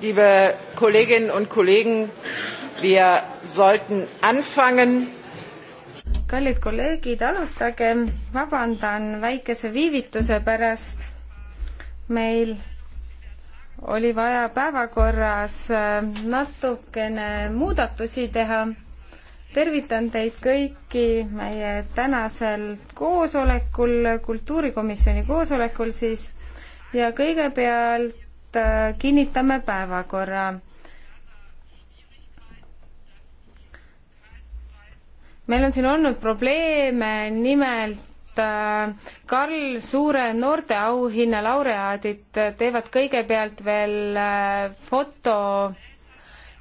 liebe Kolleginnen und Kollegen, wir sollten anfangen. kallid kolleegid, alustage, vabandan väikese viivituse pärast. meil oli vaja päevakorras äh, natukene muudatusi teha. tervitan teid kõiki meie tänasel koosolekul, kultuurikomisjoni koosolekul siis ja kõigepealt Äh, kinnitame päevakorra. meil on siin olnud probleeme, nimelt äh, Karl Suure noorteauhinna laureaadid teevad kõigepealt veel äh, foto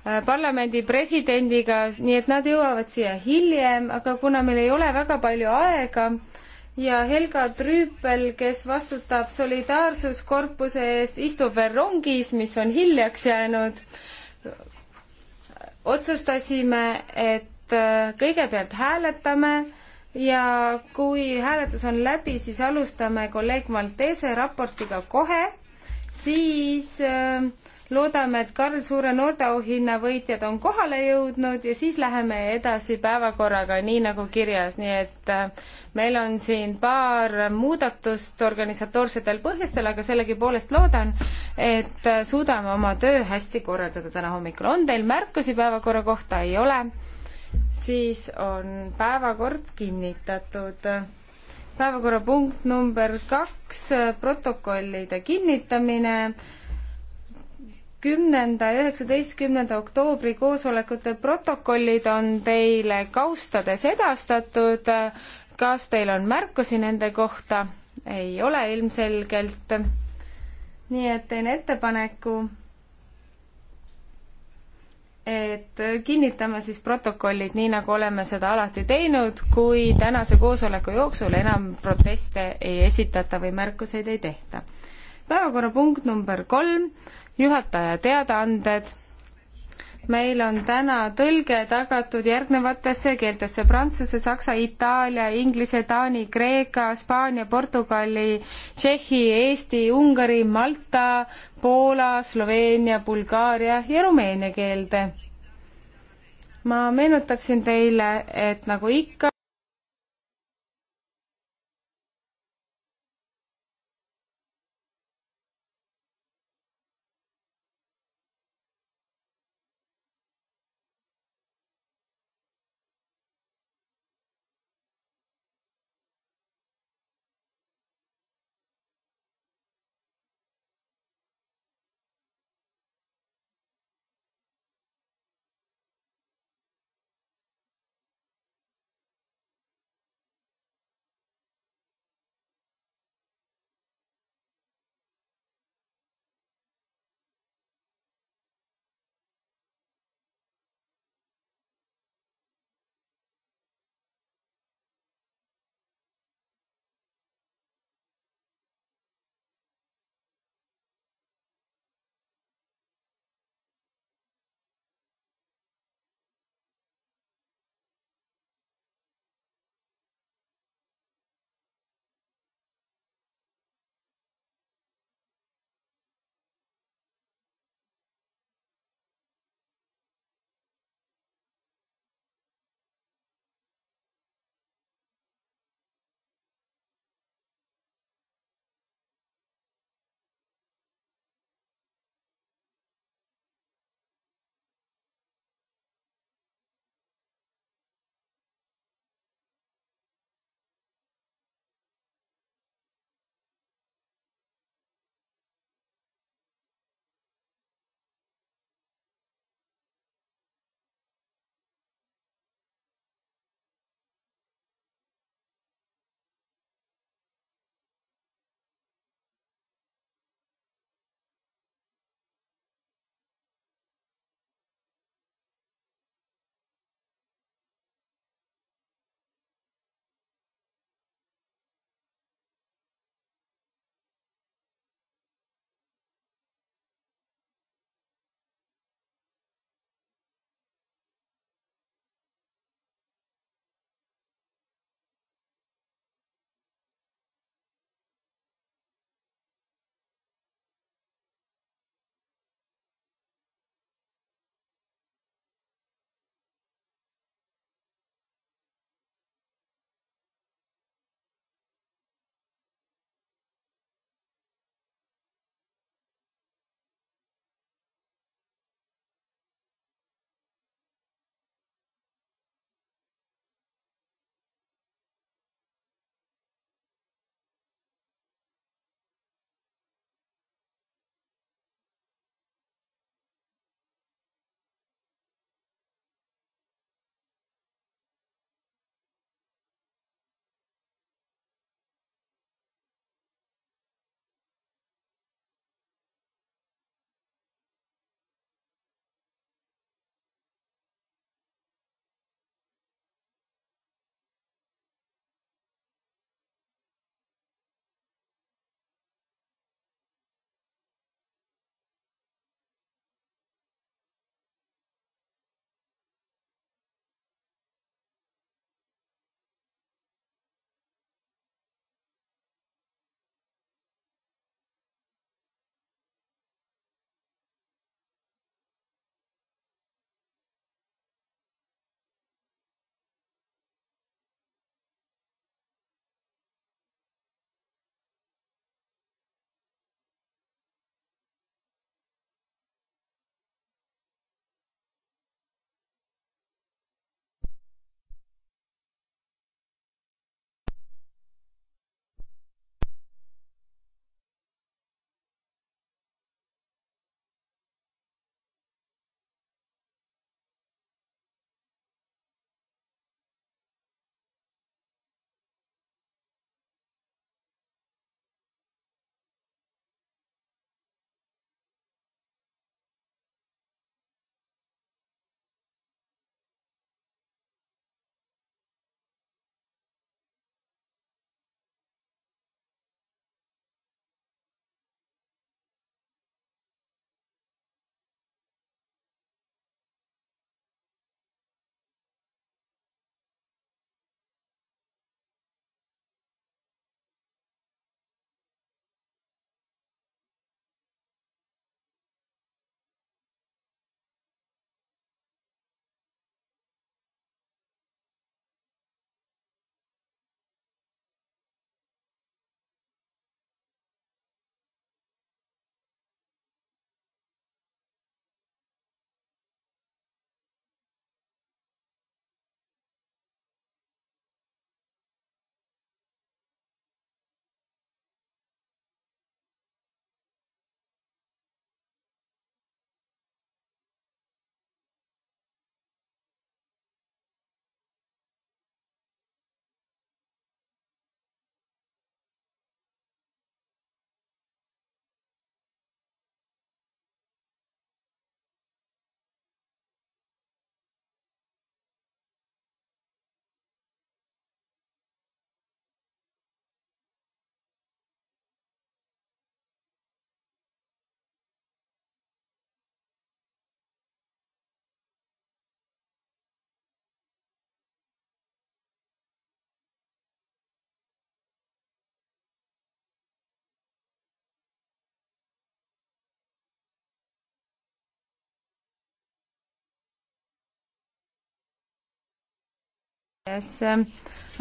parlamendi presidendiga, nii et nad jõuavad siia hiljem, aga kuna meil ei ole väga palju aega, ja Helga Trüüpel, kes vastutab solidaarsuskorpuse eest, istub veel rongis, mis on hiljaks jäänud. otsustasime, et äh, kõigepealt hääletame ja kui hääletus on läbi, siis alustame kolleeg Maltese raportiga kohe, siis äh, loodame, et Karl Suure noorteauhinna võitjad on kohale jõudnud ja siis läheme edasi päevakorraga, nii nagu kirjas, nii et äh, meil on siin paar muudatust organisatoorsetel põhjustel, aga sellegipoolest loodan, et äh, suudame oma töö hästi korraldada täna hommikul. on teil märkusi päevakorra kohta? ei ole? siis on päevakord kinnitatud päevakorrapunkt number kaks, äh, protokollide kinnitamine kümnenda ja üheksateistkümnenda oktoobri koosolekute protokollid on teile kaustades edastatud. kas teil on märkusi nende kohta? ei ole ilmselgelt. nii et teen ettepaneku, et kinnitame siis protokollid nii, nagu oleme seda alati teinud, kui tänase koosoleku jooksul enam proteste ei esitata või märkuseid ei tehta päevakorrapunkt number kolm, juhataja teadaanded. meil on täna tõlge tagatud järgnevatesse keeltesse prantsuse, saksa, itaalia, inglise, taani, kreeka, hispaania, portugali, tšehhi, eesti, ungari, malta, poola, sloveenia, bulgaaria ja rumeenia keelde ma meenutaksin teile, et nagu ikka,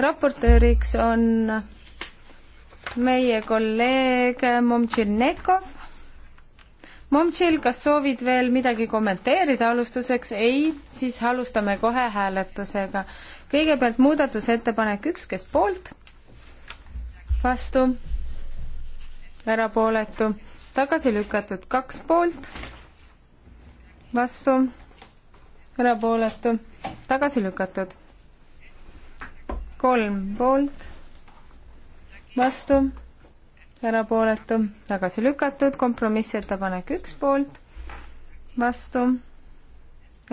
raportööriks on meie kolleeg Momčil Nekov. Momčil, kas soovid veel midagi kommenteerida alustuseks? ei, siis alustame kohe hääletusega. kõigepealt muudatusettepanek üks, kes poolt? vastu? erapooletu? tagasi lükatud kaks poolt? vastu? erapooletu? tagasi lükatud kolm poolt, vastu, erapooletu, tagasi lükatud, kompromissettepanek üks poolt, vastu,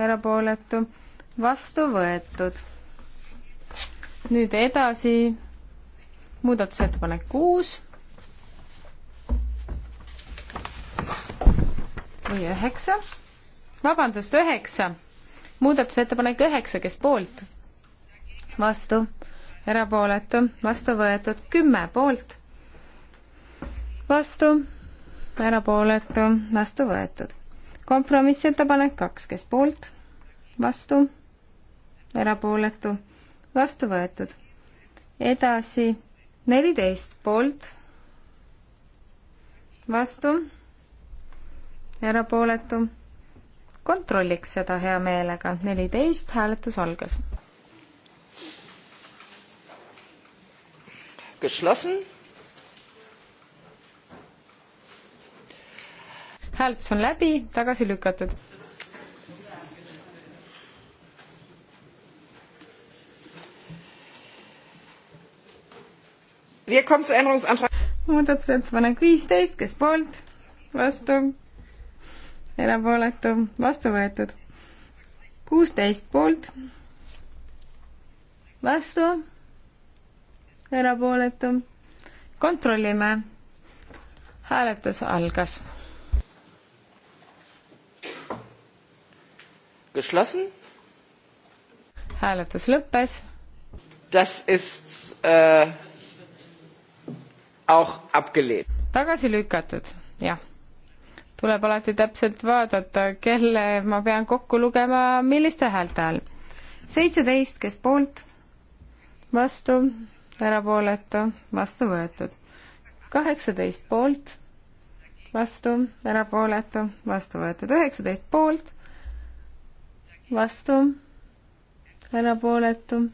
erapooletu, vastu võetud. nüüd edasi muudatusettepanek kuus või üheksa, vabandust, üheksa, muudatusettepanek üheksa, kes poolt? vastu, erapooletu, vastu võetud kümme poolt, vastu, erapooletu, vastu võetud. kompromissettepanek kaks, kes poolt, vastu, erapooletu, vastu võetud. edasi neliteist poolt, vastu, erapooletu. kontrolliks seda hea meelega, neliteist hääletus algas geschlossen. hääletus on läbi, tagasi lükatud. muudatusettepanek viisteist, kes poolt, vastu, erapooletu, vastu võetud. kuusteist poolt, vastu erapooletu. kontrollime. hääletus algas. Geschlossen. hääletus lõppes. Das ist äh, auch abgelehnt. tagasi lükatud, jah tuleb alati täpselt vaadata, kelle ma pean kokku lugema, milliste häälte all. seitseteist, kes poolt, vastu, erapooletu, vastu võetud. kaheksateist poolt, vastu, erapooletu, vastu võetud. üheksateist poolt, vastu, erapooletu.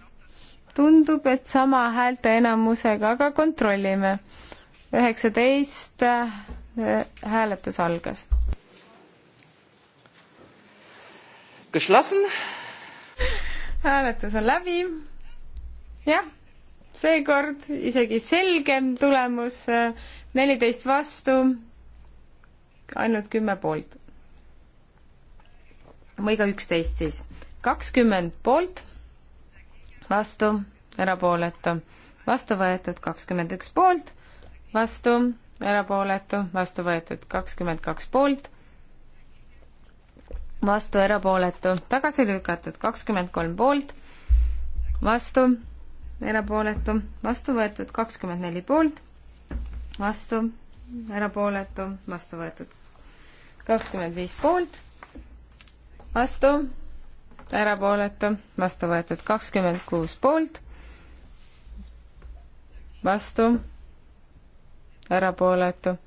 tundub, et sama häälte enamusega, aga kontrollime. üheksateist äh, hääletus algas. Geschlossen. hääletus on läbi. jah seekord isegi selgem tulemus, neliteist vastu, ainult kümme poolt. või ka üksteist siis. kakskümmend poolt, vastu, erapooletu. vastu võetud kakskümmend üks poolt, vastu, erapooletu, vastu võetud kakskümmend kaks poolt, vastu, erapooletu, tagasi lükatud kakskümmend kolm poolt, vastu, erapooletu, vastu võetud kakskümmend neli poolt, vastu, erapooletu, vastu võetud kakskümmend viis poolt, vastu, erapooletu, vastu võetud kakskümmend kuus poolt, vastu, erapooletu.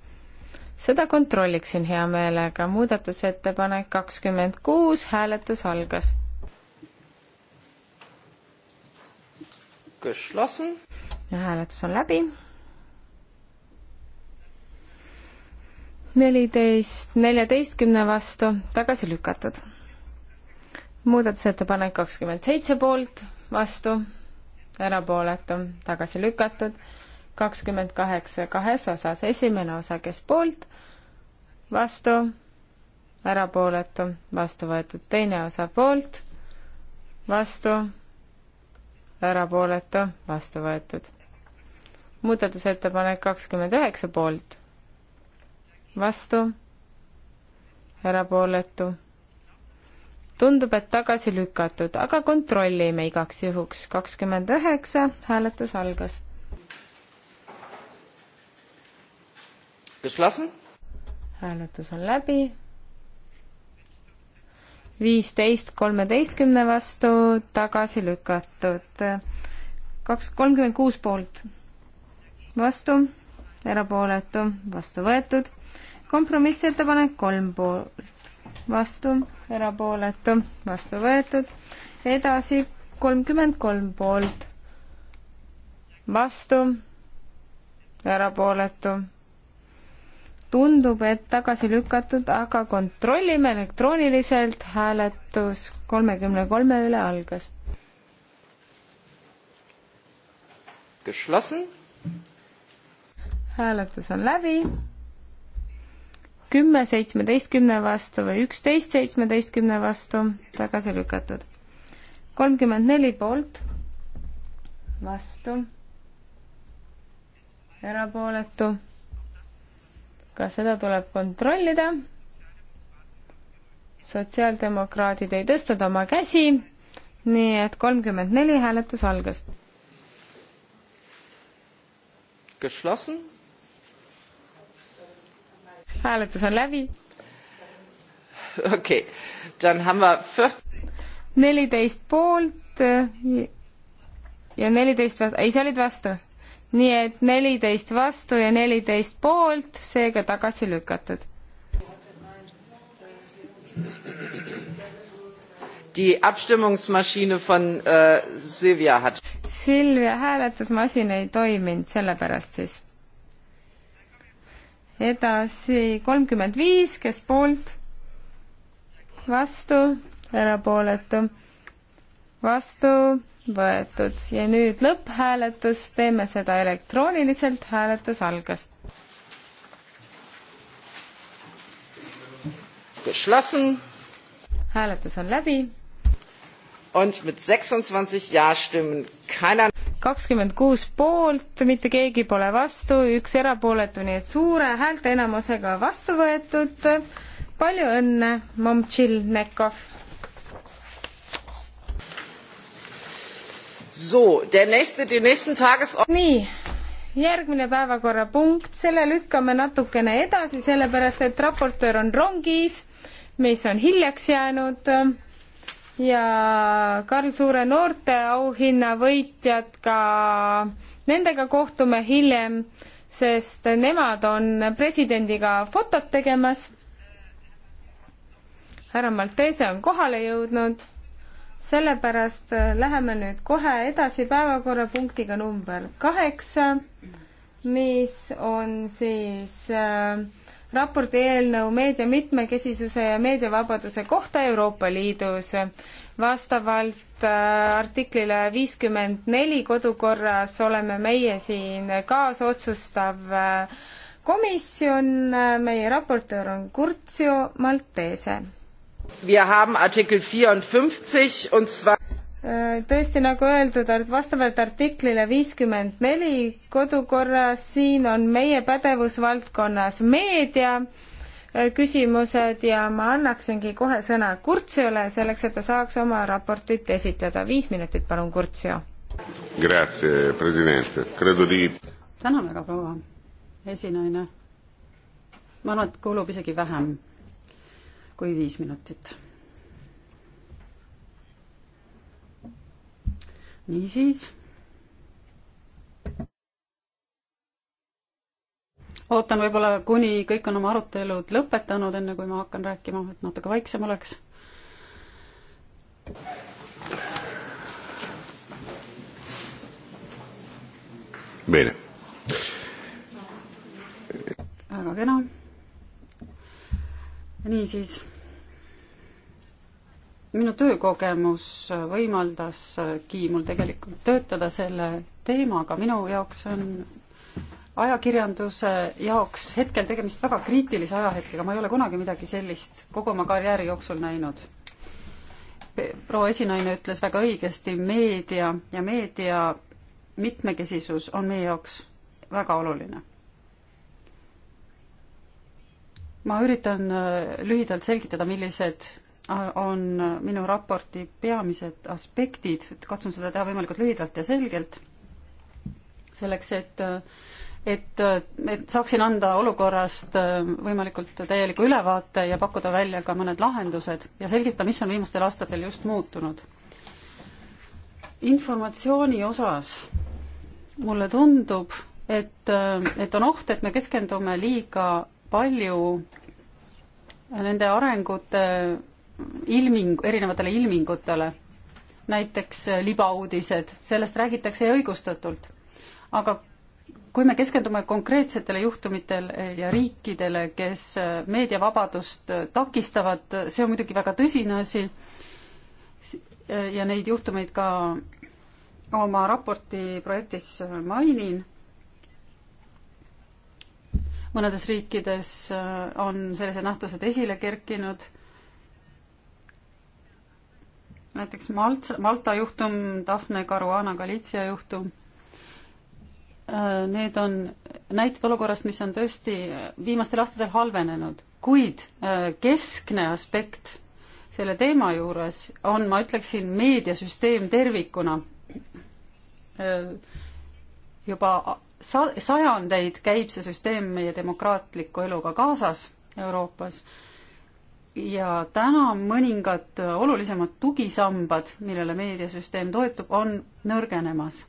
seda kontrolliksin hea meelega, muudatusettepanek kakskümmend kuus, hääletus algas geschlossen. hääletus on läbi. neliteist, neljateistkümne vastu, tagasi lükatud. muudatusettepanek kakskümmend seitse poolt, vastu, erapooletu, tagasi lükatud, kakskümmend kaheksa kahes osas, esimene osa, kes poolt, vastu, erapooletu, vastu võetud, teine osa poolt, vastu erapooletu, vastu võetud. muudatusettepanek kakskümmend üheksa poolt, vastu, erapooletu. tundub, et tagasi lükatud, aga kontrollime igaks juhuks. kakskümmend üheksa, hääletus algas. hääletus on läbi viisteist kolmeteistkümne vastu tagasi lükatud. kaks, kolmkümmend kuus poolt vastu, erapooletu, vastu võetud. kompromissettepanek kolm poolt vastu, erapooletu, vastu võetud. edasi kolmkümmend kolm poolt vastu, erapooletu tundub, et tagasi lükatud, aga kontrollime elektrooniliselt, hääletus kolmekümne kolme üle algas. hääletus on läbi. kümme seitsmeteistkümne vastu või üksteist seitsmeteistkümne vastu tagasi lükatud. kolmkümmend neli poolt, vastu, erapooletu ka seda tuleb kontrollida. sotsiaaldemokraadid ei tõstnud oma käsi, nii et kolmkümmend neli hääletus algas. hääletus on läbi. okei okay., dann haben wir neliteist poolt ja neliteist vastu, ei, sa olid vastu nii et neliteist vastu ja neliteist poolt, seega tagasi lükatud. Die Abstimmungsmaschine von äh, Silvia hat. Silvia hääletusmasin ei toiminud, sellepärast siis. edasi kolmkümmend viis, kes poolt, vastu, erapooletu, vastu võetud ja nüüd lõpphääletus, teeme seda elektrooniliselt, hääletus algas. hääletus on läbi. kakskümmend kuus poolt, mitte keegi pole vastu, üks erapooletu, nii et suure häälteenamusega vastu võetud. palju õnne, Momtšil Nekov nii, järgmine päevakorrapunkt, selle lükkame natukene edasi, sellepärast et raportöör on rongis, mis on hiljaks jäänud ja Karl Suure noorteauhinna võitjad ka, nendega kohtume hiljem, sest nemad on presidendiga fotot tegemas. härra Maltese on kohale jõudnud sellepärast äh, läheme nüüd kohe edasi päevakorrapunktiga number kaheksa, mis on siis äh, raporti eelnõu meedia mitmekesisuse ja meediavabaduse kohta Euroopa Liidus. vastavalt äh, artiklile viiskümmend neli kodukorras oleme meie siin kaasotsustav äh, komisjon, äh, meie raportöör on Curtio Maltese Äh, tõesti, nagu öeldud, vastavalt artiklile viiskümmend neli kodukorras, siin on meie pädevusvaldkonnas meedia äh, küsimused ja ma annaksingi kohe sõna Kurtsiole selleks, et ta saaks oma raportit esitleda. viis minutit, palun, Kurtsio. tänan väga, proua esinaine. ma arvan, et kuulub isegi vähem kui viis minutit. niisiis. ootan võib-olla, kuni kõik on oma arutelud lõpetanud, enne kui ma hakkan rääkima, et natuke vaiksem oleks. Bene. väga kena niisiis, minu töökogemus võimaldaski äh, mul tegelikult töötada selle teemaga, minu jaoks on ajakirjanduse jaoks hetkel tegemist väga kriitilise ajahetkega, ma ei ole kunagi midagi sellist kogu oma karjääri jooksul näinud. proua esinaine ütles väga õigesti, meedia ja meedia mitmekesisus on meie jaoks väga oluline ma üritan äh, lühidalt selgitada, millised äh, on äh, minu raporti peamised aspektid, et katsun seda teha võimalikult lühidalt ja selgelt, selleks et, et, et saaksin anda olukorrast võimalikult täieliku ülevaate ja pakkuda välja ka mõned lahendused ja selgitada, mis on viimastel aastatel just muutunud. informatsiooni osas mulle tundub, et, et on oht, et me keskendume liiga palju nende arengute ilming, erinevatele ilmingutele. näiteks libauudised, sellest räägitakse õigustatult. aga kui me keskendume konkreetsetele juhtumitele ja riikidele, kes meediavabadust takistavad, see on muidugi väga tõsine asi ja neid juhtumeid ka oma raporti projektis mainin mõnedes riikides äh, on sellised nähtused esile kerkinud. näiteks Malt-, Malta juhtum, Daphne Caruana Galizia juhtum. Äh, need on näited olukorrast, mis on tõesti viimastel aastatel halvenenud, kuid äh, keskne aspekt selle teema juures on, ma ütleksin, meediasüsteem tervikuna. juba sa-, sajandeid käib see süsteem meie demokraatliku eluga kaasas Euroopas ja täna mõningad olulisemad tugisambad, millele meediasüsteem toetub, on nõrgenemas.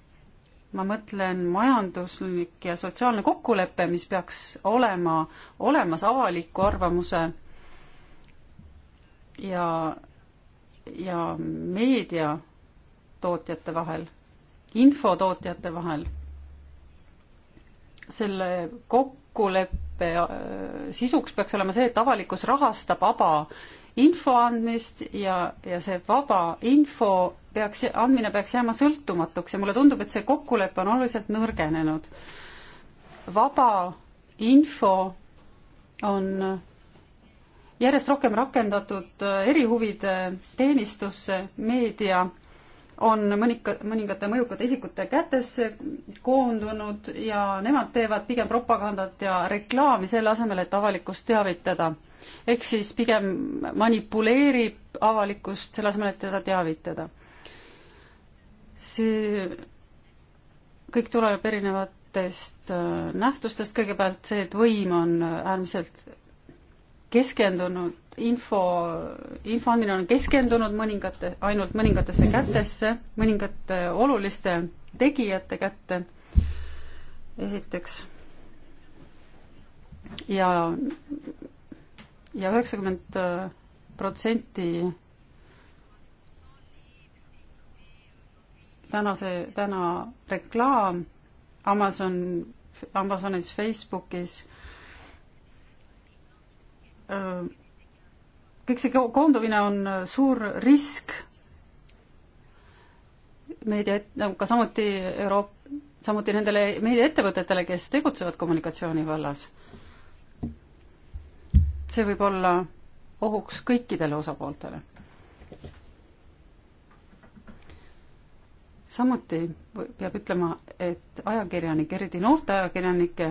ma mõtlen majanduslik ja sotsiaalne kokkulepe, mis peaks olema olemas avaliku arvamuse ja, ja meediatootjate vahel, infotootjate vahel selle kokkuleppe äh, sisuks peaks olema see, et avalikkus rahastab vaba info andmist ja, ja see vaba info peaks, andmine peaks jääma sõltumatuks ja mulle tundub, et see kokkulepe on oluliselt nõrgenenud. vaba info on järjest rohkem rakendatud äh, erihuvide teenistusse meedia on mõnika, mõningate mõjukate isikute kätesse koondunud ja nemad teevad pigem propagandat ja reklaami selle asemel, et avalikkust teavitada. ehk siis pigem manipuleerib avalikkust selle asemel, et teda teavitada. see kõik tuleb erinevatest äh, nähtustest, kõigepealt see, et võim on äärmiselt keskendunud info, info andmine on keskendunud mõningate, ainult mõningatesse kätesse, mõningate oluliste tegijate kätte, esiteks. ja, ja üheksakümmend äh, protsenti tänase, täna reklaam Amazon, Amazonis, Facebookis Äh, kõik see koondumine on äh, suur risk meedia, nagu ka samuti Euroop-, samuti nendele meediaettevõtetele, kes tegutsevad kommunikatsiooni vallas. see võib olla ohuks kõikidele osapooltele. samuti peab ütlema, et ajakirjanik, eriti noorte ajakirjanike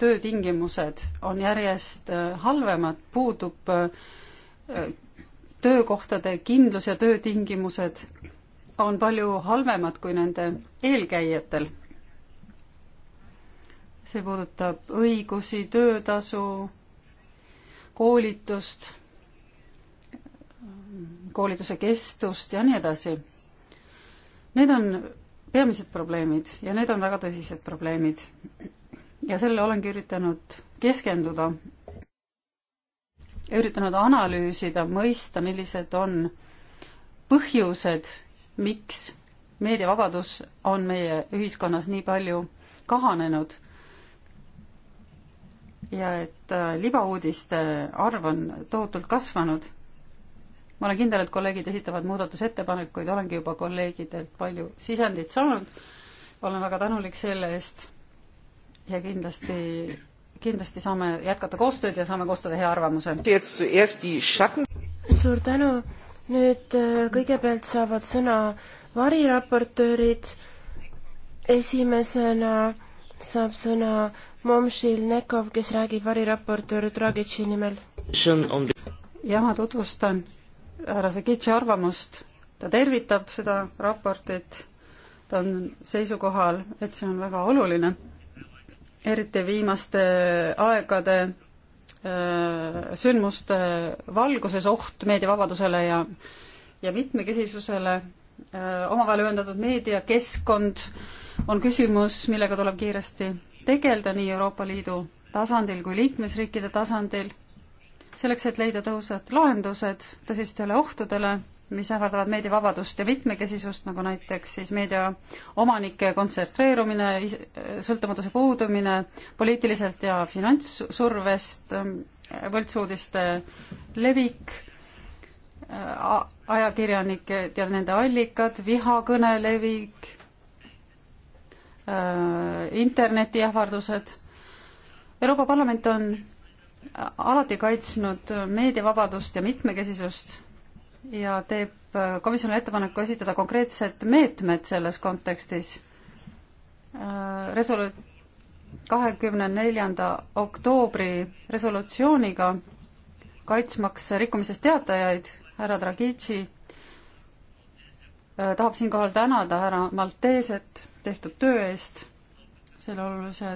töötingimused on järjest äh, halvemad, puudub äh, töökohtade kindlus ja töötingimused on palju halvemad kui nende eelkäijatel. see puudutab õigusi, töötasu, koolitust, koolituse kestust ja nii edasi. Need on peamised probleemid ja need on väga tõsised probleemid ja selle olengi üritanud keskenduda, üritanud analüüsida, mõista, millised on põhjused, miks meediavabadus on meie ühiskonnas nii palju kahanenud ja et äh, libauudiste arv on tohutult kasvanud. ma olen kindel, et kolleegid esitavad muudatusettepanekuid, olengi juba kolleegidelt palju sisendit saanud, olen väga tänulik selle eest ja kindlasti, kindlasti saame jätkata koostööd ja saame koostada hea arvamuse. suur tänu, nüüd äh, kõigepealt saavad sõna variraportöörid, esimesena saab sõna Momšil Nekov, kes räägib variraportöör Dragitši nimel. ja ma tutvustan härra Sagitši arvamust. ta tervitab seda raportit, ta on seisukohal, et see on väga oluline eriti viimaste aegade äh, sündmuste valguses oht meediavabadusele ja, ja mitmekesisusele, äh, omavahel ühendatud meediakeskkond on küsimus, millega tuleb kiiresti tegeleda nii Euroopa Liidu tasandil kui liikmesriikide tasandil, selleks, et leida tõhusad lahendused tõsistele ohtudele mis ähvardavad meediavabadust ja mitmekesisust, nagu näiteks siis meedia omanike kontsentreerumine, sõltumatuse puudumine poliitiliselt ja finantssurvest, võltsuudiste levik, ajakirjanikud ja nende allikad, vihakõne levik, äh, interneti ähvardused. Euroopa Parlament on alati kaitsnud meediavabadust ja mitmekesisust ja teeb komisjonile ettepaneku esitada konkreetsed meetmed selles kontekstis. Resolu-, kahekümne neljanda oktoobri resolutsiooniga kaitsmaks rikkumisest teatajaid, härra Dragici tahab siinkohal tänada härra Malteset tehtud töö eest selle olulise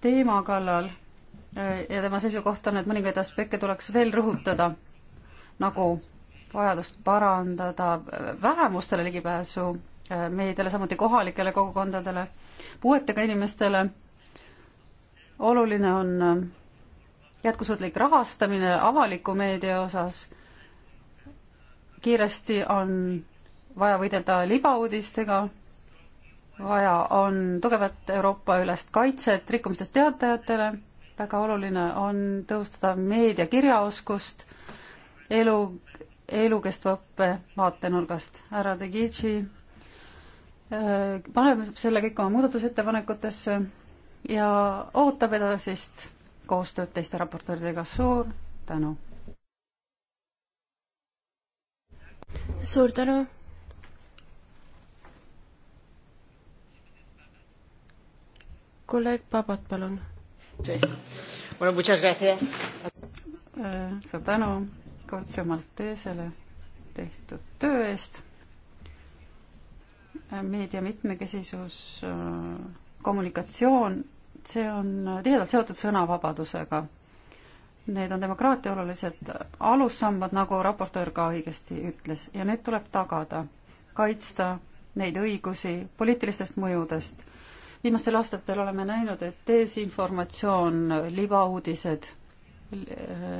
teema kallal ja tema seisukoht on, et mõningaid aspekte tuleks veel rõhutada nagu vajadust parandada vähemustele ligipääsu äh, meediale, samuti kohalikele kogukondadele, puuetega inimestele. oluline on äh, jätkusuutlik rahastamine avaliku meedia osas. kiiresti on vaja võidelda libauudistega, vaja on tugevat Euroopa-ülest kaitset rikkumistest teatajatele, väga oluline on tõhustada meedia kirjaoskust elu, elukestva õppe vaatenurgast. härra De Gici äh, paneb selle kõik oma muudatusettepanekutesse ja ootab edasist koostööd teiste raportööridega. suur tänu! suur tänu! kolleeg Pabat, palun. Äh, suur tänu! Kortsio Maltesele tehtud töö eest. meedia mitmekesisus, kommunikatsioon, see on tihedalt seotud sõnavabadusega. Need on demokraatia olulised alussambad, nagu raportöör ka õigesti ütles, ja need tuleb tagada, kaitsta neid õigusi poliitilistest mõjudest. viimastel aastatel oleme näinud, et desinformatsioon, libauudised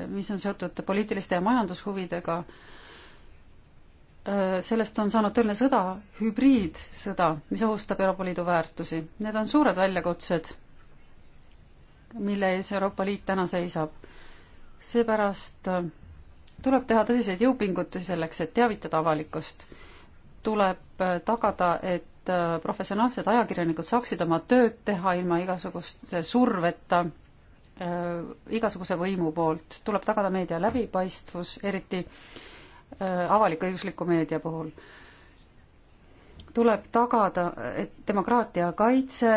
mis on seotud poliitiliste ja majandushuvidega, äh, sellest on saanud tõeline sõda, hübriidsõda, mis ohustab Euroopa Liidu väärtusi. Need on suured väljakutsed, mille ees Euroopa Liit täna seisab. seepärast äh, tuleb teha tõsiseid jõupingutusi selleks, et teavitada avalikkust. tuleb äh, tagada, et professionaalsed ajakirjanikud saaksid oma tööd teha ilma igasuguse surveta Äh, igasuguse võimu poolt, tuleb tagada meedia läbipaistvus, eriti äh, avalik-õigusliku meedia puhul. tuleb tagada, et demokraatia kaitse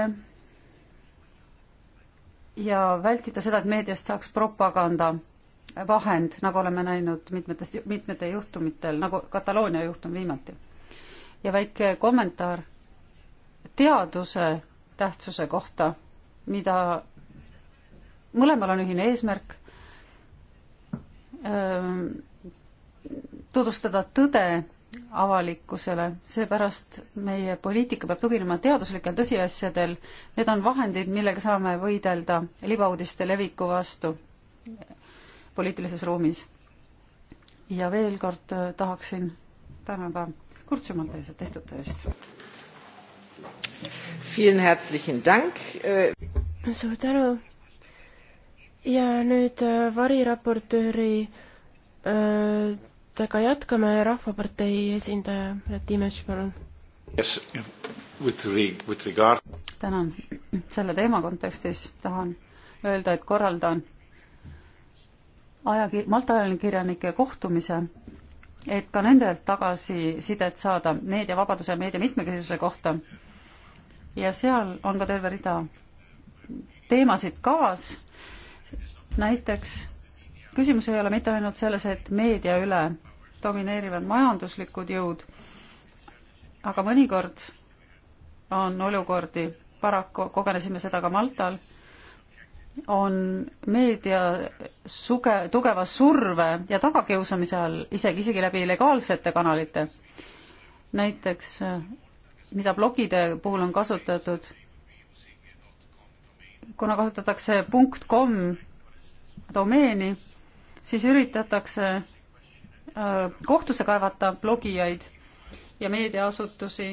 ja vältida seda, et meediast saaks propaganda vahend, nagu oleme näinud mitmetest, mitmete juhtumitel, nagu Kataloonia juhtum viimati. ja väike kommentaar teaduse tähtsuse kohta, mida mõlemal on ühine eesmärk ähm, tutvustada tõde avalikkusele, seepärast meie poliitika peab tuginema teaduslikel tõsiasjadel. Need on vahendid, millega saame võidelda libauudiste leviku vastu poliitilises ruumis. ja veel kord äh, tahaksin tänada Kurt Schumann-Teese tehtud töö eest. Äh, suur tänu ja nüüd äh, variraportööri äh, temaga jätkame, Rahvapartei esindaja Times, palun yes,. Regard... tänan. selle teema kontekstis tahan öelda, et korraldan ajakir-, Malta ajakirjanike kohtumise, et ka nendelt tagasisidet saada meediavabaduse ja meedia mitmekesisuse kohta. ja seal on ka terve rida teemasid kavas näiteks küsimus ei ole mitte ainult selles, et meedia üle domineerivad majanduslikud jõud, aga mõnikord on olukordi, paraku kogenesime seda ka Maltal, on meedia suge, tugeva surve ja tagakiusamise all, isegi, isegi läbi legaalsete kanalite. näiteks, mida blogide puhul on kasutatud, kuna kasutatakse punkt kom domeeni, siis üritatakse äh, kohtusse kaevata blogijaid ja meediaasutusi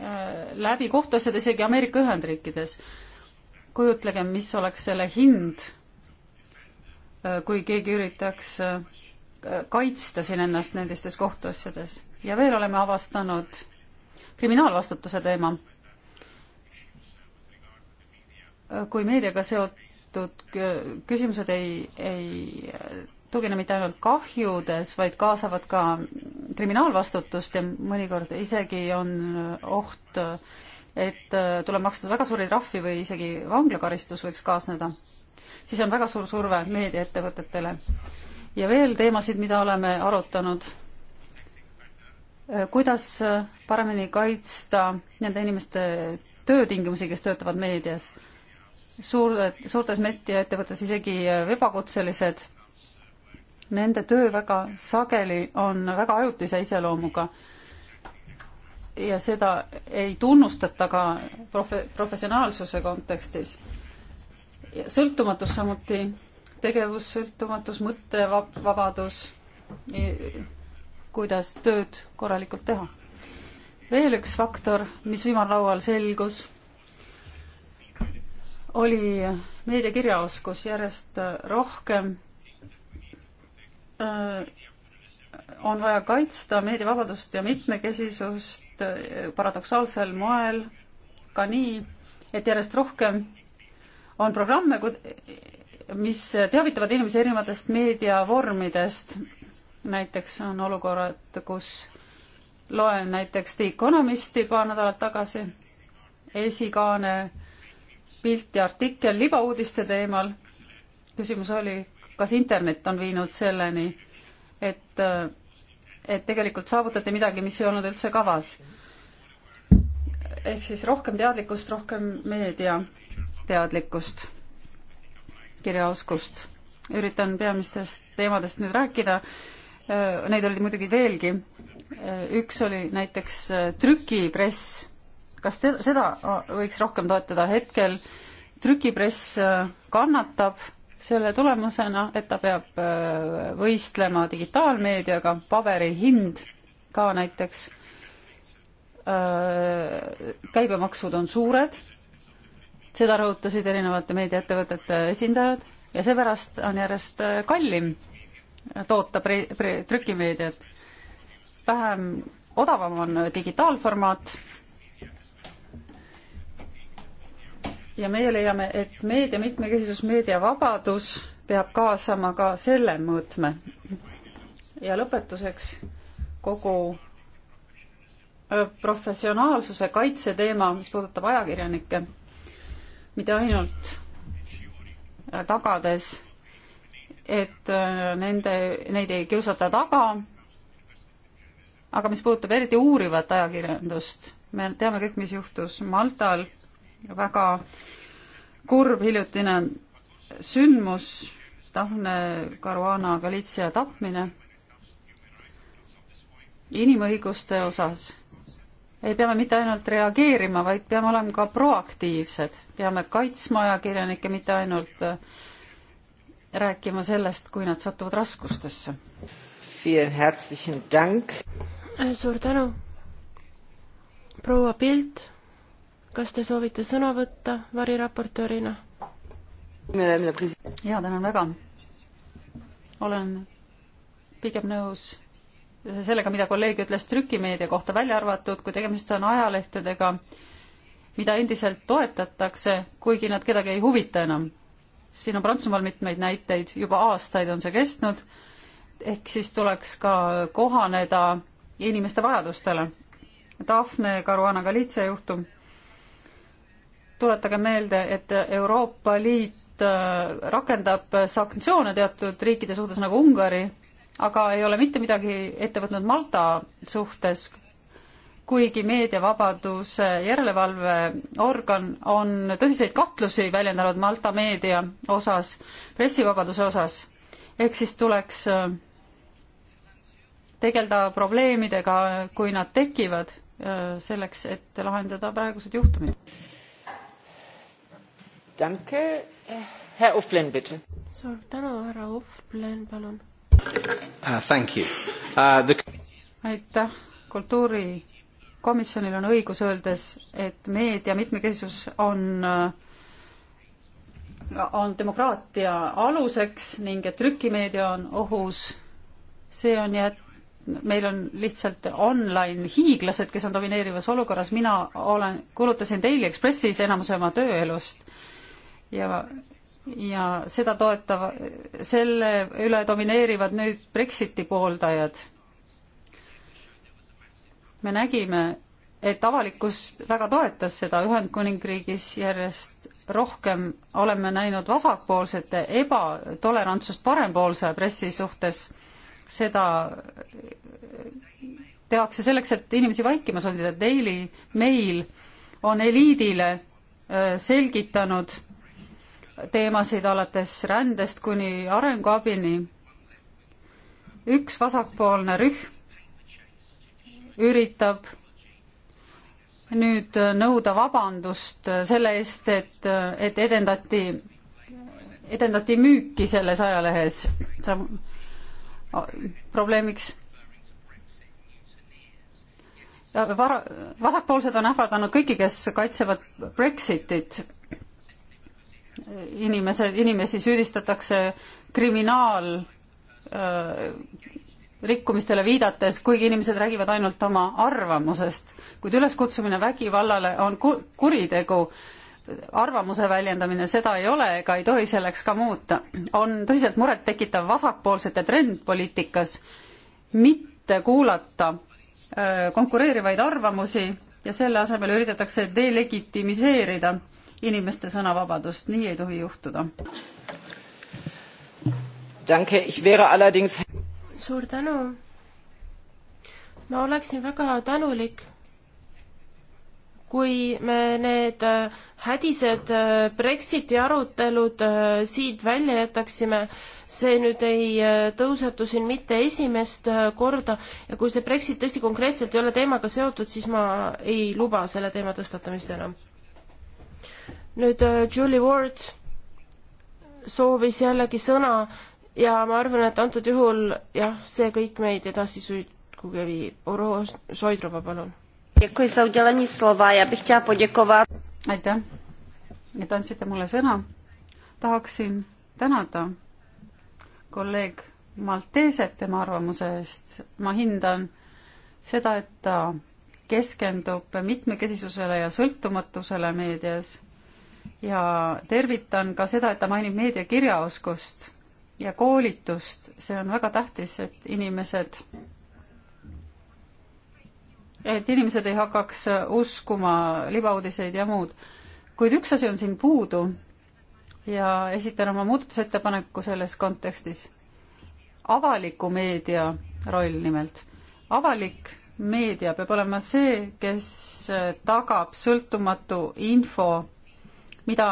äh, läbi kohtuasjad isegi Ameerika Ühendriikides. kujutlege, mis oleks selle hind, äh, kui keegi üritaks kaitsta siin ennast nendestes kohtuasjades. ja veel oleme avastanud kriminaalvastutuse teema. kui meediaga seot-, esitatud küsimused ei, ei tugine mitte ainult kahjudes, vaid kaasavad ka kriminaalvastutust ja mõnikord isegi on oht, et tuleb maksta väga suuri trahvi või isegi vanglakaristus võiks kaasneda. siis on väga suur surve meediaettevõtetele. ja veel teemasid, mida oleme arutanud. kuidas paremini kaitsta nende inimeste töötingimusi, kes töötavad meedias suur, suurtes mediettevõttes isegi äh, ebakutselised, nende töö väga sageli on väga ajutise iseloomuga ja seda ei tunnustata ka profe-, professionaalsuse kontekstis. sõltumatus samuti, tegevussõltumatus, mõttevabadus, kuidas tööd korralikult teha. veel üks faktor, mis ümarlaual selgus oli meediakirjaoskus järjest äh, rohkem äh, on vaja kaitsta meediavabadust ja mitmekesisust äh, paradoksaalsel moel ka nii, et järjest rohkem on programme, mis teavitavad inimesi erinevatest meediavormidest. näiteks on olukorrad, kus loen näiteks The Economisti paar nädalat tagasi, esikaane pilt ja artikkel libauudiste teemal. küsimus oli, kas internet on viinud selleni, et, et tegelikult saavutati midagi, mis ei olnud üldse kavas. ehk siis rohkem teadlikkust, rohkem meedia teadlikkust, kirjaoskust. üritan peamistest teemadest nüüd rääkida. Neid oli muidugi veelgi. üks oli näiteks trükipress kas te, seda äh, võiks rohkem toetada hetkel? trükipress äh, kannatab selle tulemusena, et ta peab äh, võistlema digitaalmeediaga, paberi hind ka näiteks, käibemaksud on suured, seda rõhutasid erinevate meediaettevõtete esindajad ja seepärast on järjest kallim toota pre-, pre-, trükimeediat. vähem odavam on digitaalformaat ja meie leiame, et meedia mitmekesisus, meediavabadus peab kaasama ka selle mõõtme. ja lõpetuseks kogu professionaalsuse kaitse teema, mis puudutab ajakirjanikke, mitte ainult tagades, et nende, neid ei kiusata taga, aga mis puudutab eriti uurivat ajakirjandust, me teame kõik, mis juhtus Maltal väga kurb hiljutine sündmus, Daphne Caruana Galizia tapmine inimõiguste osas ei pea me mitte ainult reageerima, vaid peame olema ka proaktiivsed, peame kaitsma ajakirjanikke, mitte ainult äh, rääkima sellest, kui nad satuvad raskustesse. Äh, suur tänu. proua Pilt kas te soovite sõna võtta variraportöörina? jaa, tänan väga. olen pigem nõus sellega, mida kolleeg ütles trükimeedia kohta, välja arvatud, kui tegemist on ajalehtedega, mida endiselt toetatakse, kuigi nad kedagi ei huvita enam. siin on Prantsusmaal mitmeid näiteid, juba aastaid on see kestnud, ehk siis tuleks ka kohaneda inimeste vajadustele. Daphne Caruana Galizia juhtum tuletage meelde, et Euroopa Liit äh, rakendab sanktsioone teatud riikide suhtes nagu Ungari, aga ei ole mitte midagi ette võtnud Malta suhtes, kuigi meediavabaduse järelevalveorgan on tõsiseid kahtlusi väljendanud Malta meedia osas, pressivabaduse osas. ehk siis tuleks äh, tegeleda probleemidega, kui nad tekivad, äh, selleks, et lahendada praegused juhtumid Danke, härra Ufflen, bitte. suur tänu, härra Ufflen, palun uh,. Thank you uh,. The... aitäh, kultuurikomisjonil on õigus öeldes, et meedia mitmekesisus on uh, on demokraatia aluseks ning et trükimeedia on ohus. see on jät-, meil on lihtsalt online hiiglased, kes on domineerivas olukorras, mina olen, kulutasin Daily Expressis enamuse oma tööelust ja ja seda toetava, selle üle domineerivad nüüd Brexiti pooldajad. me nägime, et avalikkus väga toetas seda Ühendkuningriigis järjest rohkem oleme näinud vasakpoolsete ebatolerantsust parempoolse pressi suhtes. seda tehakse selleks, et inimesi vaikima sundida. Daily Mail on eliidile äh, selgitanud teemasid alates rändest kuni arenguabini. üks vasakpoolne rühm üritab nüüd nõuda vabandust selle eest, et, et edendati, edendati müüki selles ajalehes. probleemiks vara-, vasakpoolsed on ähvardanud kõiki, kes kaitsevad Brexitit inimesed, inimesi süüdistatakse kriminaal äh, rikkumistele viidates, kuigi inimesed räägivad ainult oma arvamusest, kuid üleskutsumine vägivallale on kuritegu, arvamuse väljendamine seda ei ole ega ei tohi selleks ka muuta. on tõsiselt murettekitav vasakpoolsete trend poliitikas mitte kuulata äh, konkureerivaid arvamusi ja selle asemel üritatakse delegitimiseerida inimeste sõnavabadust, nii ei tohi juhtuda. Allerdings... suur tänu. ma oleksin väga tänulik, kui me need äh, hädised äh, Brexiti arutelud äh, siit välja jätaksime, see nüüd ei tõusetu siin mitte esimest korda ja kui see Brexit tõesti konkreetselt ei ole teemaga seotud, siis ma ei luba selle teema tõstatamist enam nüüd äh, Julie Ward soovis jällegi sõna ja ma arvan, et antud juhul jah, see kõik meid edasi suikugi viib. Uro Soidrova, palun. aitäh, et andsite mulle sõna. tahaksin tänada kolleeg Malteset tema arvamuse eest. ma hindan seda, et ta keskendub mitmekesisusele ja sõltumatusele meedias ja tervitan ka seda, et ta mainib meedia kirjaoskust ja koolitust, see on väga tähtis, et inimesed, et inimesed ei hakkaks uskuma libauudiseid ja muud. kuid üks asi on siin puudu ja esitan oma muudatusettepaneku selles kontekstis. avaliku meedia roll nimelt. avalik meedia peab olema see, kes äh, tagab sõltumatu info, mida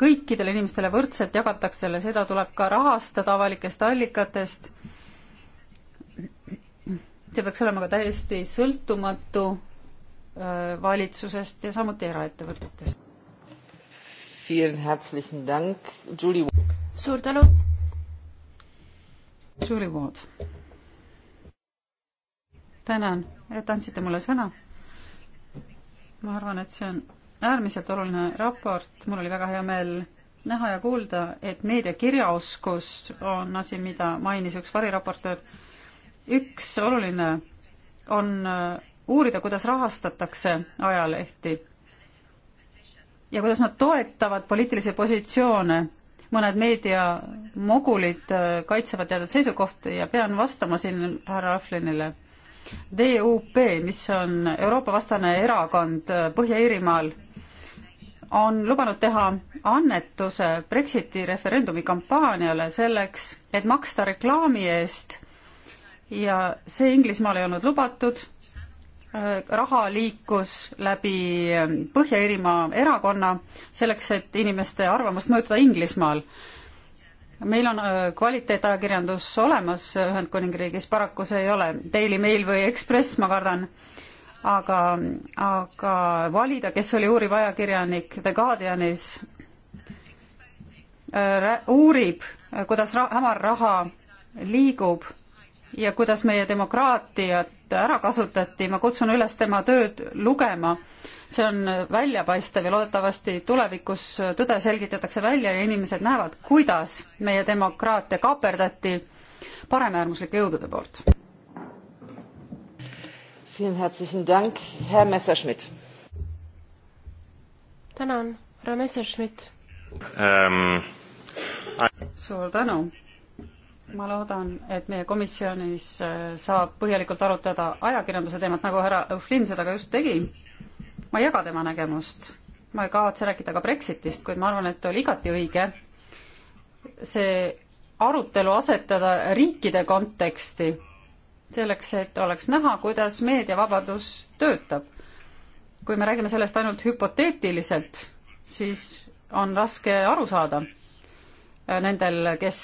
kõikidele inimestele võrdselt jagatakse, seda tuleb ka rahastada avalikest allikatest. see peaks olema ka täiesti sõltumatu äh, valitsusest ja samuti eraettevõtetest. suur tänu. Julie Ward tänan, et andsite mulle sõna. ma arvan, et see on äärmiselt oluline raport, mul oli väga hea meel näha ja kuulda, et meediakirjaoskus on asi, mida mainis üks variraportöör. üks oluline on äh, uurida, kuidas rahastatakse ajalehti ja kuidas nad toetavad poliitilisi positsioone. mõned meediamogulid äh, kaitsevad teatud seisukohti ja pean vastama siin härra Ahvlinile. DUP, mis on Euroopa vastane erakond äh, Põhja-Iirimaal, on lubanud teha annetuse Brexiti referendumi kampaaniale selleks, et maksta reklaami eest ja see Inglismaal ei olnud lubatud, äh, raha liikus läbi äh, Põhja-Iirimaa erakonna selleks, et inimeste arvamust mõjutada Inglismaal meil on äh, kvaliteetajakirjandus olemas Ühendkuningriigis, paraku see ei ole Daily Mail või Ekspress, ma kardan, aga, aga valida, kes oli uuriv ajakirjanik The Guardianis, äh, uurib, äh, kuidas ra-, hämar raha liigub ja kuidas meie demokraatiat ära kasutati, ma kutsun üles tema tööd lugema see on väljapaistev ja loodetavasti tulevikus tõde selgitatakse välja ja inimesed näevad, kuidas meie demokraatia kaaperdati paremäärmuslike jõudude poolt. tänan, härra Messerschmidt ähm,. suur tänu ma loodan, et meie komisjonis äh, saab põhjalikult arutada ajakirjanduse teemat, nagu härra Flynn seda ka just tegi ma ei jaga tema nägemust. ma ei kavatse rääkida ka Brexitist, kuid ma arvan, et oli igati õige see arutelu asetada riikide konteksti, selleks et oleks näha, kuidas meediavabadus töötab. kui me räägime sellest ainult hüpoteetiliselt, siis on raske aru saada nendel, kes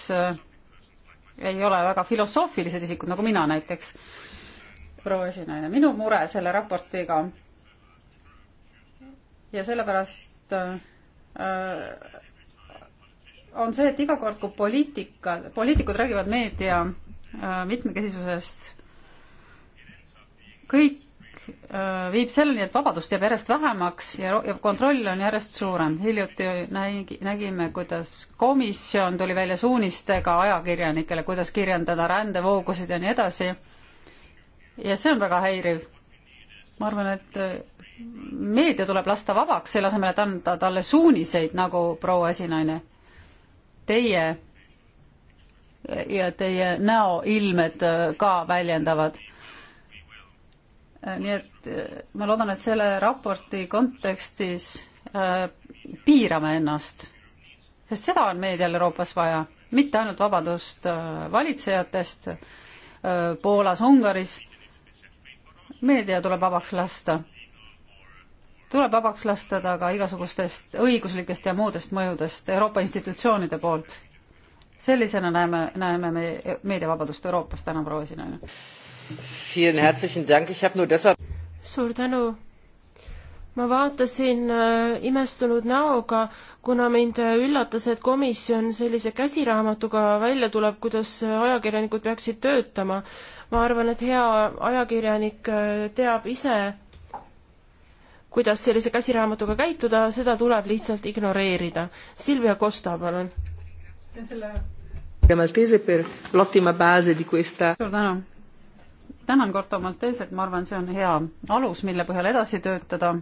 ei ole väga filosoofilised isikud, nagu mina näiteks, proua esinaine. minu mure selle raportiga ja sellepärast äh, on see, et iga kord, kui poliitika, poliitikud räägivad meedia äh, mitmekesisusest, kõik äh, viib selleni, et vabadust jääb järjest vähemaks ja, ja kontroll on järjest suurem. hiljuti nägi, nägime, kuidas komisjon tuli välja suunistega ajakirjanikele, kuidas kirjendada rändevoogusid ja nii edasi. ja see on väga häiriv. ma arvan, et meedia tuleb lasta vabaks, selle asemel, et anda talle suuniseid, nagu proua esinaine. Teie ja teie näoilmed äh, ka väljendavad. Äh, nii et äh, ma loodan, et selle raporti kontekstis piirame ennast, sest seda on meedial Euroopas vaja, mitte ainult vabadust valitsejatest Poolas, Ungaris. meedia tuleb vabaks lasta tuleb vabaks lasta ta ka igasugustest õiguslikest ja muudest mõjudest Euroopa institutsioonide poolt. sellisena näeme, näeme me meediavabadust Euroopas täna, proua esinaine. suur tänu. ma vaatasin äh, imestunud näoga, kuna mind äh, üllatas, et komisjon sellise käsiraamatuga välja tuleb, kuidas äh, ajakirjanikud peaksid töötama. ma arvan, et hea ajakirjanik äh, teab ise kuidas sellise käsiraamatuga käituda, seda tuleb lihtsalt ignoreerida. Silvia Kosta, palun. suur tänu. tänan Corto Malteset, ma arvan, see on hea alus, mille põhjal edasi töötada.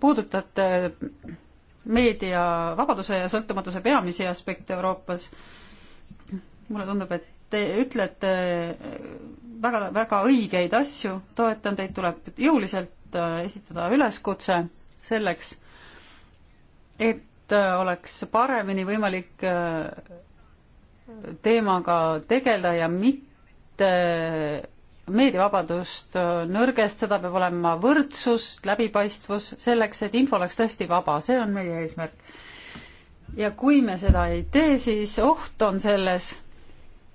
puudutate meediavabaduse ja sõltumatuse peamisi aspekte Euroopas. mulle tundub, et te ütlete väga, väga õigeid asju, toetan teid, tuleb jõuliselt Äh, esitada üleskutse selleks, et äh, oleks paremini võimalik äh, teemaga tegeleda ja mitte meediavabadust nõrgestada, peab olema võrdsus, läbipaistvus selleks, et info oleks tõesti vaba, see on meie eesmärk. ja kui me seda ei tee, siis oht on selles,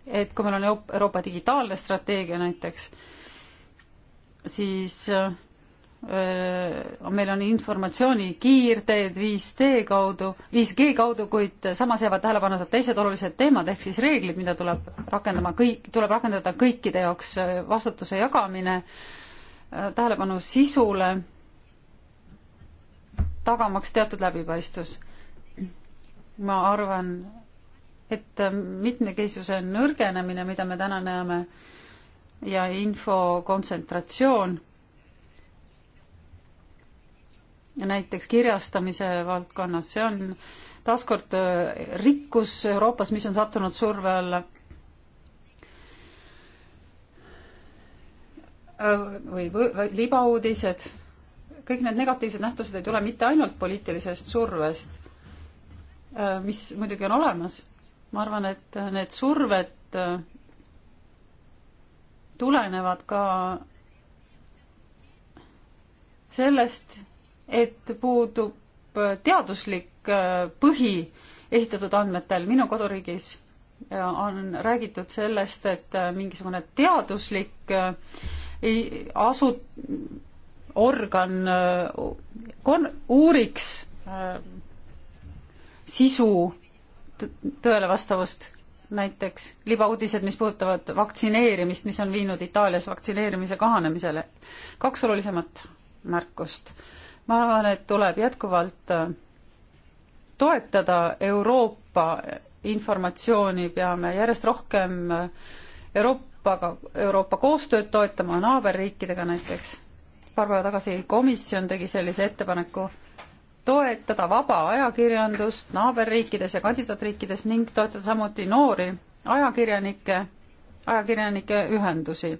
et kui meil on Euroopa digitaalne strateegia näiteks, siis äh, meil on informatsiooni kiirteed 5D kaudu, 5G kaudu, kuid samas jäävad tähelepanuta teised olulised teemad, ehk siis reeglid, mida tuleb rakendama kõik, tuleb rakendada kõikide jaoks, vastutuse jagamine, tähelepanu sisule, tagamaks teatud läbipaistvus. ma arvan, et mitmekesisuse nõrgenemine, mida me täna näeme, ja info kontsentratsioon näiteks kirjastamise valdkonnas, see on taaskord äh, rikkus Euroopas, mis on sattunud surve alla. Äh, või libauudised, kõik need negatiivsed nähtused ei tule mitte ainult poliitilisest survest, äh, mis muidugi on olemas, ma arvan, et need surved tulenevad ka sellest, et puudub äh, teaduslik äh, põhi esitatud andmetel. minu koduriigis äh, on räägitud sellest, et mingisugune teaduslik asu-, organ kon-, uuriks sisu tõele vastavust, näiteks libauudised, mis puudutavad vaktsineerimist, mis on viinud Itaalias vaktsineerimise kahanemisele. kaks olulisemat märkust ma arvan, et tuleb jätkuvalt äh, toetada Euroopa informatsiooni, peame järjest rohkem äh, Euroopaga, Euroopa koostööd toetama naaberriikidega näiteks. paar päeva tagasi komisjon tegi sellise ettepaneku toetada vaba ajakirjandust naaberriikides ja kandidaatriikides ning toetada samuti noori ajakirjanikke, ajakirjanike ühendusi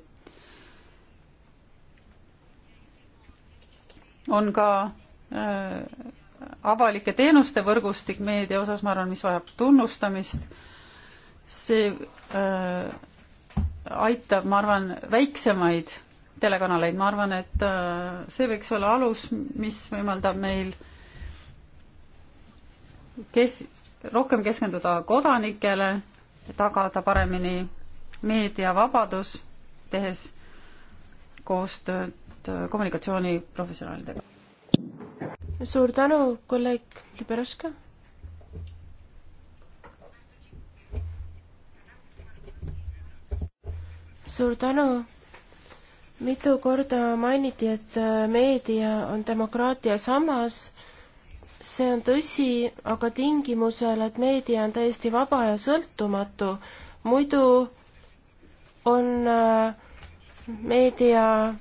on ka äh, avalike teenuste võrgustik meedia osas, ma arvan, mis vajab tunnustamist. see äh, aitab, ma arvan, väiksemaid telekanaleid, ma arvan, et äh, see võiks olla alus, mis võimaldab meil kes, rohkem keskenduda kodanikele, tagada paremini meediavabadus, tehes koostööd koostööd äh, kommunikatsiooniprofessionaalidega. suur tänu, kolleeg Liberoska. suur tänu. mitu korda mainiti, et äh, meedia on demokraatia sammas. see on tõsi, aga tingimusel, et meedia on täiesti vaba ja sõltumatu. muidu on äh, meedia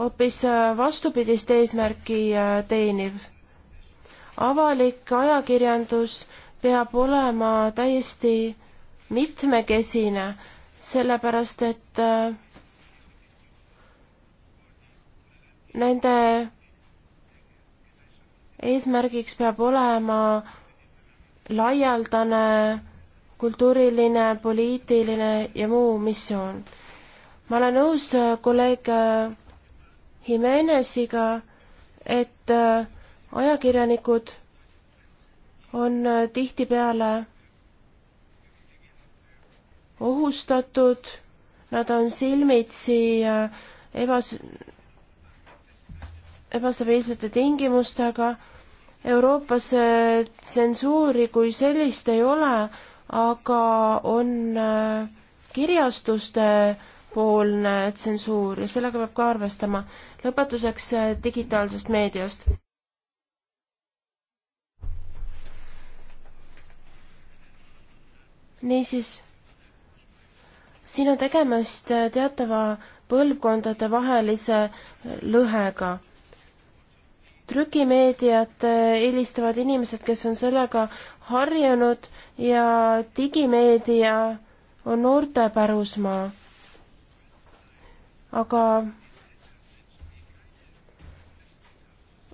hoopis äh, vastupidist eesmärki äh, teeniv. avalik ajakirjandus peab olema täiesti mitmekesine, sellepärast et äh, nende eesmärgiks peab olema laialdane kultuuriline, poliitiline ja muu missioon. ma olen nõus kolleeg Jimenesiga, et äh, ajakirjanikud on äh, tihtipeale ohustatud, nad on silmitsi äh, ebas-, ebastabiilsete tingimustega. Euroopas tsensuuri kui sellist ei ole, aga on kirjastuste poolne tsensuur ja sellega peab ka arvestama. lõpetuseks äh, digitaalsest meediast. niisiis, siin on tegemist äh, teatava põlvkondadevahelise äh, lõhega. trükimeediat eelistavad inimesed, kes on sellega harjunud ja digimeedia on noorte pärusmaa aga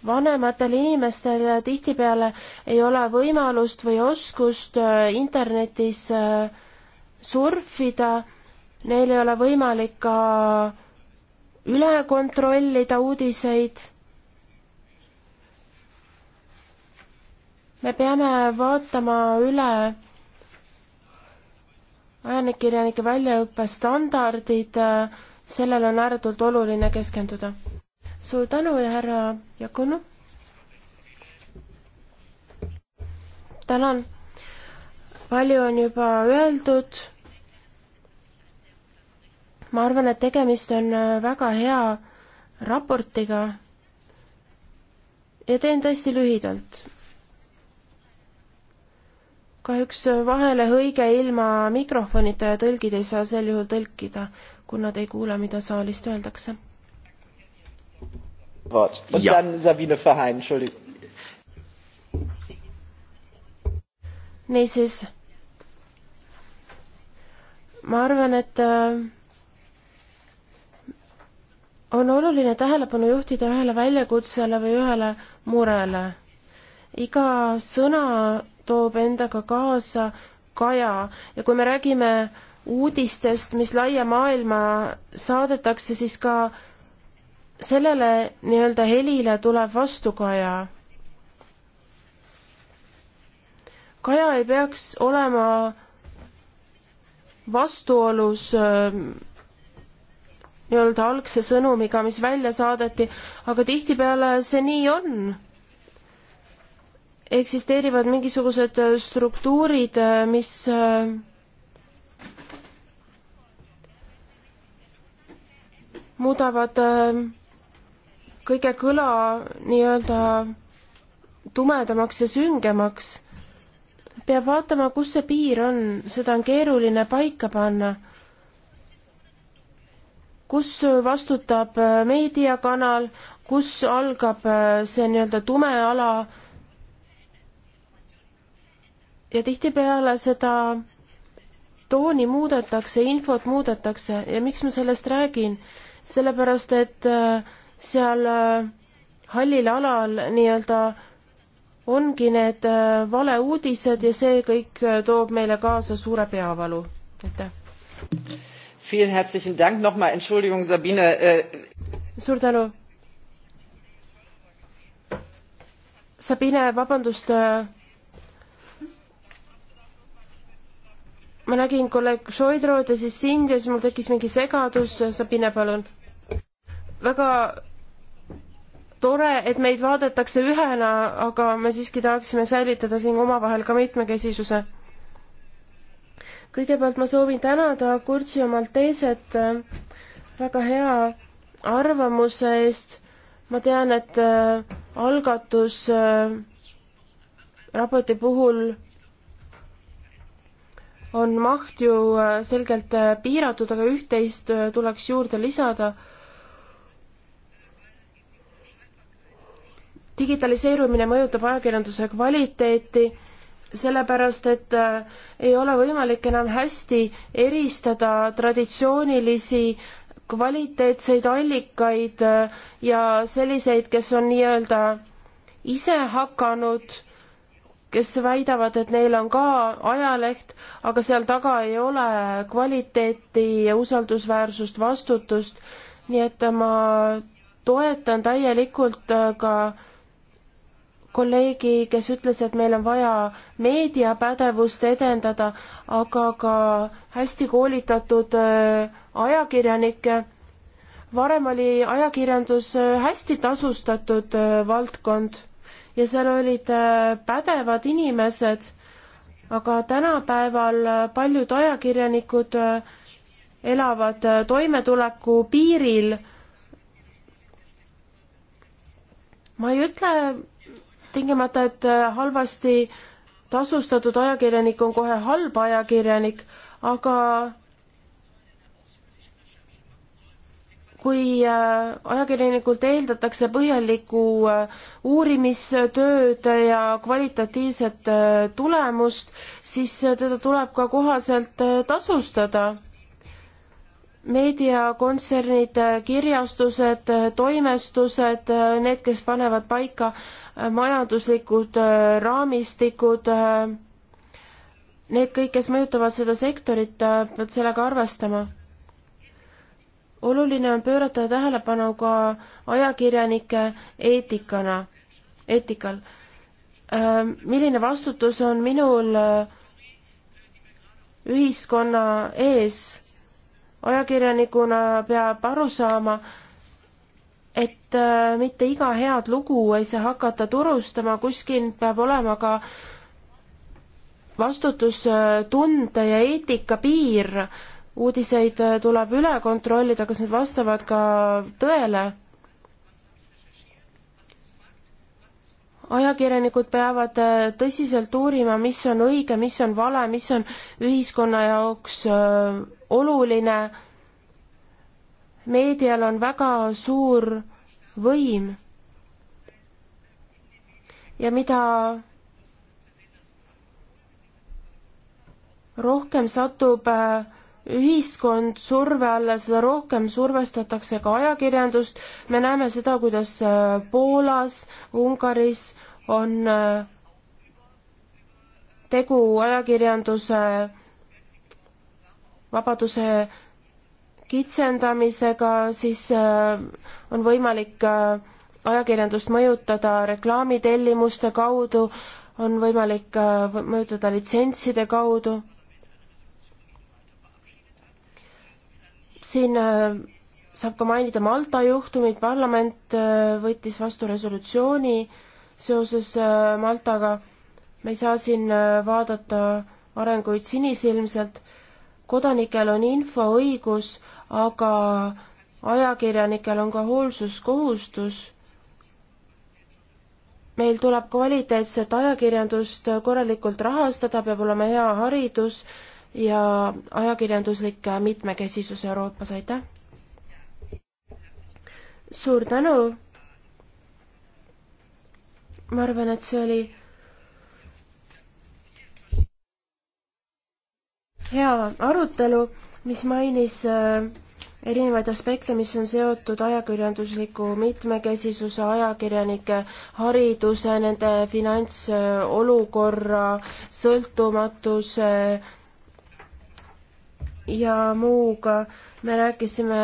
vanematel inimestel tihtipeale ei ole võimalust või oskust äh, internetis äh, surfida, neil ei ole võimalik ka üle kontrollida uudiseid. me peame vaatama üle ajakirjanike väljaõppe standardid äh, sellele on ääretult oluline keskenduda. suur tänu ja härra Jakonu. tänan. palju on juba öeldud. ma arvan, et tegemist on äh, väga hea raportiga. ja teen tõesti lühidalt kahjuks vahele hõige ilma mikrofonita ja tõlgid ei saa sel juhul tõlkida kui nad ei kuule, mida saalist öeldakse. niisiis, ma arvan, et äh, on oluline tähelepanu juhtida ühele väljakutsele või ühele murele. iga sõna toob endaga kaasa kaja ja kui me räägime äh, uudistest, mis laia maailma saadetakse, siis ka sellele nii-öelda helile tuleb vastukaja. kaja ei peaks olema vastuolus ähm, nii-öelda algse sõnumiga, mis välja saadeti, aga tihtipeale see nii on. eksisteerivad mingisugused äh, struktuurid, äh, mis äh, muudavad äh, kõige kõla nii-öelda tumedamaks ja süngemaks. peab vaatama, kus see piir on, seda on keeruline paika panna. kus vastutab äh, meediakanal, kus algab äh, see nii-öelda tume ala ja tihtipeale seda tooni muudetakse, infot muudetakse ja miks ma sellest räägin? sellepärast et äh, seal äh, hallil alal nii-öelda ongi need äh, valeuudised ja see kõik toob meile kaasa suure peavalu. aitäh! Vielen herzlichen Dank nochmal. Entschuldigung, Sabine. Äh Suur tänu. Sabine, vabandust. ma nägin kolleeg Šoidrod ja siis sind ja siis mul tekkis mingi segadus. Sabine, palun väga tore, et meid vaadatakse ühena, aga me siiski tahaksime säilitada siin omavahel ka mitmekesisuse. kõigepealt ma soovin tänada Kurtsi omalt teised äh, väga hea arvamuse eest. ma tean, et äh, algatus äh, raporti puhul on maht ju selgelt piiratud, aga üht-teist tuleks juurde lisada digitaliseerumine mõjutab ajakirjanduse kvaliteeti, sellepärast et äh, ei ole võimalik enam hästi eristada traditsioonilisi kvaliteetseid allikaid äh, ja selliseid, kes on nii-öelda ise hakanud kes väidavad, et neil on ka ajaleht, aga seal taga ei ole kvaliteeti, usaldusväärsust, vastutust. nii et ma toetan täielikult äh, ka kolleegi, kes ütles, et meil on vaja meediapädevust edendada, aga ka hästi koolitatud äh, ajakirjanikke. varem oli ajakirjandus äh, hästi tasustatud äh, valdkond ja seal olid pädevad inimesed, aga tänapäeval paljud ajakirjanikud elavad toimetuleku piiril ma ei ütle, tingimata, et äh, halvasti tasustatud ajakirjanik on kohe halb ajakirjanik, aga kui äh, ajakirjanikult eeldatakse põhjalikku äh, uurimistööd ja kvalitatiivset tulemust, siis teda tuleb ka kohaselt tasustada. meediakontsernid, kirjastused, toimestused, need, kes panevad paika majanduslikud äh, raamistikud, äh, need kõik, kes mõjutavad seda sektorit, äh, peavad sellega arvestama. oluline on pöörata tähelepanu ka ajakirjanike eetikana, eetikal. milline vastutus on minul ühiskonna ees? ajakirjanikuna peab aru saama, et äh, mitte iga head lugu ei saa hakata turustama, kuskil peab olema ka vastutustunde ja eetika piir. uudiseid äh, tuleb üle kontrollida, kas need vastavad ka tõele. ajakirjanikud peavad äh, tõsiselt uurima, mis on õige, mis on vale, mis on ühiskonna jaoks oluline meedial on väga suur võim ja mida rohkem satub äh, ühiskond surve alla, seda rohkem survestatakse ka ajakirjandust. me näeme seda, kuidas äh, Poolas, Ungaris on äh, tegu ajakirjanduse vabaduse kitsendamisega, siis äh, on võimalik äh, ajakirjandust mõjutada reklaamitellimuste kaudu, on võimalik äh, mõjutada litsentside kaudu. siin saab ka mainida Malta juhtumit, parlament võttis vastu resolutsiooni seoses Maltaga. me ei saa siin vaadata arenguid sinisilmselt. kodanikel on infoõigus aga ajakirjanikel on ka hoolsuskohustus. meil tuleb kvaliteetset ajakirjandust korralikult rahastada, peab olema hea haridus ja ajakirjanduslik mitmekesisus Euroopas, aitäh! suur tänu! ma arvan, et see oli hea arutelu mis mainis äh, erinevaid aspekte, mis on seotud ajakirjandusliku mitmekesisuse, ajakirjanike hariduse, nende finantsolukorra, sõltumatuse ja muuga. me rääkisime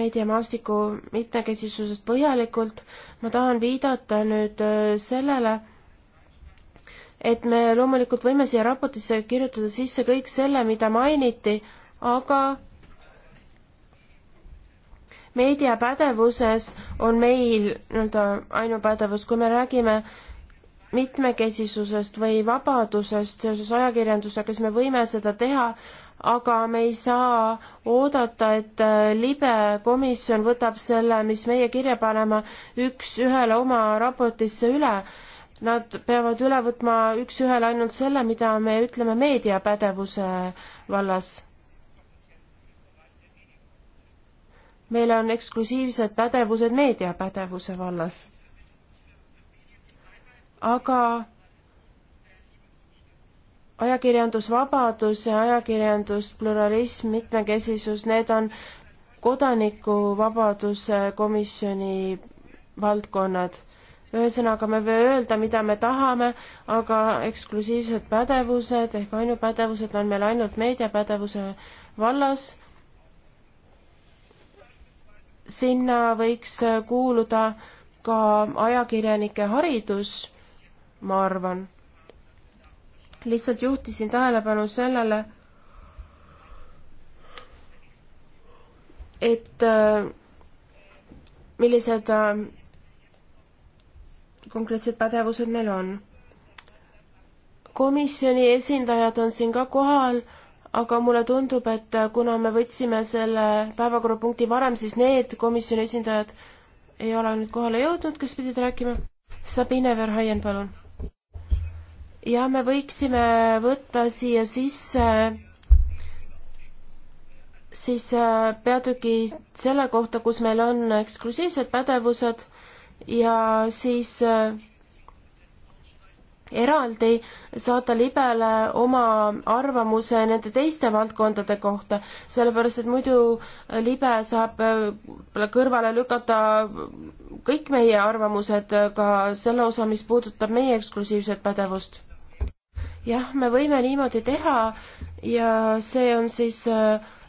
meediamaastiku mitmekesisusest põhjalikult. ma tahan viidata nüüd äh, sellele, et me loomulikult võime siia raportisse kirjutada sisse kõik selle, mida mainiti, aga meediapädevuses on meil nii-öelda ainupädevus, kui me räägime mitmekesisusest või vabadusest seoses ajakirjandusega, siis me võime seda teha, aga me ei saa oodata, et äh, libe komisjon võtab selle, mis meie kirja paneme, üks-ühele oma raportisse üle Nad peavad üle võtma üks-ühele ainult selle, mida me ütleme meediapädevuse vallas. meil on eksklusiivsed pädevused meediapädevuse vallas. aga ajakirjandusvabadus ja ajakirjanduspluralism, mitmekesisus, need on kodanikuvabaduse komisjoni valdkonnad ühesõnaga, me võime öelda, mida me tahame, aga eksklusiivsed pädevused ehk ainupädevused on meil ainult meediapädevuse vallas. sinna võiks kuuluda ka ajakirjanike haridus, ma arvan. lihtsalt juhtisin tähelepanu sellele, et äh, millised äh, konkreetsed pädevused meil on. komisjoni esindajad on siin ka kohal, aga mulle tundub, et kuna me võtsime selle päevakorrapunkti varem, siis need komisjoni esindajad ei ole nüüd kohale jõudnud, kes pidid rääkima. Sabine Verhaien, palun. ja me võiksime võtta siia sisse siis peatüki selle kohta, kus meil on eksklusiivsed pädevused ja siis äh, eraldi saata libele oma arvamuse nende teiste valdkondade kohta, sellepärast et muidu äh, libe saab äh, kõrvale lükata kõik meie arvamused, ka selle osa, mis puudutab meie eksklusiivset pädevust. jah, me võime niimoodi teha ja see on siis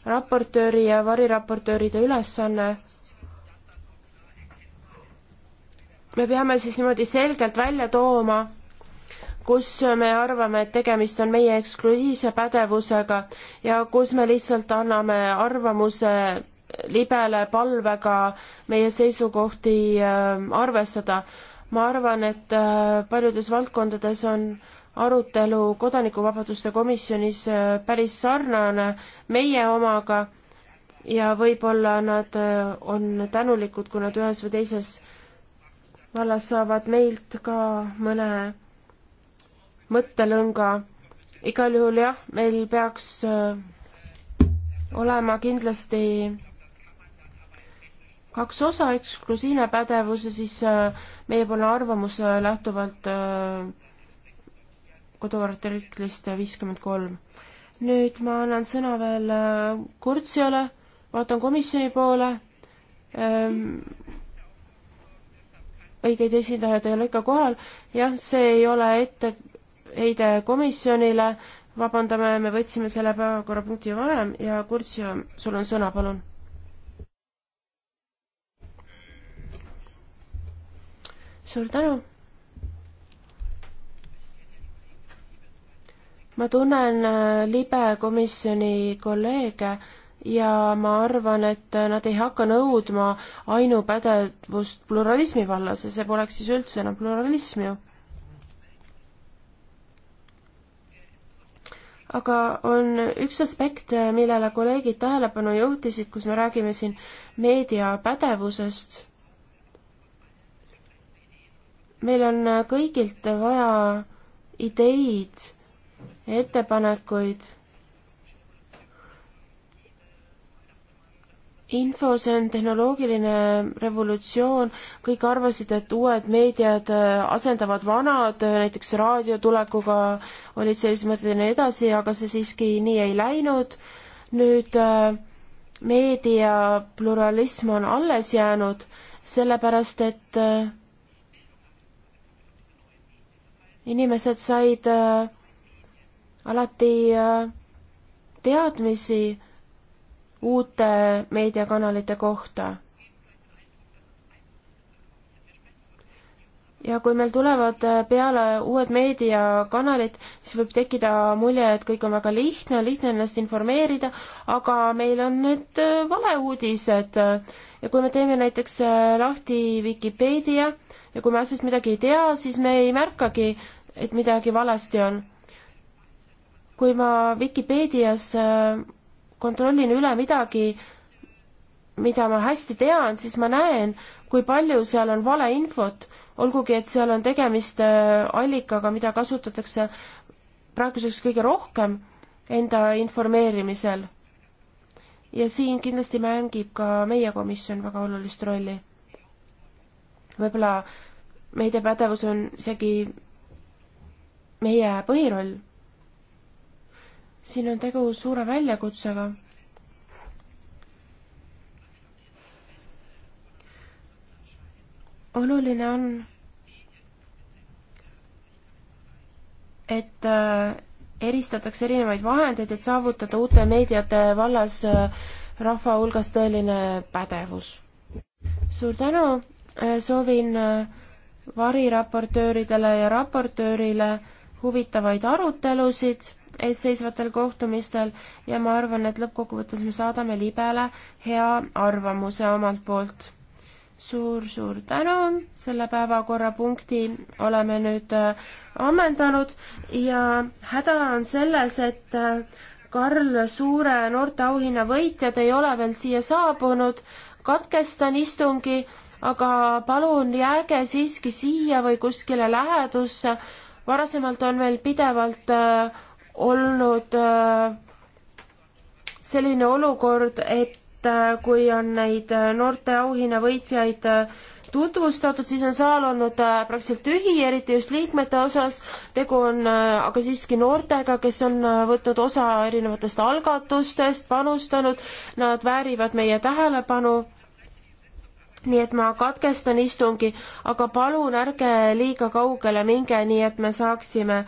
raportööri ja variraportööride ülesanne me peame siis niimoodi selgelt välja tooma, kus me arvame, et tegemist on meie eksklusiivse pädevusega ja kus me lihtsalt anname arvamuse libele palvega meie seisukohti äh, arvestada. ma arvan, et äh, paljudes valdkondades on arutelu Kodanikuvabaduste komisjonis äh, päris sarnane meie omaga ja võib-olla nad on tänulikud, kui nad ühes või teises vallas saavad meilt ka mõne mõttelõnga. igal juhul jah, meil peaks äh, olema kindlasti kaks osa, eksklusiivne pädevus ja siis äh, meiepoolne arvamus äh, lähtuvalt kodukorrati artiklist viiskümmend kolm. nüüd ma annan sõna veel Kurtsiole, vaatan komisjoni poole. Ehm, õigeid esindajaid ei ole ikka kohal, jah, see ei ole etteheide komisjonile, vabandame, me võtsime selle päevakorrapunkti varem ja Kurtsio, sul on sõna, palun. suur tänu. ma tunnen äh, libe komisjoni kolleege ja ma arvan, et nad ei hakka nõudma ainupädevust pluralismi vallas ja see poleks siis üldse enam pluralism ju. aga on üks aspekt, millele kolleegid tähelepanu juhtisid, kus me räägime siin meediapädevusest. meil on kõigilt vaja ideid, ettepanekuid info, see on tehnoloogiline revolutsioon, kõik arvasid, et uued meediad äh, asendavad vanad, äh, näiteks raadio tulekuga olid sellised mõtted ja nii edasi, aga see siiski nii ei läinud. nüüd äh, meedia pluralism on alles jäänud, sellepärast et inimesed said alati teadmisi uute meediakanalite kohta. ja kui meil tulevad peale uued meediakanalid, siis võib tekkida mulje, et kõik on väga lihtne, lihtne ennast informeerida, aga meil on need valeuudised ja kui me teeme näiteks lahti Vikipeedia ja kui me asjast midagi ei tea, siis me ei märkagi, et midagi valesti on. kui ma Vikipeedias kontrollin üle midagi, mida ma hästi tean, siis ma näen, kui palju seal on valeinfot, olgugi et seal on tegemist äh, allikaga, mida kasutatakse praeguseks kõige rohkem enda informeerimisel. ja siin kindlasti mängib ka meie komisjon väga olulist rolli. võib-olla meediapädevus on isegi meie põhiroll siin on tegu suure väljakutsega. oluline on, et äh, eristatakse erinevaid vahendeid, et saavutada uute meediate vallas äh, rahva hulgas tõeline pädevus. suur tänu, äh, soovin variraportööridele ja raportöörile huvitavaid arutelusid eesseisvatel kohtumistel ja ma arvan, et lõppkokkuvõttes me saadame libele hea arvamuse omalt poolt suur,. suur-suur tänu, selle päevakorrapunkti oleme nüüd äh, ammendanud ja häda on selles, et äh, Karl Suure noorteauhinna võitjad ei ole veel siia saabunud, katkestan istungi, aga palun jääge siiski siia või kuskile lähedusse, varasemalt on meil pidevalt äh, olnud äh, selline olukord, et äh, kui on neid äh, noorte auhinnavõitjaid tutvustatud, siis on saal olnud praktiliselt tühi, eriti just liikmete osas. tegu on aga siiski noortega, kes on võtnud osa erinevatest algatustest, panustanud, nad väärivad meie tähelepanu. nii et ma katkestan istungi, aga palun ärge liiga kaugele minge, nii et me saaksime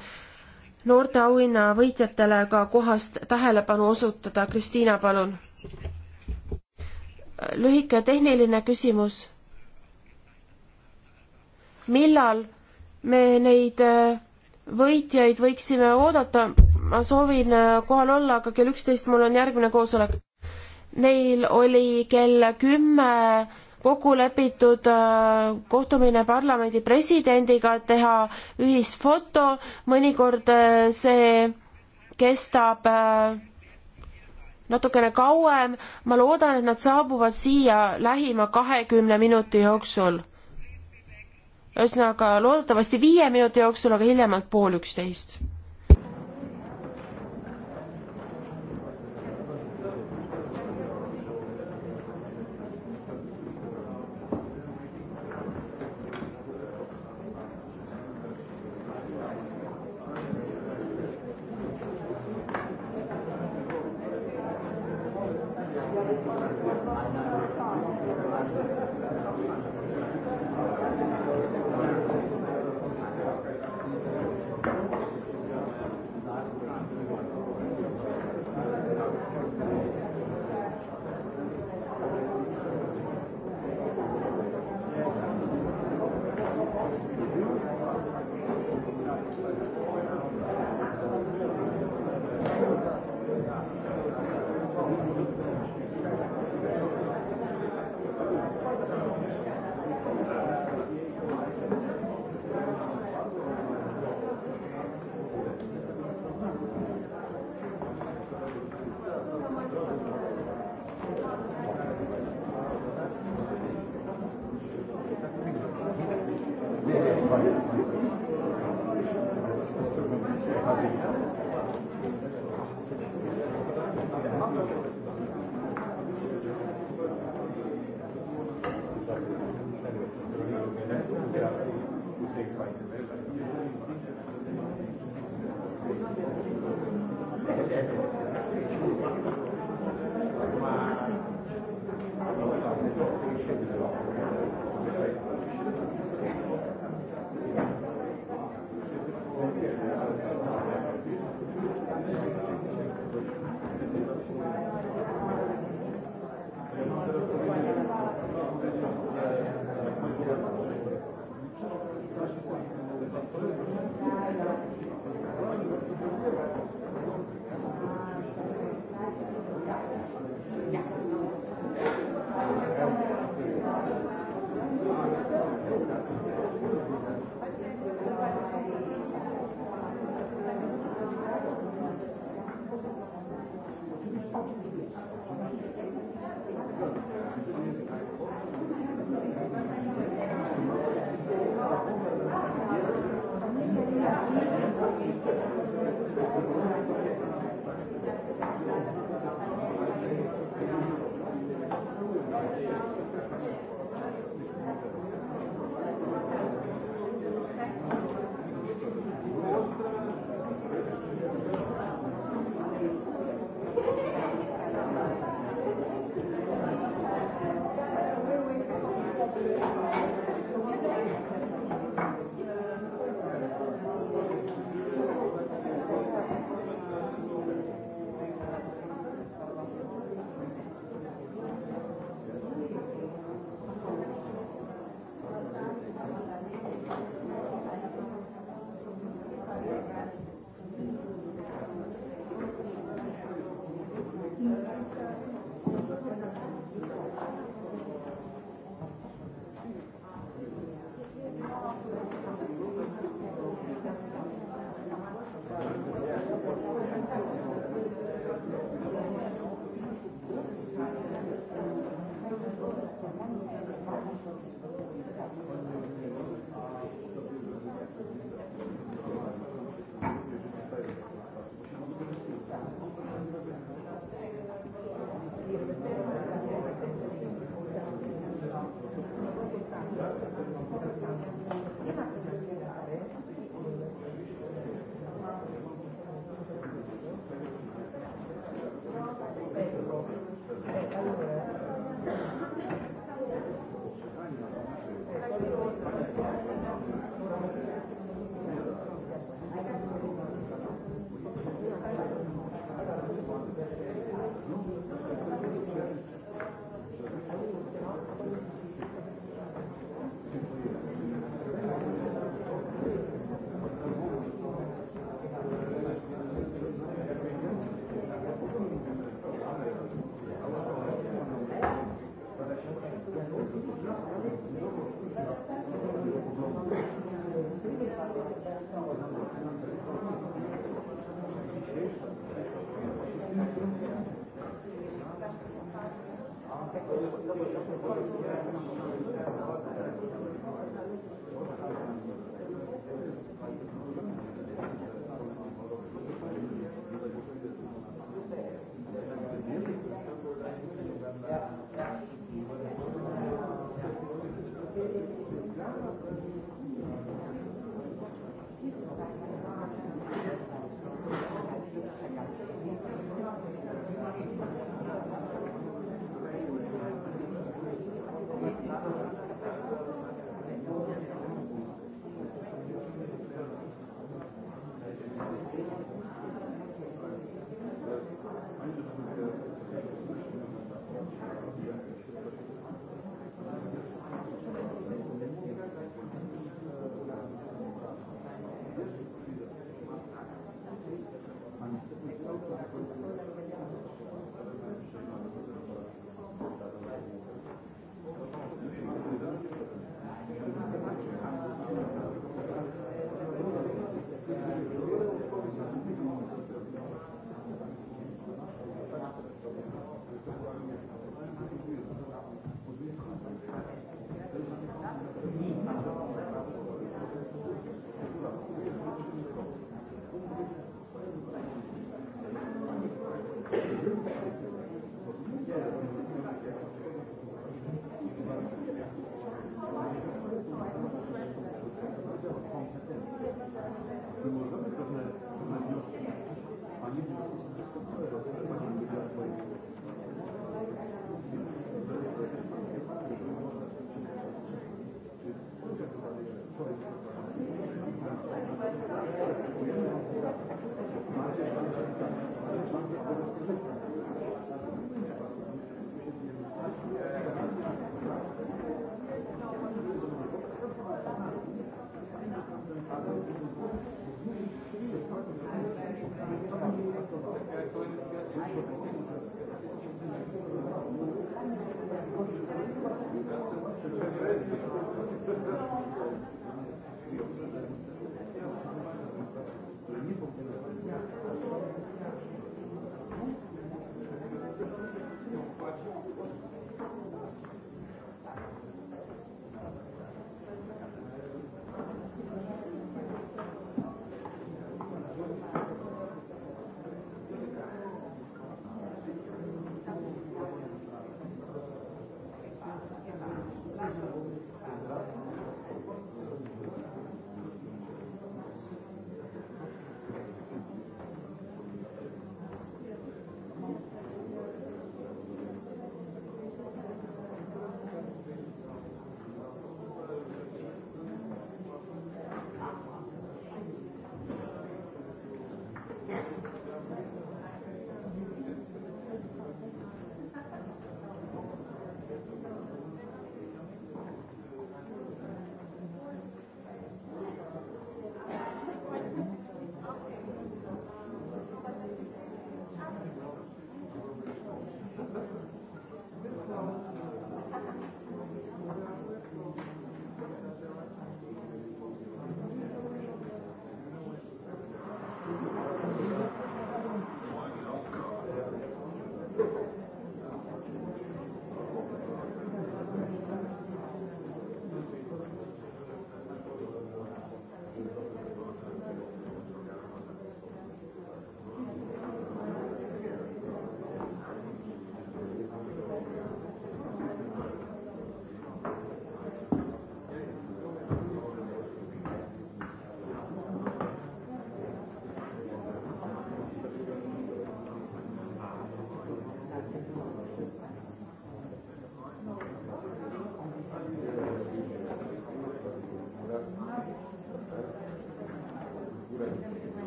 noorte auhinna võitjatele ka kohast tähelepanu osutada. Kristiina, palun. lühike tehniline küsimus. millal me neid äh, võitjaid võiksime oodata? ma soovin äh, kohal olla, aga kell üksteist mul on järgmine koosolek. Neil oli kell kümme 10 kokku lepitud äh, kohtumine parlamendi presidendiga, et teha ühisfoto, mõnikord äh, see kestab äh, natukene kauem, ma loodan, et nad saabuvad siia lähima kahekümne minuti jooksul. ühesõnaga, loodetavasti viie minuti jooksul, aga hiljemalt pool üksteist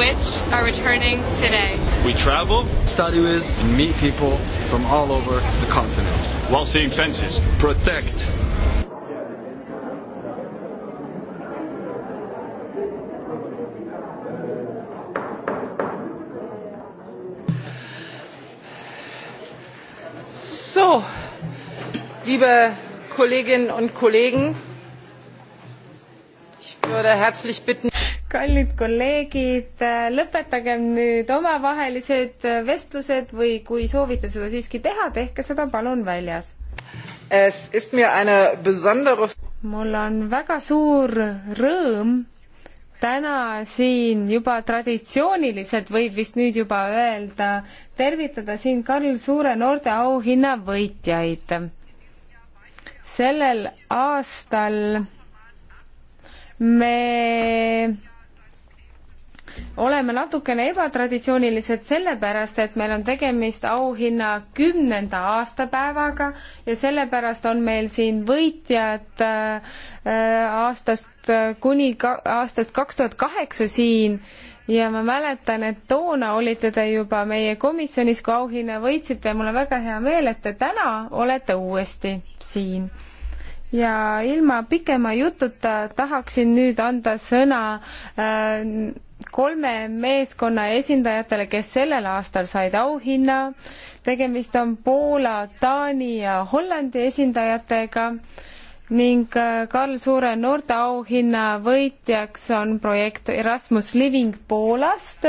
which are returning today. We travel, study with, and meet people from all over the continent. While seeing fences, protect So, liebe kolleginnen und kollegen ich würde herzlich bitten kallid kolleegid, lõpetagem nüüd omavahelised vestlused või kui soovite seda siiski teha, tehke seda palun väljas. Besondere... mul on väga suur rõõm täna siin juba traditsiooniliselt võib vist nüüd juba öelda, tervitada siin Karl Suure noorteauhinna võitjaid. sellel aastal me oleme natukene ebatraditsioonilised sellepärast, et meil on tegemist auhinna kümnenda aastapäevaga ja sellepärast on meil siin võitjad äh, aastast äh, kuni ka, aastast kaks tuhat kaheksa siin ja ma mäletan, et toona olite te juba meie komisjonis, kui auhinna võitsite ja mul on väga hea meel, et te täna olete uuesti siin ja ilma pikema jututa tahaksin nüüd anda sõna äh, kolme meeskonna esindajatele, kes sellel aastal said auhinna. tegemist on Poola, Taani ja Hollandi esindajatega ning äh, Karl Suure noorteauhinna võitjaks on projekt Erasmus Living Poolast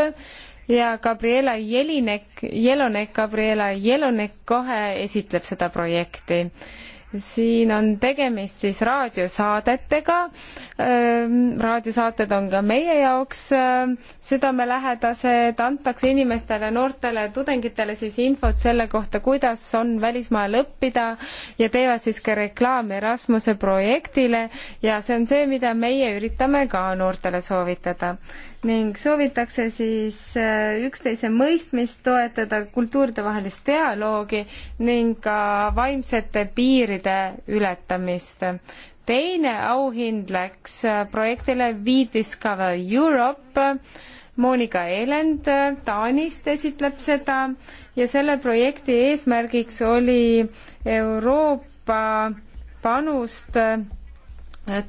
ja Gabriela Jelinek, Jelonek, Gabriela Jelonek kohe esitleb seda projekti siin on tegemist siis raadiosaadetega, raadiosaated on ka meie jaoks südamelähedased, antakse inimestele, noortele, tudengitele siis infot selle kohta, kuidas on välismaal õppida ja teevad siis ka reklaami Erasmuse projektile ja see on see, mida meie üritame ka noortele soovitada ning soovitakse siis äh, üksteise mõistmist toetada, kultuuridevahelist dialoogi ning ka vaimsete piiride ületamist. teine auhind läks äh, projektile We Discover Europe. Monika Elend äh, Taanist esitleb seda ja selle projekti eesmärgiks oli Euroopa panust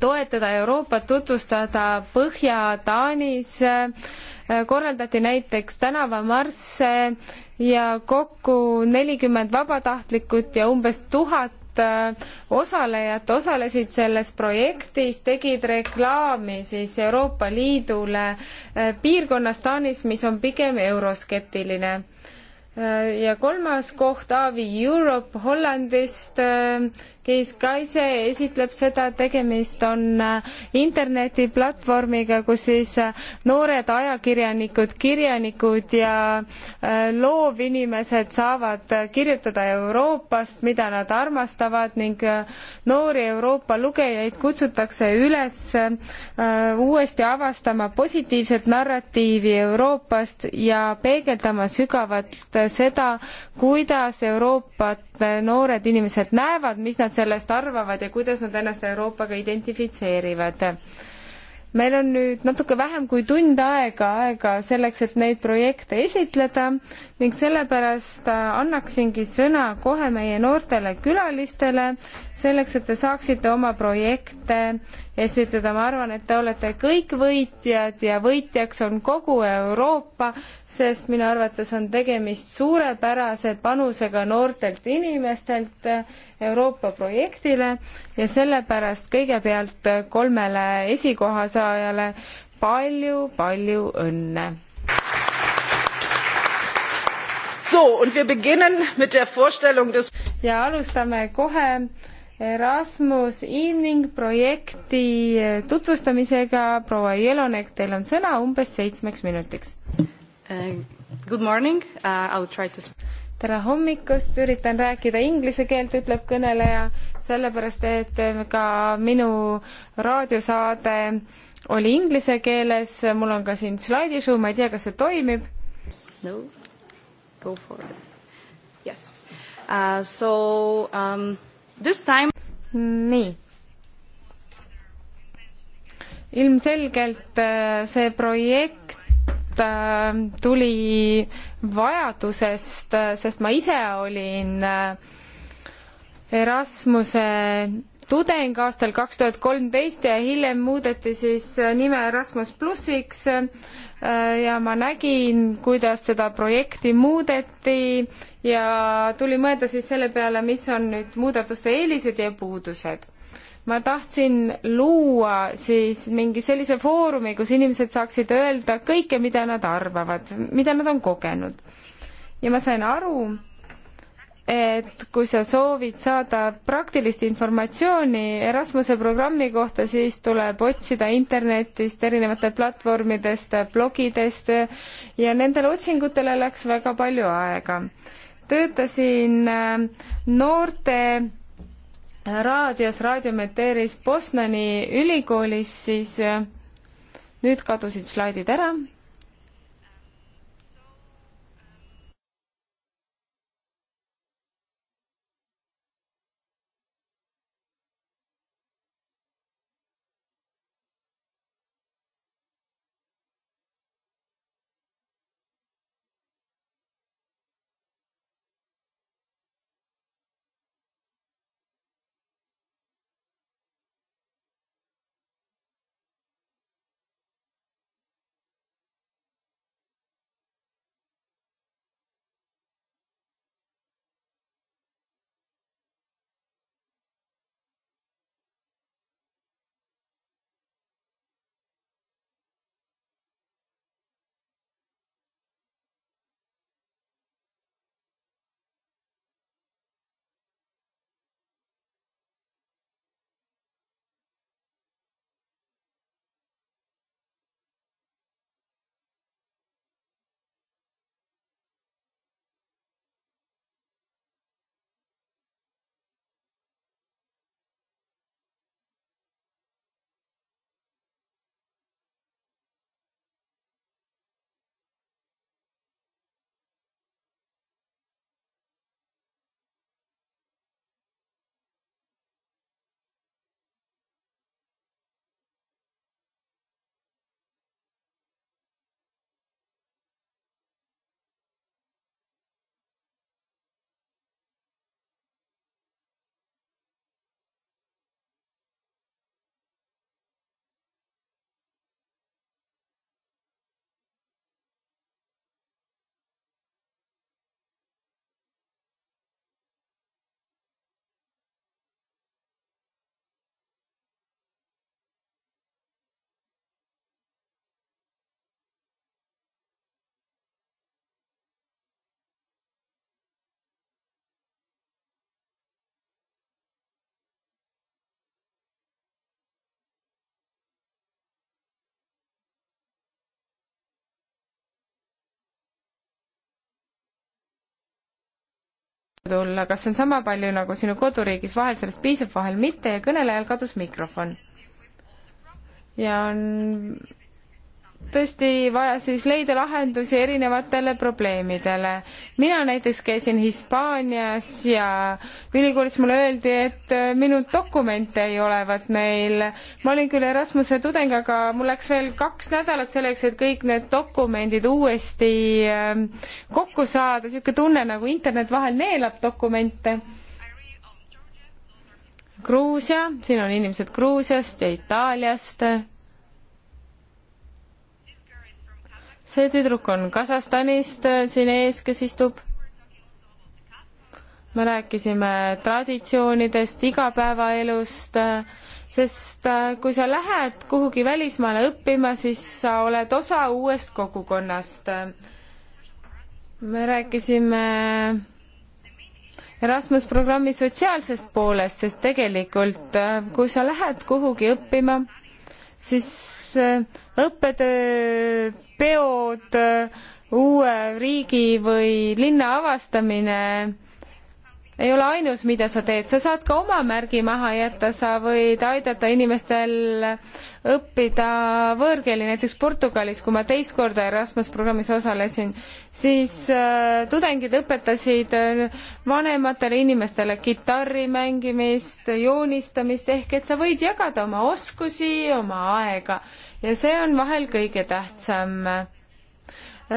toetada Euroopat, tutvustada Põhja-Taanis, korraldati näiteks tänavamarsse ja kokku nelikümmend vabatahtlikut ja umbes tuhat äh, osalejat osalesid selles projektis, tegid reklaami siis Euroopa Liidule äh, piirkonnas Taanis, mis on pigem euroskeptiline. Äh, ja kolmas koht, Aavi Europe Hollandist Keis Kaise esitleb seda, tegemist on äh, internetiplatvormiga, kus siis äh, noored ajakirjanikud, kirjanikud ja äh, loovinimesed saavad kirjutada Euroopast, mida nad armastavad ning noori Euroopa lugejaid kutsutakse üles uuesti avastama positiivset narratiivi Euroopast ja peegeldama sügavalt seda, kuidas Euroopat noored inimesed näevad, mis nad sellest arvavad ja kuidas nad ennast Euroopaga identifitseerivad. meil on nüüd natuke vähem kui tund aega, aega selleks, et neid projekte esitleda ning sellepärast äh, annaksingi sõna kohe meie noortele külalistele, selleks et te saaksite oma projekte esitada, ma arvan, et te olete kõik võitjad ja võitjaks on kogu Euroopa, sest minu arvates on tegemist suurepärase panusega noortelt inimestelt Euroopa projektile ja sellepärast kõigepealt kolmele esikoha saajale palju-palju õnne! ja alustame kohe Erasmus Evening projekti tutvustamisega. proua Jelonek, teil on sõna umbes seitsmeks minutiks uh,. Good morning uh,, I will try to tere hommikust, üritan rääkida inglise keelt, ütleb kõneleja, sellepärast et äh, ka minu raadiosaade oli inglise keeles, mul on ka siin slaidishow, ma ei tea, kas see toimib. no, go for it. Yes uh,, so um, This time nii. ilmselgelt äh, see projekt äh, tuli vajadusest, äh, sest ma ise olin Erasmuse tudeng aastal kaks tuhat kolmteist ja hiljem muudeti siis äh, nime Erasmus plussiks äh, ja ma nägin, kuidas seda projekti muudeti ja tuli mõelda siis selle peale, mis on nüüd muudatuste eelised ja puudused. ma tahtsin luua siis mingi sellise foorumi, kus inimesed saaksid öelda kõike, mida nad arvavad, mida nad on kogenud. ja ma sain aru, et kui sa soovid saada praktilist informatsiooni Erasmuse programmi kohta, siis tuleb otsida internetist, erinevatelt platvormidest, blogidest ja nendele otsingutele läks väga palju aega. töötasin äh, noorte raadios, raadiometeeris Bosnani ülikoolis, siis äh, nüüd kadusid slaidid ära tulla, kas on sama palju nagu sinu koduriigis, vahel sellest piisab, vahel mitte ja kõnelejal kadus mikrofon. ja on tõesti vaja siis leida lahendusi erinevatele probleemidele. mina näiteks käisin Hispaanias ja ülikoolis mulle öeldi, et äh, minu dokumente ei olevat neil. ma olin küll Erasmuse tudeng, aga mul läks veel kaks nädalat selleks, et kõik need dokumendid uuesti äh, kokku saada, niisugune tunne nagu internet vahel neelab dokumente Gruusia, siin on inimesed Gruusiast ja Itaaliast see tüdruk on Kasahstanist äh, siin ees, kes istub. me rääkisime traditsioonidest, igapäevaelust, äh, sest äh, kui sa lähed kuhugi välismaale õppima, siis sa oled osa uuest kogukonnast. me rääkisime Erasmus programmi sotsiaalsest poolest, sest tegelikult kui sa lähed kuhugi õppima, siis äh, õppetöö, peod, äh, uue riigi või linna avastamine ei ole ainus, mida sa teed, sa saad ka oma märgi maha jätta, sa võid aidata inimestel õppida võõrkeeli, näiteks Portugalis, kui ma teist korda Erasmus programmis osalesin, siis äh, tudengid õpetasid äh, vanematele inimestele kitarri mängimist, joonistamist, ehk et sa võid jagada oma oskusi, oma aega ja see on vahel kõige tähtsam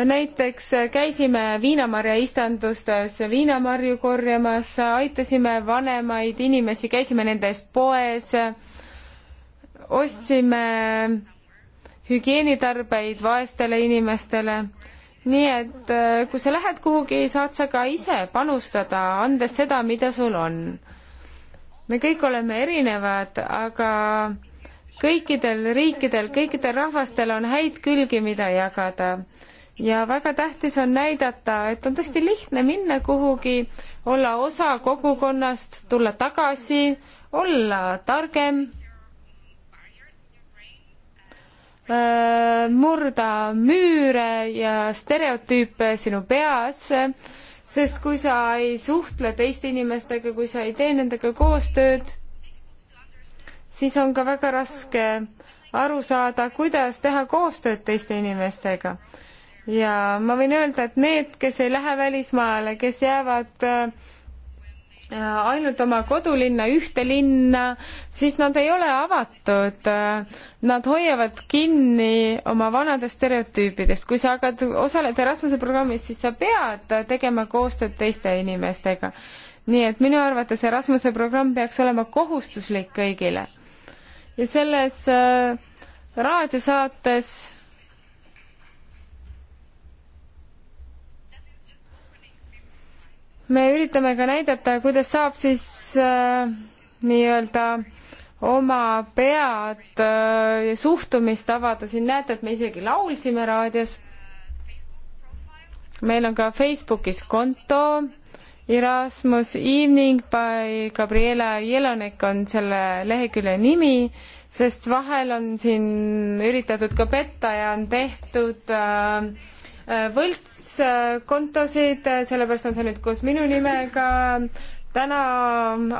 näiteks käisime viinamarja istandustes viinamarju korjamas, aitasime vanemaid inimesi, käisime nendes poes, ostsime hügieenitarbeid vaestele inimestele. nii et äh, kui sa lähed kuhugi, saad sa ka ise panustada, andes seda, mida sul on. me kõik oleme erinevad, aga kõikidel riikidel, kõikidel rahvastel on häid külgi, mida jagada ja väga tähtis on näidata, et on tõesti lihtne minna kuhugi, olla osa kogukonnast, tulla tagasi, olla targem, äh, murda müüre ja stereotüüpe sinu peas, sest kui sa ei suhtle teiste inimestega, kui sa ei tee nendega koostööd, siis on ka väga raske aru saada, kuidas teha koostööd teiste inimestega ja ma võin öelda, et need, kes ei lähe välismaale, kes jäävad äh, ainult oma kodulinna, ühte linna, siis nad ei ole avatud. Nad hoiavad kinni oma vanadest stereotüüpidest. kui sa hakkad, osaled Erasmuse programmis, siis sa pead tegema koostööd teiste inimestega. nii et minu arvates Erasmuse programm peaks olema kohustuslik kõigile. ja selles äh, raadiosaates me üritame ka näidata, kuidas saab siis äh, nii-öelda oma pead äh, ja suhtumist avada, siin näete, et me isegi laulsime raadios. meil on ka Facebookis konto Erasmus Evening by Gabriela Jelonek on selle lehekülje nimi, sest vahel on siin üritatud ka petta ja on tehtud äh, võltskontosid, sellepärast on see nüüd koos minu nimega. täna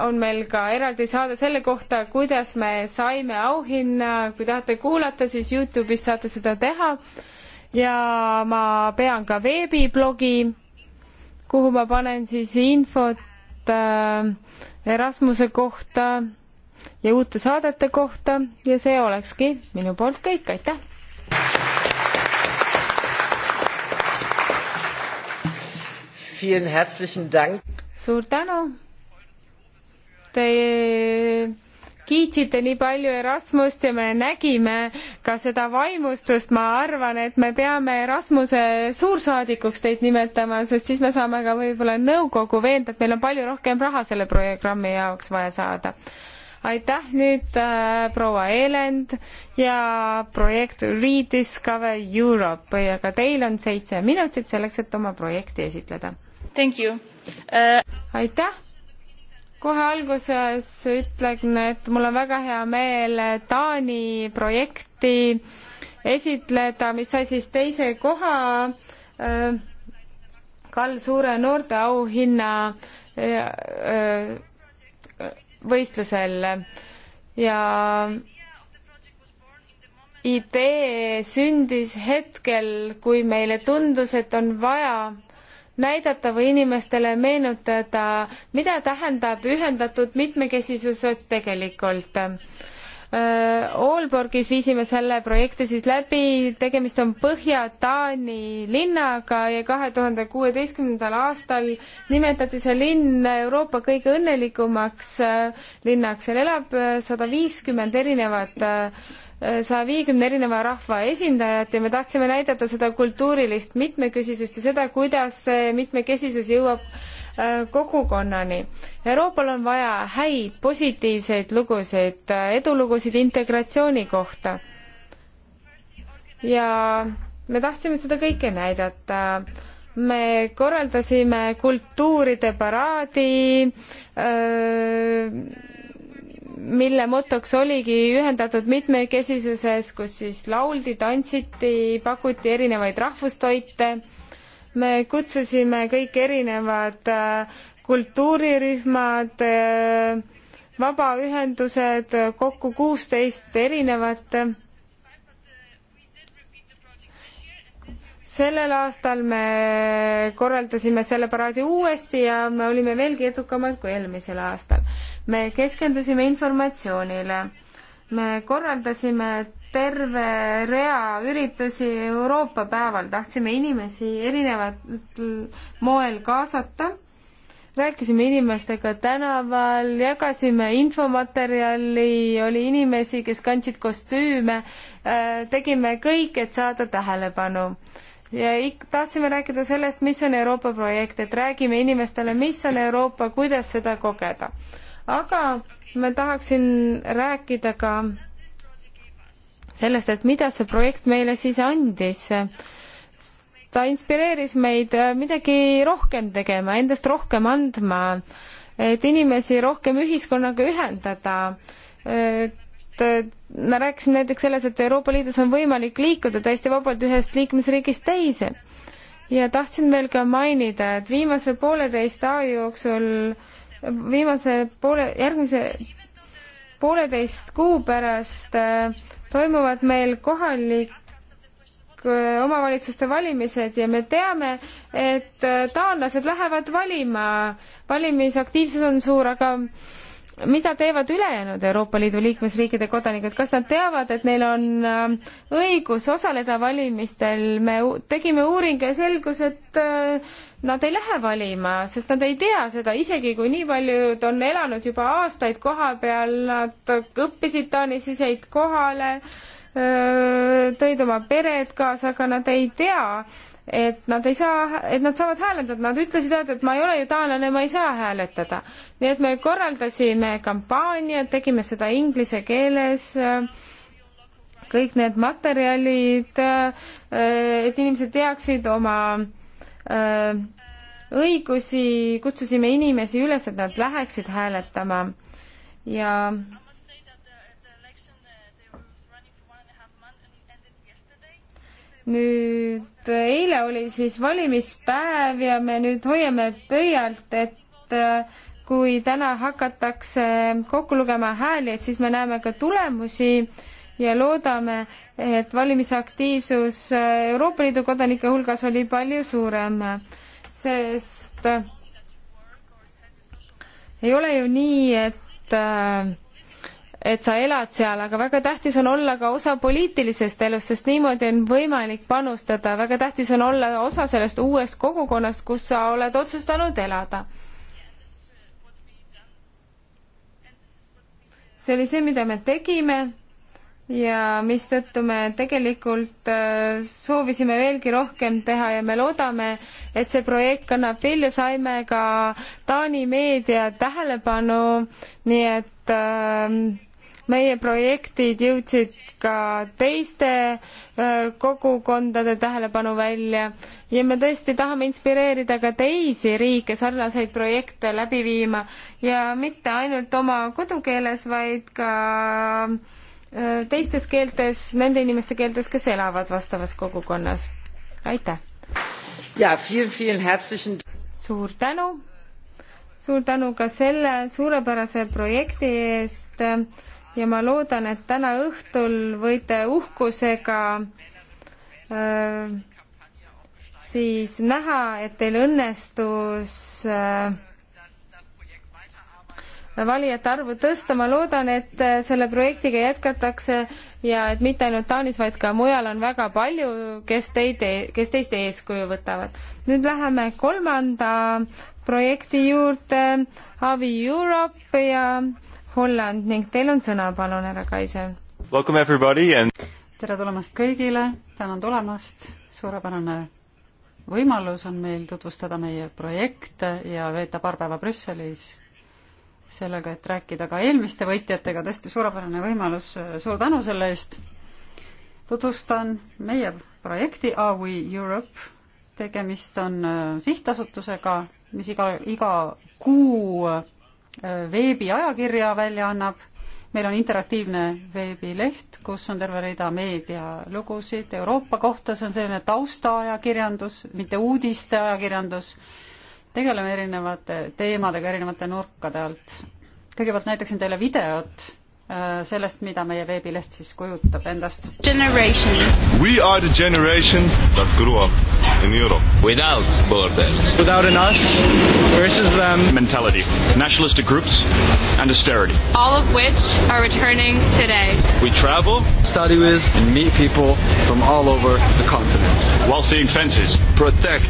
on meil ka eraldi saade selle kohta, kuidas me saime auhinna, kui tahate kuulata, siis Youtube'is saate seda teha. ja ma pean ka veebiblogi, kuhu ma panen siis infot äh, Erasmuse kohta ja uute saadete kohta ja see olekski minu poolt kõik, aitäh! vielen herzlichen Dank. suur tänu. Te kiitsite nii palju Erasmust ja me nägime ka seda vaimustust, ma arvan, et me peame Erasmuse suursaadikuks teid nimetama, sest siis me saame ka võib-olla nõukogu veenda, et meil on palju rohkem raha selle programmi jaoks vaja saada. aitäh nüüd äh, proua Elend ja projekt Rediscover Europe ja ka teil on seitse minutit selleks, et oma projekti esitleda Thank you uh.... aitäh kohe alguses ütlen, et mul on väga hea meel Taani projekti esitleda, mis sai siis teise koha äh, Kall Suure noorteauhinna äh, äh, võistlusel ja idee sündis hetkel, kui meile tundus, et on vaja näidata või inimestele meenutada, mida tähendab ühendatud mitmekesisuses tegelikult. Aalborgis viisime selle projekti siis läbi, tegemist on Põhja-Taani linnaga ja kahe tuhande kuueteistkümnendal aastal nimetati see linn Euroopa kõige õnnelikumaks äh, linnaks, seal elab äh, sada viiskümmend erinevat äh, saja viiekümne erineva rahva esindajat ja me tahtsime näidata seda kultuurilist mitmekesisust ja seda, kuidas see mitmekesisus jõuab äh, kogukonnani. Euroopal on vaja häid positiivseid lugusid, äh, edulugusid integratsiooni kohta. ja me tahtsime seda kõike näidata me korraldasime kultuuride paraadi, äh, mille motoks oligi ühendatud mitmekesisuses, kus siis lauldi, tantsiti, pakuti erinevaid rahvustoite. me kutsusime kõik erinevad äh, kultuurirühmad, äh, vabaühendused, äh, kokku kuusteist erinevat sellel aastal me korraldasime selle paraadi uuesti ja me olime veelgi edukamad kui eelmisel aastal me keskendusime informatsioonile, me korraldasime terve rea üritusi Euroopa päeval, tahtsime inimesi erinevatel moel kaasata, rääkisime inimestega tänaval, jagasime infomaterjali, oli inimesi, kes kandsid kostüüme, äh, tegime kõik, et saada tähelepanu ja ik-, tahtsime rääkida sellest, mis on Euroopa projekt, et räägime inimestele, mis on Euroopa, kuidas seda kogeda aga ma tahaksin rääkida ka sellest, et mida see projekt meile siis andis. ta inspireeris meid äh, midagi rohkem tegema, endast rohkem andma, et inimesi rohkem ühiskonnaga ühendada et äh, ma rääkisin näiteks selles, et Euroopa Liidus on võimalik liikuda täiesti vabalt ühest liikmesriigist teise. ja tahtsin veel ka mainida, et viimase pooleteist aja jooksul viimase poole, järgmise pooleteist kuu pärast äh, toimuvad meil kohalik äh, omavalitsuste valimised ja me teame, et äh, taanlased lähevad valima. valimisaktiivsus on suur, aga mida teevad ülejäänud Euroopa Liidu liikmesriikide kodanikud, kas nad teavad, et neil on äh, õigus osaleda valimistel, me tegime uuringu ja selgus, et äh, nad ei lähe valima, sest nad ei tea seda, isegi kui nii paljud on elanud juba aastaid koha peal, nad õppisid Taanis, siis jäid kohale, äh, tõid oma pered kaasa, aga nad ei tea, et nad ei saa, et nad saavad hääletada, nad ütlesid, et ma ei ole ju taanlane, ma ei saa hääletada. nii et me korraldasime kampaaniat, tegime seda inglise keeles, kõik need materjalid, et inimesed teaksid oma õigusi, kutsusime inimesi üles, et nad läheksid hääletama ja nüüd eile oli siis valimispäev ja me nüüd hoiame pöialt, et äh, kui täna hakatakse kokku lugema hääli, et siis me näeme ka tulemusi ja loodame, et valimisaktiivsus äh, Euroopa Liidu kodanike hulgas oli palju suurem, sest äh, ei ole ju nii, et et sa elad seal, aga väga tähtis on olla ka osa poliitilisest elust, sest niimoodi on võimalik panustada, väga tähtis on olla osa sellest uuest kogukonnast, kus sa oled otsustanud elada. see oli see, mida me tegime ja mistõttu me tegelikult äh, soovisime veelgi rohkem teha ja me loodame, et see projekt kannab vilju, saime ka Taani meedia tähelepanu, nii et äh, meie projektid jõudsid ka teiste kogukondade tähelepanu välja ja me tõesti tahame inspireerida ka teisi riike sarnaseid projekte läbi viima ja mitte ainult oma kodukeeles, vaid ka teistes keeltes, nende inimeste keeltes, kes elavad vastavas kogukonnas. aitäh! ja, suur tänu! suur tänu ka selle suurepärase projekti eest ja ma loodan, et täna õhtul võite uhkusega äh, siis näha, et teil õnnestus äh, valijate arvu tõsta, ma loodan, et selle projektiga jätkatakse ja et mitte ainult Taanis, vaid ka mujal on väga palju, kes teid, e, kes teist eeskuju võtavad. nüüd läheme kolmanda projekti juurde, Avi Europe ja Holland ning teil on sõna, palun, härra Kaise. Welcome everybody and tere tulemast kõigile, tänan tulemast, suurepärane võimalus on meil tutvustada meie projekte ja veeta paar päeva Brüsselis sellega, et rääkida ka eelmiste võitjatega, tõesti suurepärane võimalus, suur tänu selle eest. tutvustan meie projekti Are We Europe, tegemist on äh, sihtasutusega, mis iga, iga kuu veebiajakirja välja annab. meil on interaktiivne veebileht, kus on terve rida meedialugusid Euroopa kohta, see on selline taustaajakirjandus, mitte uudiste ajakirjandus. tegeleme erinevate teemadega erinevate nurkade alt. kõigepealt näitaksin teile videot Äh, sellest, mida meie veebileht siis kujutab endast. We are the generation that grew up in Europe. Without borders. Without an us versus them. Mentality, nationalistic groups and austerity. All of which are returning today. We travel. Study with and meet people from all over the continent. While seeing fences. Protect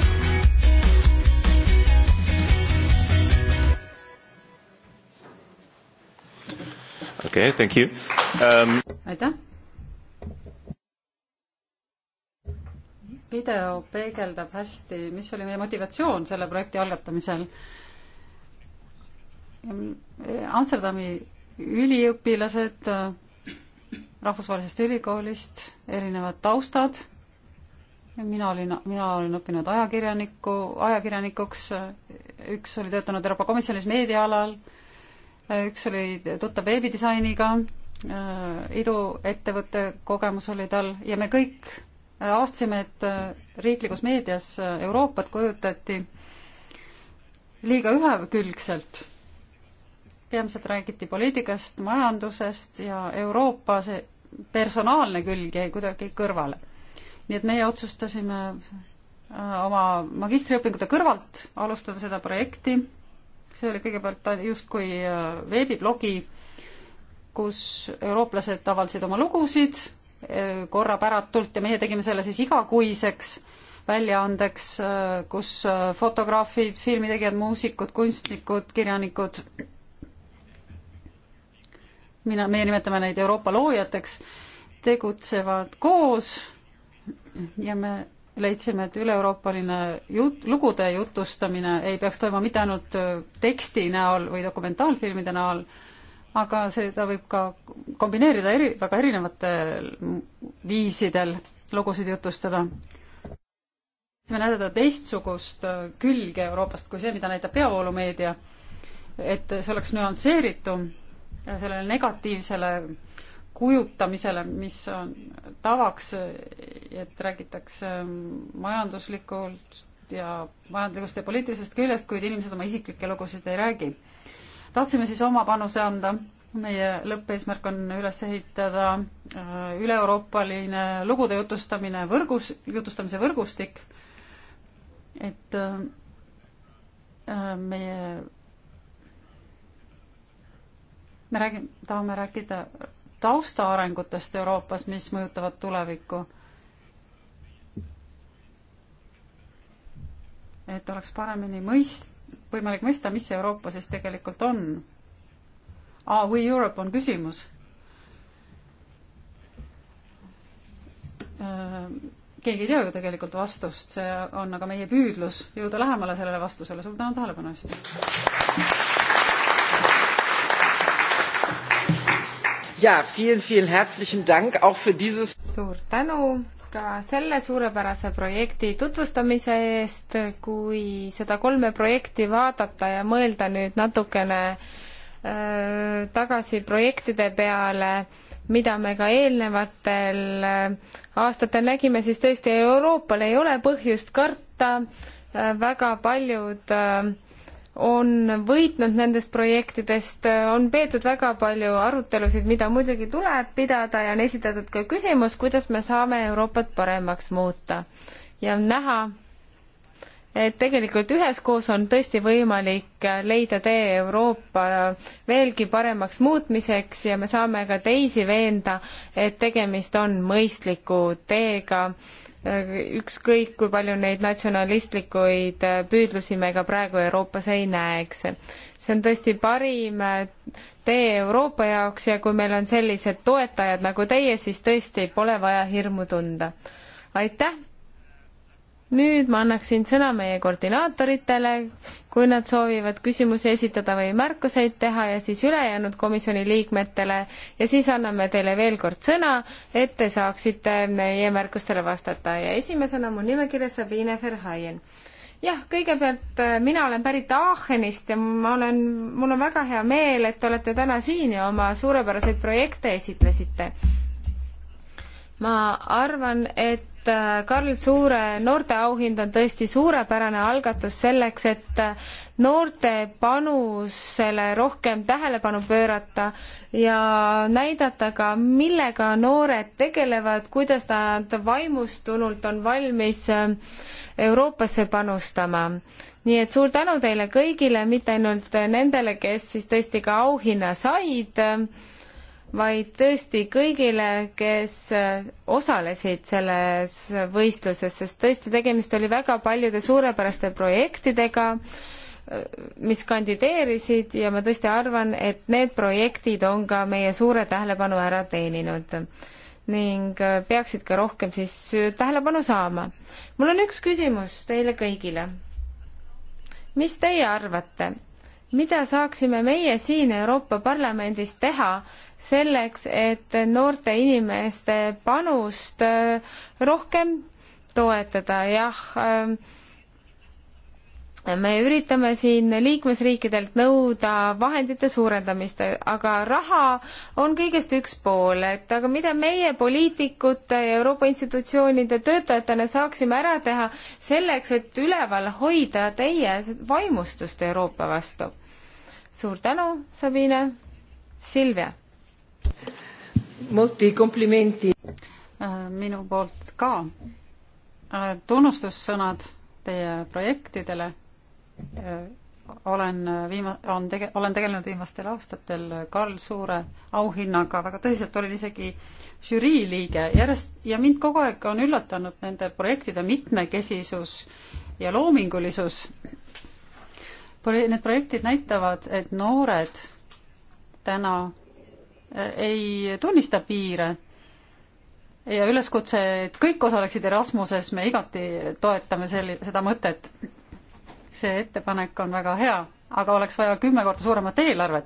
okei okay,, thank you um.... aitäh. video peegeldab hästi, mis oli meie motivatsioon selle projekti algatamisel. Amsterdami üliõpilased rahvusvahelisest ülikoolist, erinevad taustad. mina olin, mina olen õppinud ajakirjaniku, ajakirjanikuks, üks oli töötanud Euroopa Komisjonis meediaalal üks oli tuttav veebidisainiga, äh, iduettevõtte kogemus oli tal ja me kõik avastasime, äh, et äh, riiklikus meedias Euroopat kujutati liiga ühekülgselt. peamiselt räägiti poliitikast, majandusest ja Euroopa see personaalne külg jäi kuidagi kõrvale. nii et meie otsustasime oma magistriõpingute kõrvalt alustada seda projekti see oli kõigepealt justkui äh, veebiblogi, kus eurooplased avaldasid oma lugusid äh, korrapäratult ja meie tegime selle siis igakuiseks väljaandeks, äh, kus fotograafid, filmitegijad, muusikud, kunstnikud, kirjanikud, mina, meie nimetame neid Euroopa loojateks, tegutsevad koos ja me leidsime, et üle-euroopaline jut-, lugude jutustamine ei peaks toimuma mitte ainult äh, teksti näol või dokumentaalfilmide näol, aga seda võib ka kombineerida eri, väga erinevatel viisidel lugusid jutustada. siis me näidata teistsugust äh, külge Euroopast kui see, mida näitab peavoolumeedia, et see oleks nüansseeritum sellele negatiivsele kujutamisele, mis on tavaks, et räägitakse majanduslikult ja majanduslikust ja poliitilisest küljest, kuid inimesed oma isiklikke lugusid ei räägi. tahtsime siis oma panuse anda, meie lõppeesmärk on üles ehitada äh, üle-euroopaline lugude jutustamine võrgus, jutustamise võrgustik, et äh, äh, meie me räägime, tahame rääkida taustaarengutest Euroopas, mis mõjutavad tulevikku. et oleks paremini mõist-, võimalik mõista, mis see Euroopa siis tegelikult on. aa, ah, We Europe on küsimus. Äh, keegi ei tea ju tegelikult vastust, see on aga meie püüdlus jõuda lähemale sellele vastusele. suur tänu tähelepanu eest! ja, vielen, vielen herzlichen Dank auch für dieses. suur tänu ka selle suurepärase projekti tutvustamise eest, kui seda kolme projekti vaadata ja mõelda nüüd natukene äh, tagasi projektide peale, mida me ka eelnevatel äh, aastatel nägime, siis tõesti Euroopal ei ole põhjust karta äh,, väga paljud äh, on võitnud nendest projektidest, on peetud väga palju arutelusid, mida muidugi tuleb pidada ja on esitatud ka küsimus, kuidas me saame Euroopat paremaks muuta. ja on näha, et tegelikult üheskoos on tõesti võimalik leida tee Euroopa veelgi paremaks muutmiseks ja me saame ka teisi veenda, et tegemist on mõistliku teega ükskõik, kui palju neid natsionalistlikuid äh, püüdlusi me ka praegu Euroopas ei näeks. see on tõesti parim äh, tee Euroopa jaoks ja kui meil on sellised toetajad nagu teie, siis tõesti pole vaja hirmu tunda. aitäh nüüd ma annaksin sõna meie koordinaatoritele, kui nad soovivad küsimusi esitada või märkuseid teha ja siis ülejäänud komisjoni liikmetele ja siis anname teile veel kord sõna, et te saaksite meie märkustele vastata ja esimesena mu nimekirjas Sabine Verhaien. jah, kõigepealt äh, mina olen pärit Aachenist ja ma olen, mul on väga hea meel, et te olete täna siin ja oma suurepäraseid projekte esitlesite ma arvan, et äh, Karl Suure noorteauhind on tõesti suurepärane algatus selleks, et äh, noorte panusele rohkem tähelepanu pöörata ja näidata ka, millega noored tegelevad, kuidas nad vaimustunult on valmis äh, Euroopasse panustama. nii et suur tänu teile kõigile, mitte ainult nendele, kes siis tõesti ka auhinna said vaid tõesti kõigile, kes äh, osalesid selles võistluses, sest tõesti tegemist oli väga paljude suurepäraste projektidega, äh, mis kandideerisid ja ma tõesti arvan, et need projektid on ka meie suure tähelepanu ära teeninud ning äh, peaksid ka rohkem siis tähelepanu saama. mul on üks küsimus teile kõigile. mis teie arvate, mida saaksime meie siin Euroopa Parlamendis teha selleks, et noorte inimeste panust äh, rohkem toetada, jah ähm, me üritame siin liikmesriikidelt nõuda vahendite suurendamist, aga raha on kõigest üks pool, et aga mida meie poliitikute ja Euroopa institutsioonide töötajatena saaksime ära teha selleks, et üleval hoida teie vaimustust Euroopa vastu? suur tänu, Sabine. Silvia Molti komplimenti. Äh, minu poolt ka. Äh, tunnustussõnad teie projektidele. Äh, olen viima-, on tege-, olen tegelenud viimastel aastatel Karl Suure auhinnaga, väga tõsiselt olin isegi žürii liige järjest ja mind kogu aeg on üllatanud nende projektide mitmekesisus ja loomingulisus. Need projektid näitavad, et noored täna ei tunnista piire ja üleskutse, et kõik osaleksid Erasmuses, me igati toetame selli-, seda mõtet. see ettepanek on väga hea, aga oleks vaja kümme korda suuremat eelarvet.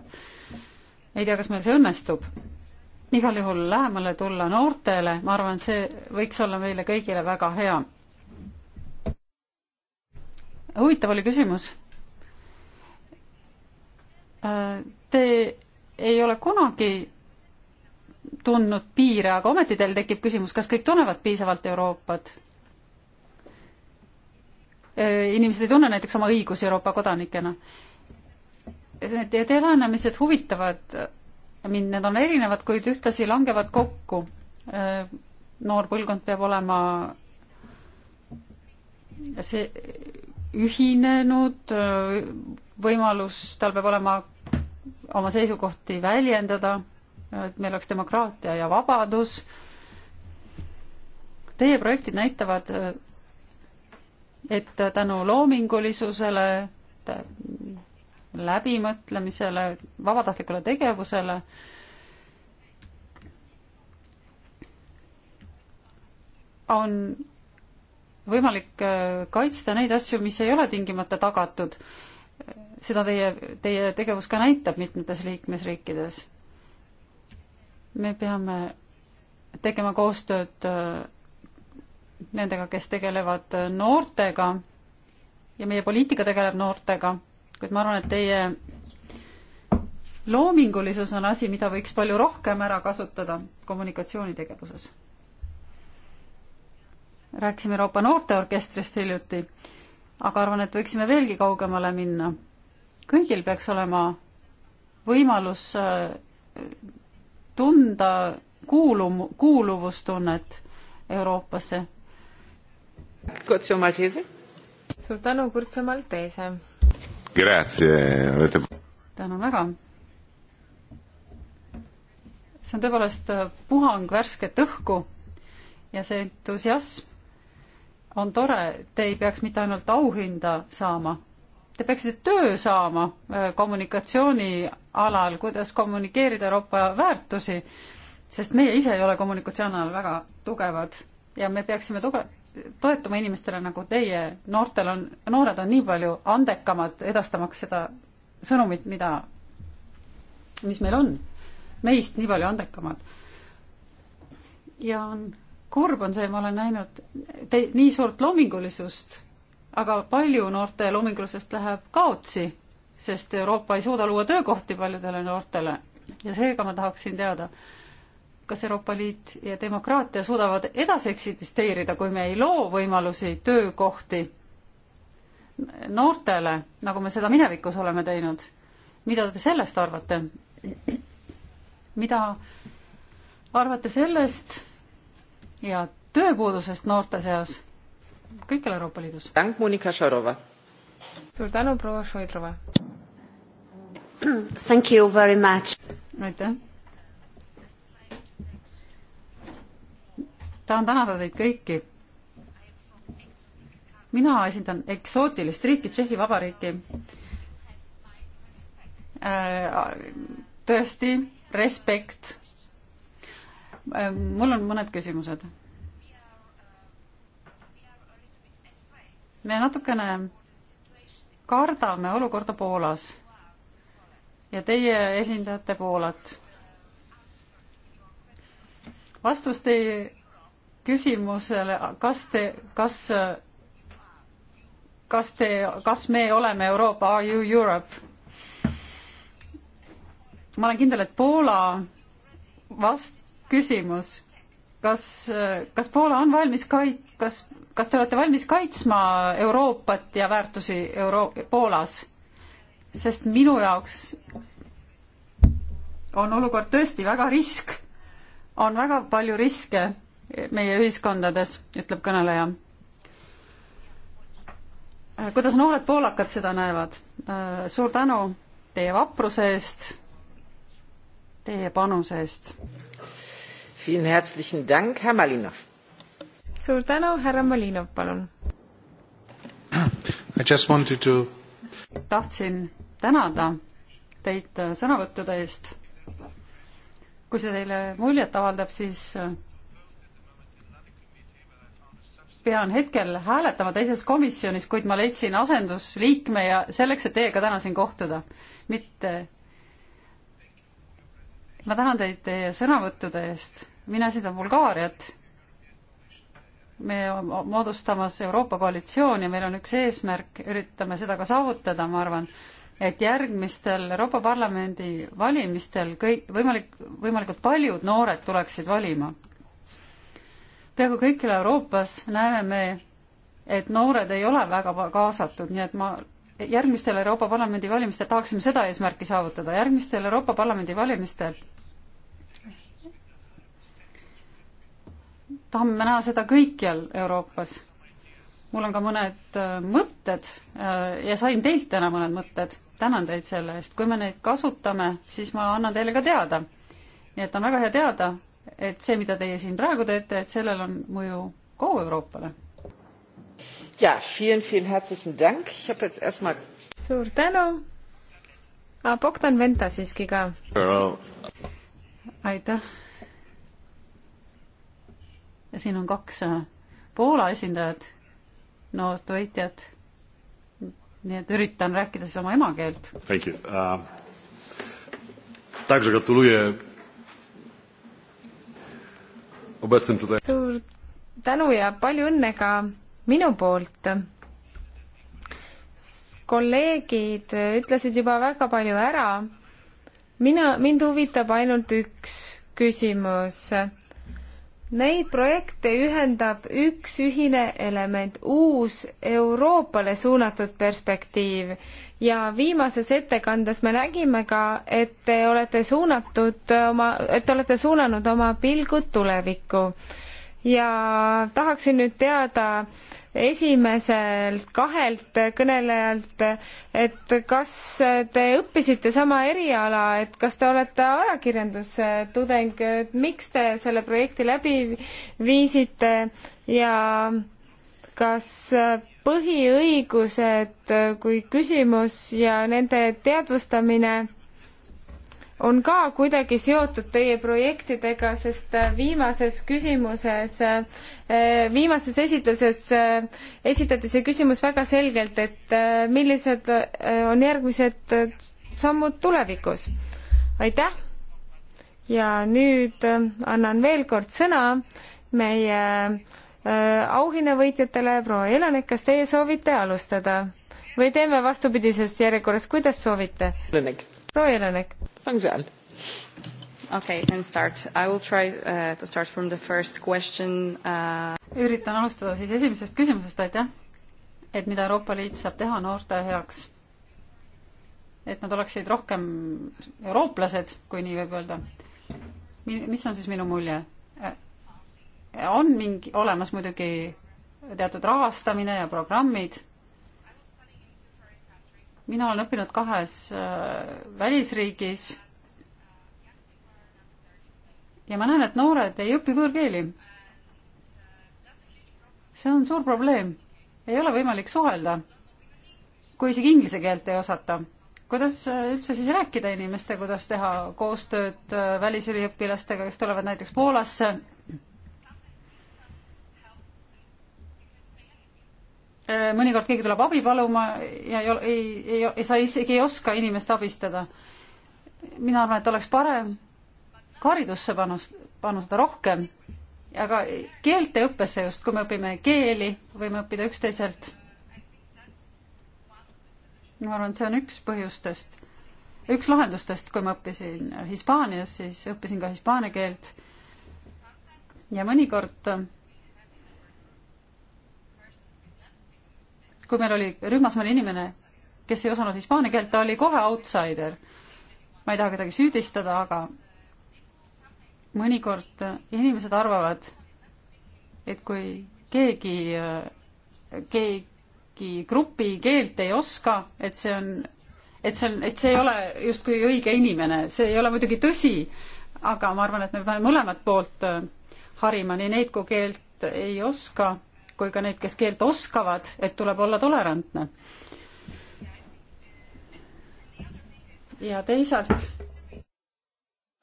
ei tea, kas meil see õnnestub. igal juhul lähemale tulla noortele, ma arvan, et see võiks olla meile kõigile väga hea. huvitav oli küsimus. Äh, te ei ole kunagi tundnud piire, aga ometi teil tekib küsimus, kas kõik tunnevad piisavalt Euroopat? inimesed ei tunne näiteks oma õigusi Euroopa kodanikena. Need elanimised huvitavad mind, need on erinevad, kuid ühtlasi langevad kokku. noor põlvkond peab olema see ühinenud, võimalus, tal peab olema oma seisukohti väljendada et meil oleks demokraatia ja vabadus. Teie projektid näitavad, et tänu loomingulisusele, läbimõtlemisele, vabatahtlikule tegevusele on võimalik äh, kaitsta neid asju, mis ei ole tingimata tagatud. seda teie, teie tegevus ka näitab mitmetes liikmesriikides me peame tegema koostööd äh, nendega, kes tegelevad äh, noortega ja meie poliitika tegeleb noortega, kuid ma arvan, et teie loomingulisus on asi, mida võiks palju rohkem ära kasutada kommunikatsioonitegevuses. rääkisime Euroopa Noorteorkestrist hiljuti, aga arvan, et võiksime veelgi kaugemale minna. kõigil peaks olema võimalus äh, tunda kuulum-, kuuluvustunnet Euroopasse. Kutsu Maltese. suur tänu, Kutsu Maltese. tänan väga. see on tõepoolest puhang värsket õhku ja see entusiasm on tore, te ei peaks mitte ainult auhinda saama Te peaksite töö saama äh, kommunikatsiooni alal, kuidas kommunikeerida Euroopa väärtusi, sest meie ise ei ole kommunikatsiooni alal väga tugevad ja me peaksime tuge-, toetuma inimestele nagu teie, noortel on, noored on nii palju andekamad edastamaks seda sõnumit, mida, mis meil on, meist nii palju andekamad. ja on, kurb on see, ma olen näinud te-, nii suurt loomingulisust aga palju noorte loomingulisest läheb kaotsi, sest Euroopa ei suuda luua töökohti paljudele noortele ja seega ma tahaksin teada, kas Euroopa Liit ja demokraatia suudavad edasi eksisteerida, kui me ei loo võimalusi, töökohti noortele, nagu me seda minevikus oleme teinud. mida te sellest arvate? mida arvate sellest ja tööpuudusest noorte seas? kõikjal Euroopa Liidus. suur tänu, proua Šoidrova. Thank you very much. aitäh. tahan tänada teid kõiki. mina esindan eksootilist riiki, Tšehhi Vabariiki. Äh, tõesti, respekt. Äh, mul on mõned küsimused me natukene kardame olukorda Poolas ja teie esindate Poolat. vastus teie küsimusele, kas te, kas, kas te, kas me oleme Euroopa, are you Europe? ma olen kindel, et Poola vast-, küsimus, kas, kas Poola on valmis kait-, kas kas te olete valmis kaitsma Euroopat ja väärtusi Euro-, Poolas? sest minu jaoks on olukord tõesti väga risk, on väga palju riske meie ühiskondades, ütleb kõneleja. Äh, kuidas noored poolakad seda näevad? Äh, suur tänu teie vapruse eest, teie panuse eest. Vielen herzlichen Dank, Herr Malinov suur tänu, härra Malinov, palun. I just wanted to tahtsin tänada teid sõnavõttude eest. kui see teile muljet avaldab, siis pean hetkel hääletama teises komisjonis, kuid ma leidsin asendusliikme ja selleks, et teiega täna siin kohtuda, mitte. ma tänan teid teie sõnavõttude eest, mina esindan Bulgaariat me moodustamas Euroopa koalitsiooni, meil on üks eesmärk, üritame seda ka saavutada, ma arvan, et järgmistel Euroopa Parlamendi valimistel kõik, võimalik, võimalikult paljud noored tuleksid valima. peaaegu kõikjal Euroopas näeme me, et noored ei ole väga kaasatud, nii et ma järgmistel Euroopa Parlamendi valimistel tahaksime seda eesmärki saavutada, järgmistel Euroopa Parlamendi valimistel tahame me näha seda kõikjal Euroopas. mul on ka mõned äh, mõtted äh, ja sain teilt täna mõned mõtted, tänan teid selle eest, kui me neid kasutame, siis ma annan teile ka teada. nii et on väga hea teada, et see, mida teie siin praegu teete, et sellel on mõju kogu Euroopale. ja, erstmal... suur tänu ah,. Bogdan Venta siiski ka. aitäh ja siin on kaks äh, Poola esindajat, noored võitjad. nii et üritan rääkida siis oma emakeelt. Thank you uh,. Także gratuluję obecnym tutaj. suur tänu ja palju õnne ka minu poolt. kolleegid ütlesid juba väga palju ära. mina, mind huvitab ainult üks küsimus Neid projekte ühendab üks ühine element, uus Euroopale suunatud perspektiiv ja viimases ettekandes me nägime ka, et te olete suunatud oma, et te olete suunanud oma pilgud tulevikku ja tahaksin nüüd teada esimeselt kahelt kõnelejalt, et kas te õppisite sama eriala, et kas te olete ajakirjandustudeng, et miks te selle projekti läbi viisite ja kas põhiõigused kui küsimus ja nende teadvustamine on ka kuidagi seotud teie projektidega, sest äh, viimases küsimuses, äh, viimases esitluses äh, esitati see küsimus väga selgelt, et millised on järgmised sammud tulevikus. aitäh! ja nüüd annan veel kord sõna meie auhinnavõitjatele, proua Elanik, kas teie soovite alustada või teeme vastupidises järjekorras, kuidas soovite? Elanik proua Jelenek. Okay, then start. I will try uh, to start from the first question uh.... üritan alustada siis esimesest küsimusest, aitäh. et mida Euroopa Liit saab teha noorte heaks? et nad oleksid rohkem eurooplased, kui nii võib öelda. mis on siis minu mulje? Äh, on mingi, olemas muidugi teatud rahastamine ja programmid mina olen õppinud kahes äh, välisriigis ja ma näen, et noored ei õpi võõrkeeli. see on suur probleem, ei ole võimalik suhelda, kui isegi inglise keelt ei osata. kuidas äh, üldse siis rääkida inimestega, kuidas teha koostööd äh, välisüliõpilastega, kes tulevad näiteks Poolasse Äh, mõnikord keegi tuleb abi paluma ja ei, ei, ei, ei, sa isegi ei oska inimest abistada. mina arvan, et oleks parem ka haridusse panust-, panustada rohkem, aga keelte õppesse just, kui me õpime keeli, võime õppida üksteiselt. ma arvan, et see on üks põhjustest, üks lahendustest, kui ma õppisin Hispaanias, siis õppisin ka hispaania keelt ja mõnikord kui meil oli rühmas mõni inimene, kes ei osanud hispaania keelt, ta oli kohe outsider. ma ei taha kedagi süüdistada, aga mõnikord inimesed arvavad, et kui keegi, keegi grupi keelt ei oska, et see on, et see on, et see ei ole justkui õige inimene, see ei ole muidugi tõsi, aga ma arvan, et me peame mõlemat poolt harima, nii neid kui keelt ei oska kui ka neid, kes keelt oskavad, et tuleb olla tolerantne. ja teisalt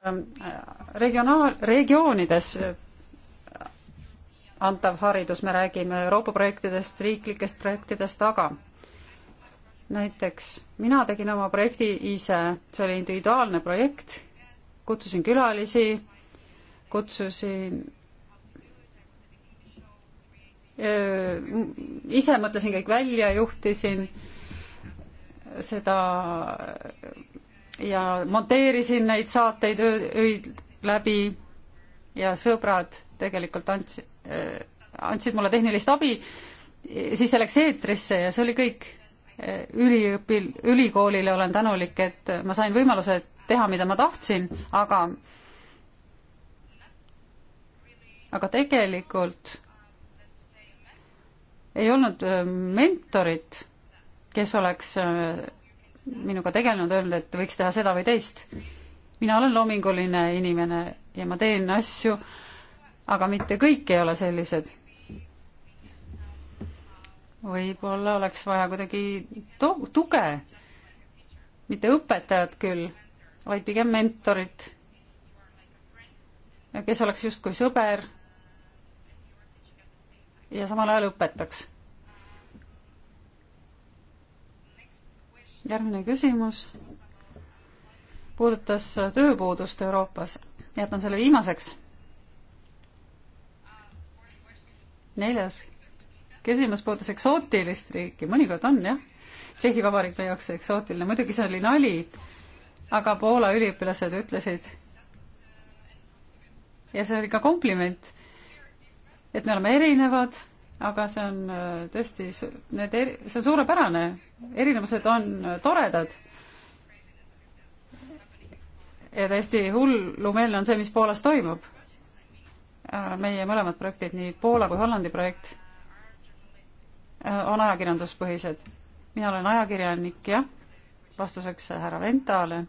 ähm, äh, regionaal, regioonides äh, antav haridus, me räägime Euroopa projektidest, riiklikest projektidest, aga näiteks mina tegin oma projekti ise, see oli individuaalne projekt, kutsusin külalisi, kutsusin Äh, ise mõtlesin kõik välja, juhtisin seda ja monteerisin neid saateid öid läbi ja sõbrad tegelikult andsid, äh, andsid mulle tehnilist abi, siis see läks eetrisse ja see oli kõik. Äh, üliõpil, ülikoolile olen tänulik, et ma sain võimaluse teha, mida ma tahtsin, aga aga tegelikult ei olnud äh, mentorit, kes oleks äh, minuga tegelenud, öelnud, et võiks teha seda või teist. mina olen loominguline inimene ja ma teen asju, aga mitte kõik ei ole sellised. võib-olla oleks vaja kuidagi to-, tuge, mitte õpetajat küll, vaid pigem mentorit, kes oleks justkui sõber ja samal ajal õpetaks. järgmine küsimus puudutas tööpuudust Euroopas. jätan selle viimaseks. neljas küsimus puudutas eksootilist riiki, mõnikord on jah. Tšehhi Vabariik meie jaoks eksootiline, muidugi see oli nali, aga Poola üliõpilased ütlesid ja see oli ka kompliment et me oleme erinevad, aga see on äh, tõesti, need eri, see on suurepärane, erinevused on äh, toredad. ja täiesti hullumeelne on see, mis Poolas toimub. Äh, meie mõlemad projektid, nii Poola kui Hollandi projekt, on ajakirjanduspõhised. mina olen ajakirjanik, jah, vastuseks härra Ventale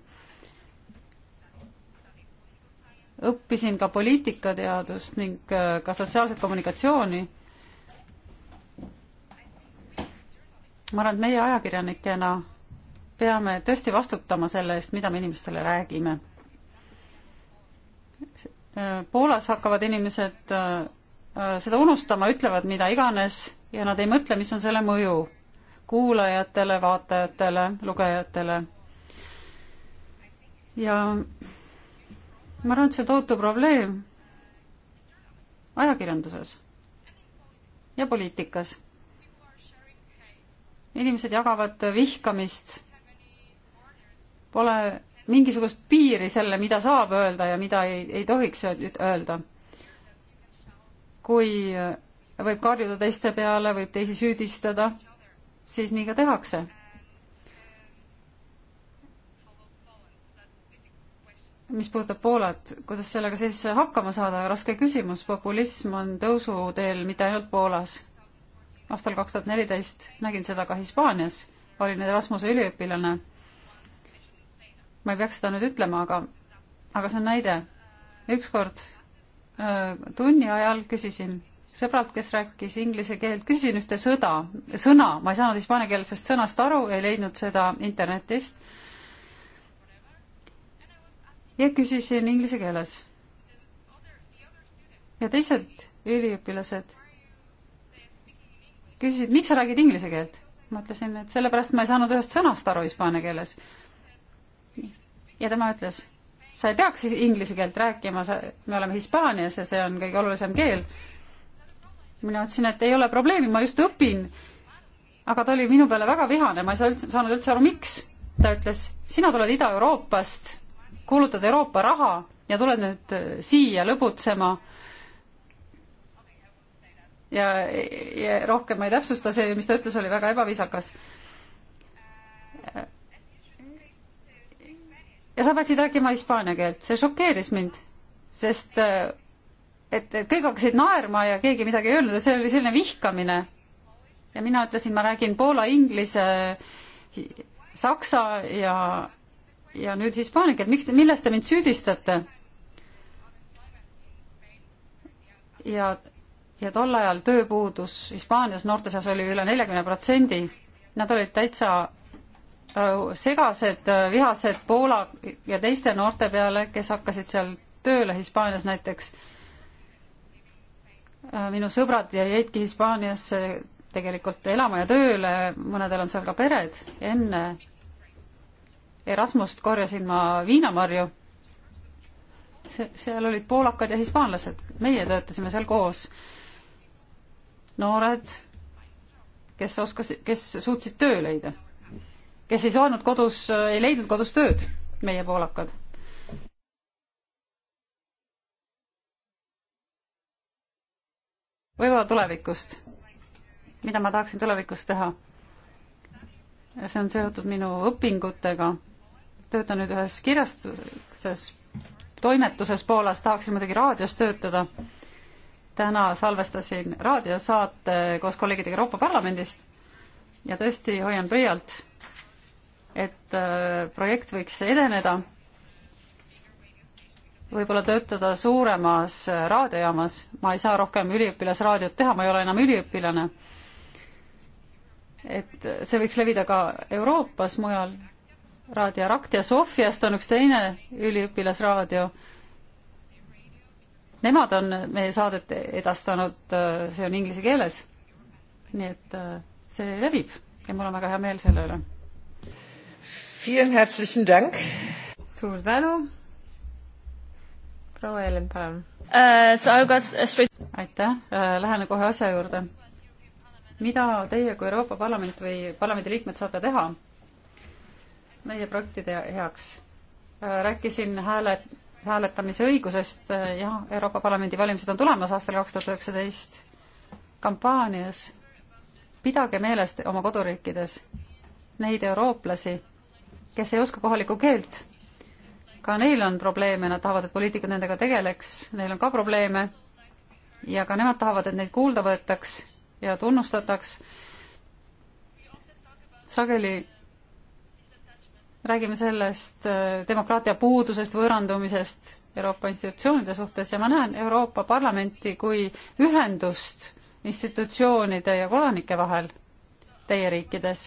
õppisin ka poliitikateadust ning äh, ka sotsiaalset kommunikatsiooni. ma arvan, et meie ajakirjanikena peame tõesti vastutama selle eest, mida me inimestele räägime. Äh, Poolas hakkavad inimesed äh, seda unustama, ütlevad mida iganes ja nad ei mõtle, mis on selle mõju kuulajatele, vaatajatele, lugejatele. ja ma arvan, et see tohutu probleem ajakirjanduses ja poliitikas. inimesed jagavad vihkamist. Pole mingisugust piiri selle, mida saab öelda ja mida ei, ei tohiks öelda. kui võib karjuda teiste peale, võib teisi süüdistada, siis nii ka tehakse mis puudutab Poolat, kuidas sellega siis hakkama saada, raske küsimus, populism on tõusuteel mitte ainult Poolas. aastal kaks tuhat neliteist nägin seda ka Hispaanias, olin Erasmuse üliõpilane. ma ei peaks seda nüüd ütlema, aga, aga see on näide. ükskord tunni ajal küsisin sõbralt, kes rääkis inglise keelt, küsisin ühte sõda, sõna, ma ei saanud hispaania keelsest sõnast aru, ei leidnud seda internetist ja küsisin inglise keeles. ja teised üliõpilased küsisid, miks sa räägid inglise keelt? ma ütlesin, et sellepärast ma ei saanud ühest sõnast aru hispaania keeles. ja tema ütles, sa ei peaks siis inglise keelt rääkima, sa, me oleme Hispaanias ja see on kõige olulisem keel. mina ütlesin, et ei ole probleemi, ma just õpin. aga ta oli minu peale väga vihane, ma ei saa üldse, saanud üldse aru, miks. ta ütles, sina tuled Ida-Euroopast kulutada Euroopa raha ja tuled nüüd äh, siia lõbutsema. ja, ja rohkem ma ei täpsusta, see, mis ta ütles, oli väga ebaviisakas. ja sa peaksid rääkima hispaania keelt, see šokeeris mind, sest äh, et, et kõik hakkasid naerma ja keegi midagi ei öelnud ja see oli selline vihkamine. ja mina ütlesin, ma räägin poola, inglise, saksa ja ja nüüd hispaania keel, miks te, milles te mind süüdistate? ja, ja tol ajal tööpuudus Hispaanias noorte seas oli üle neljakümne protsendi. Nad olid täitsa äh, segased, äh, vihased Poola ja teiste noorte peale, kes hakkasid seal tööle Hispaanias näiteks. Äh, minu sõbrad jäidki Hispaaniasse tegelikult elama ja tööle, mõnedel on seal ka pered, enne Erasmust korjasin ma viinamarju. see, seal olid poolakad ja hispaanlased, meie töötasime seal koos. noored, kes oskasid, kes suutsid töö leida, kes ei saanud kodus, ei leidnud kodus tööd, meie poolakad. võib-olla tulevikust, mida ma tahaksin tulevikus teha. see on seotud minu õpingutega töötan nüüd ühes kirjastuses, toimetuses Poolas, tahaksin muidugi raadios töötada. täna salvestasin raadiosaate koos kolleegidega Euroopa Parlamendist ja tõesti hoian pöialt, et äh, projekt võiks edeneda. võib-olla töötada suuremas äh, raadiojaamas, ma ei saa rohkem üliõpilasraadiot teha, ma ei ole enam üliõpilane. et äh, see võiks levida ka Euroopas mujal Raadio Rakt ja Sofiast on üks teine üliõpilasraadio. Nemad on meie saadet edastanud, äh, see on inglise keeles. nii et äh, see levib ja mul on väga hea meel selle üle. suur tänu. proua Ellen, palun uh,. aitäh, lähen kohe asja juurde. mida teie kui Euroopa Parlament või parlamendi liikmed saate teha? meie projektide heaks. Äh, rääkisin hääle, hääletamise õigusest, äh, jah, Euroopa Parlamendi valimised on tulemas aastal kaks tuhat üheksateist kampaanias. pidage meeles oma koduriikides neid eurooplasi, kes ei oska kohalikku keelt. ka neil on probleeme, nad tahavad, et poliitikud nendega tegeleks, neil on ka probleeme ja ka nemad tahavad, et neid kuulda võetaks ja tunnustataks. sageli räägime sellest äh, demokraatia puudusest, võõrandumisest Euroopa institutsioonide suhtes ja ma näen Euroopa Parlamenti kui ühendust institutsioonide ja kodanike vahel teie riikides.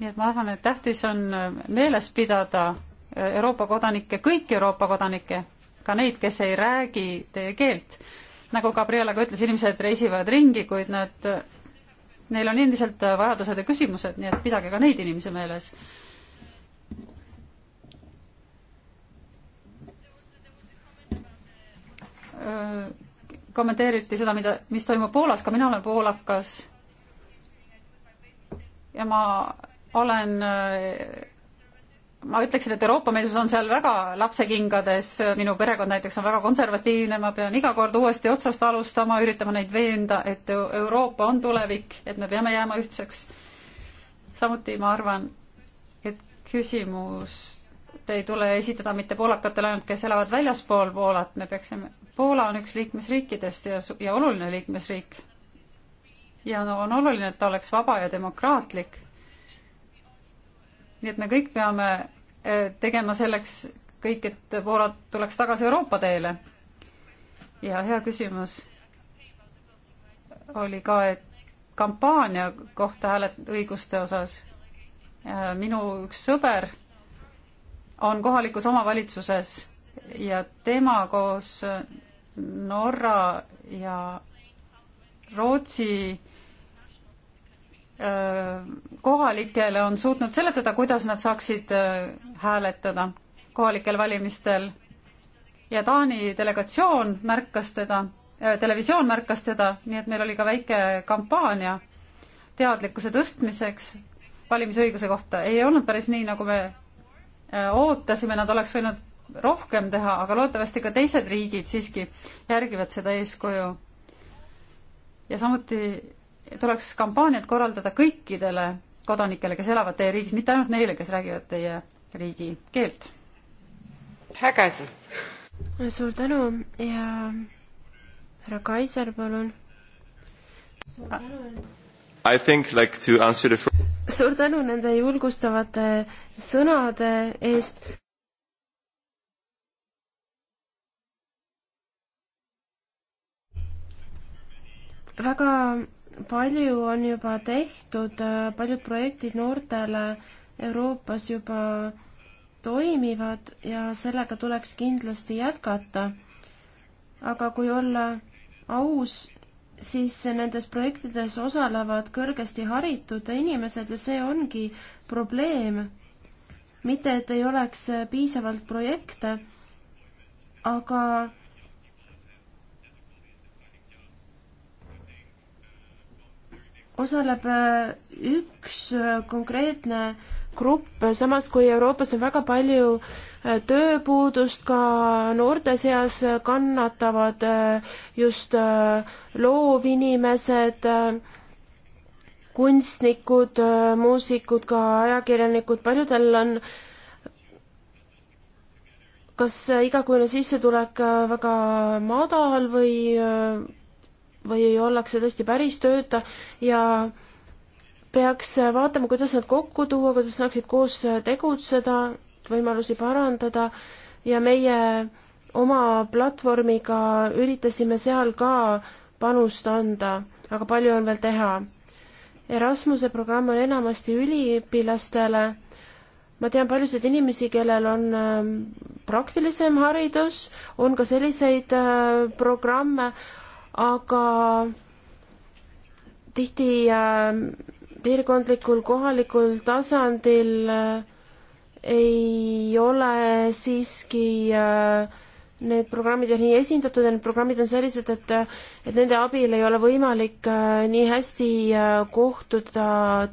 nii et ma arvan, et tähtis on äh, meeles pidada äh, Euroopa kodanikke, kõiki Euroopa kodanikke, ka neid, kes ei räägi teie keelt. nagu Gabriela ka ütles, inimesed reisivad ringi, kuid nad, neil on endiselt vajadused ja küsimused, nii et pidage ka neid inimesi meeles Äh, kommenteeriti seda, mida, mis toimub Poolas, ka mina olen poolakas. ja ma olen, äh, ma ütleksin, et Euroopa-meelsus on seal väga lapsekingades, minu perekond näiteks on väga konservatiivne, ma pean iga kord uuesti otsast alustama, üritama neid veenda, et Euroopa on tulevik, et me peame jääma ühtseks. samuti ma arvan, et küsimus ei tule esitada mitte poolakatele ainult, kes elavad väljaspool Poolat, me peaksime, Poola on üks liikmesriikidest ja, ja oluline liikmesriik. ja no on oluline, et ta oleks vaba ja demokraatlik. nii et me kõik peame eh, tegema selleks kõik, et Poola tuleks tagasi Euroopa teele. ja hea küsimus oli ka, et kampaania kohta häälet-, õiguste osas. minu üks sõber on kohalikus omavalitsuses ja tema koos Norra ja Rootsi kohalikele on suutnud seletada, kuidas nad saaksid hääletada kohalikel valimistel ja Taani delegatsioon märkas teda, televisioon märkas teda, nii et meil oli ka väike kampaania teadlikkuse tõstmiseks valimisõiguse kohta. ei olnud päris nii, nagu me Äh, ootasime, nad oleks võinud rohkem teha, aga loodetavasti ka teised riigid siiski järgivad seda eeskuju. ja samuti tuleks kampaaniat korraldada kõikidele kodanikele, kes elavad teie riigis, mitte ainult neile, kes räägivad teie riigi keelt. hägasi. suur tänu ja härra Kaisar, palun. suur tänu. I think like to answer the suur tänu nende julgustavate sõnade eest. väga palju on juba tehtud, paljud projektid noortele Euroopas juba toimivad ja sellega tuleks kindlasti jätkata. aga kui olla aus, siis nendes projektides osalevad kõrgesti haritud inimesed ja see ongi probleem. mitte, et ei oleks piisavalt projekte, aga osaleb äh, üks äh, konkreetne grupp, samas kui Euroopas on väga palju äh, tööpuudust ka noorte seas äh, kannatavad äh, just loovinimesed, kunstnikud, muusikud, ka ajakirjanikud, paljudel on kas igakuine sissetulek väga madal või, või ollakse tõesti päris tööta ja äh, peaks vaatama, kuidas nad kokku tuua, kuidas saaksid koos tegutseda, võimalusi parandada ja meie oma platvormiga üritasime seal ka panust anda, aga palju on veel teha. Erasmuse programm on enamasti üliõpilastele. ma tean paljusid inimesi, kellel on ähm, praktilisem haridus, on ka selliseid äh, programme, aga tihti äh, piirkondlikul, kohalikul tasandil äh, ei ole siiski äh, need programmid on nii esindatud ja need programmid on sellised, et, äh, et nende abil ei ole võimalik nii hästi kohtuda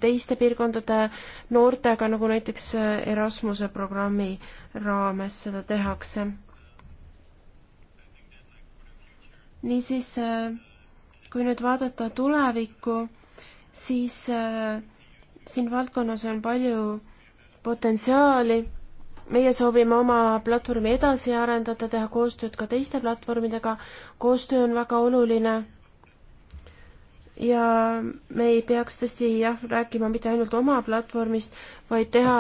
teiste piirkondade noortega, nagu näiteks Erasmuse programmi raames seda tehakse. niisiis, kui nüüd vaadata tulevikku, siis äh, siin valdkonnas on palju potentsiaali. meie soovime oma platvormi edasi arendada, teha koostööd ka teiste platvormidega. koostöö on väga oluline. ja me ei peaks tõesti jah, rääkima mitte ainult oma platvormist, vaid teha,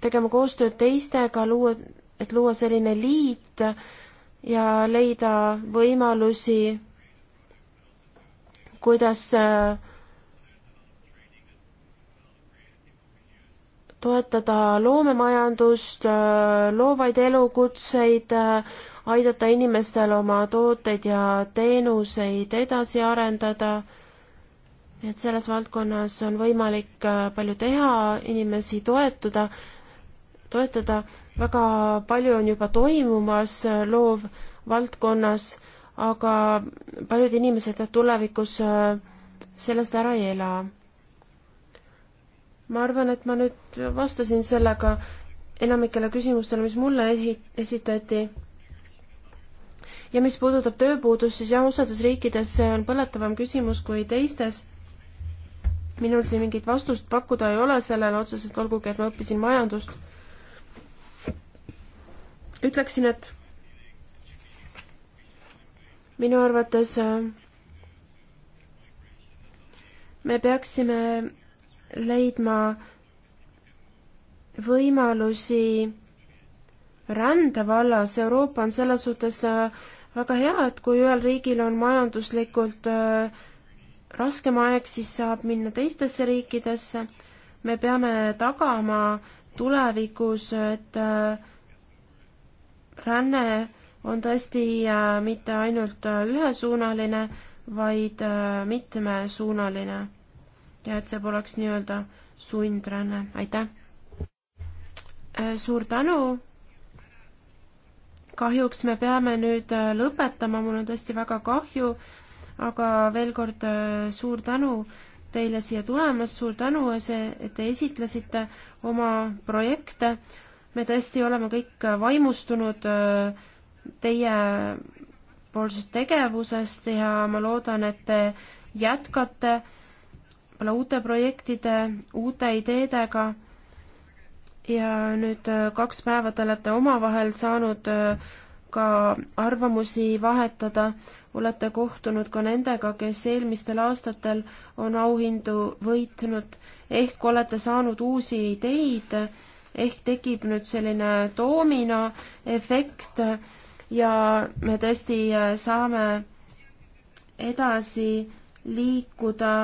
tegema koostööd teistega, luua, et luua selline liit ja leida võimalusi, kuidas äh, toetada loomemajandust, loovaid elukutseid, aidata inimestel oma tooteid ja teenuseid edasi arendada. et selles valdkonnas on võimalik äh, palju teha, inimesi toetuda, toetada, väga palju on juba toimumas äh, loovvaldkonnas, aga paljud inimesed tulevikus äh, sellest ära ei ela ma arvan, et ma nüüd vastasin sellega enamikele küsimustele, mis mulle esitati. ja mis puudutab tööpuudust, siis jah, osades riikides see on põletavam küsimus kui teistes. minul siin mingit vastust pakkuda ei ole sellele otseselt, olgugi et ma õppisin majandust. ütleksin, et minu arvates äh, me peaksime leidma võimalusi rände vallas. Euroopa on selles suhtes äh, väga hea, et kui ühel riigil on majanduslikult äh, raskem aeg, siis saab minna teistesse riikidesse. me peame tagama tulevikus, et äh, ränne on tõesti mitte ainult ühesuunaline, vaid mitmesuunaline ja et see poleks nii-öelda sundränne, aitäh! Äh, suur tänu! kahjuks me peame nüüd äh, lõpetama, mul on tõesti väga kahju, aga veel kord äh, suur tänu teile siia tulemast, suur tänu, et te esitlesite oma projekte. me tõesti oleme kõik vaimustunud teie poolsest tegevusest ja ma loodan, et te jätkate võib-olla uute projektide, uute ideedega ja nüüd äh, kaks päeva te olete omavahel saanud äh, ka arvamusi vahetada, olete kohtunud ka nendega, kes eelmistel aastatel on auhindu võitnud, ehk olete saanud uusi ideid, ehk tekib nüüd selline doominoefekt ja me tõesti äh, saame edasi liikuda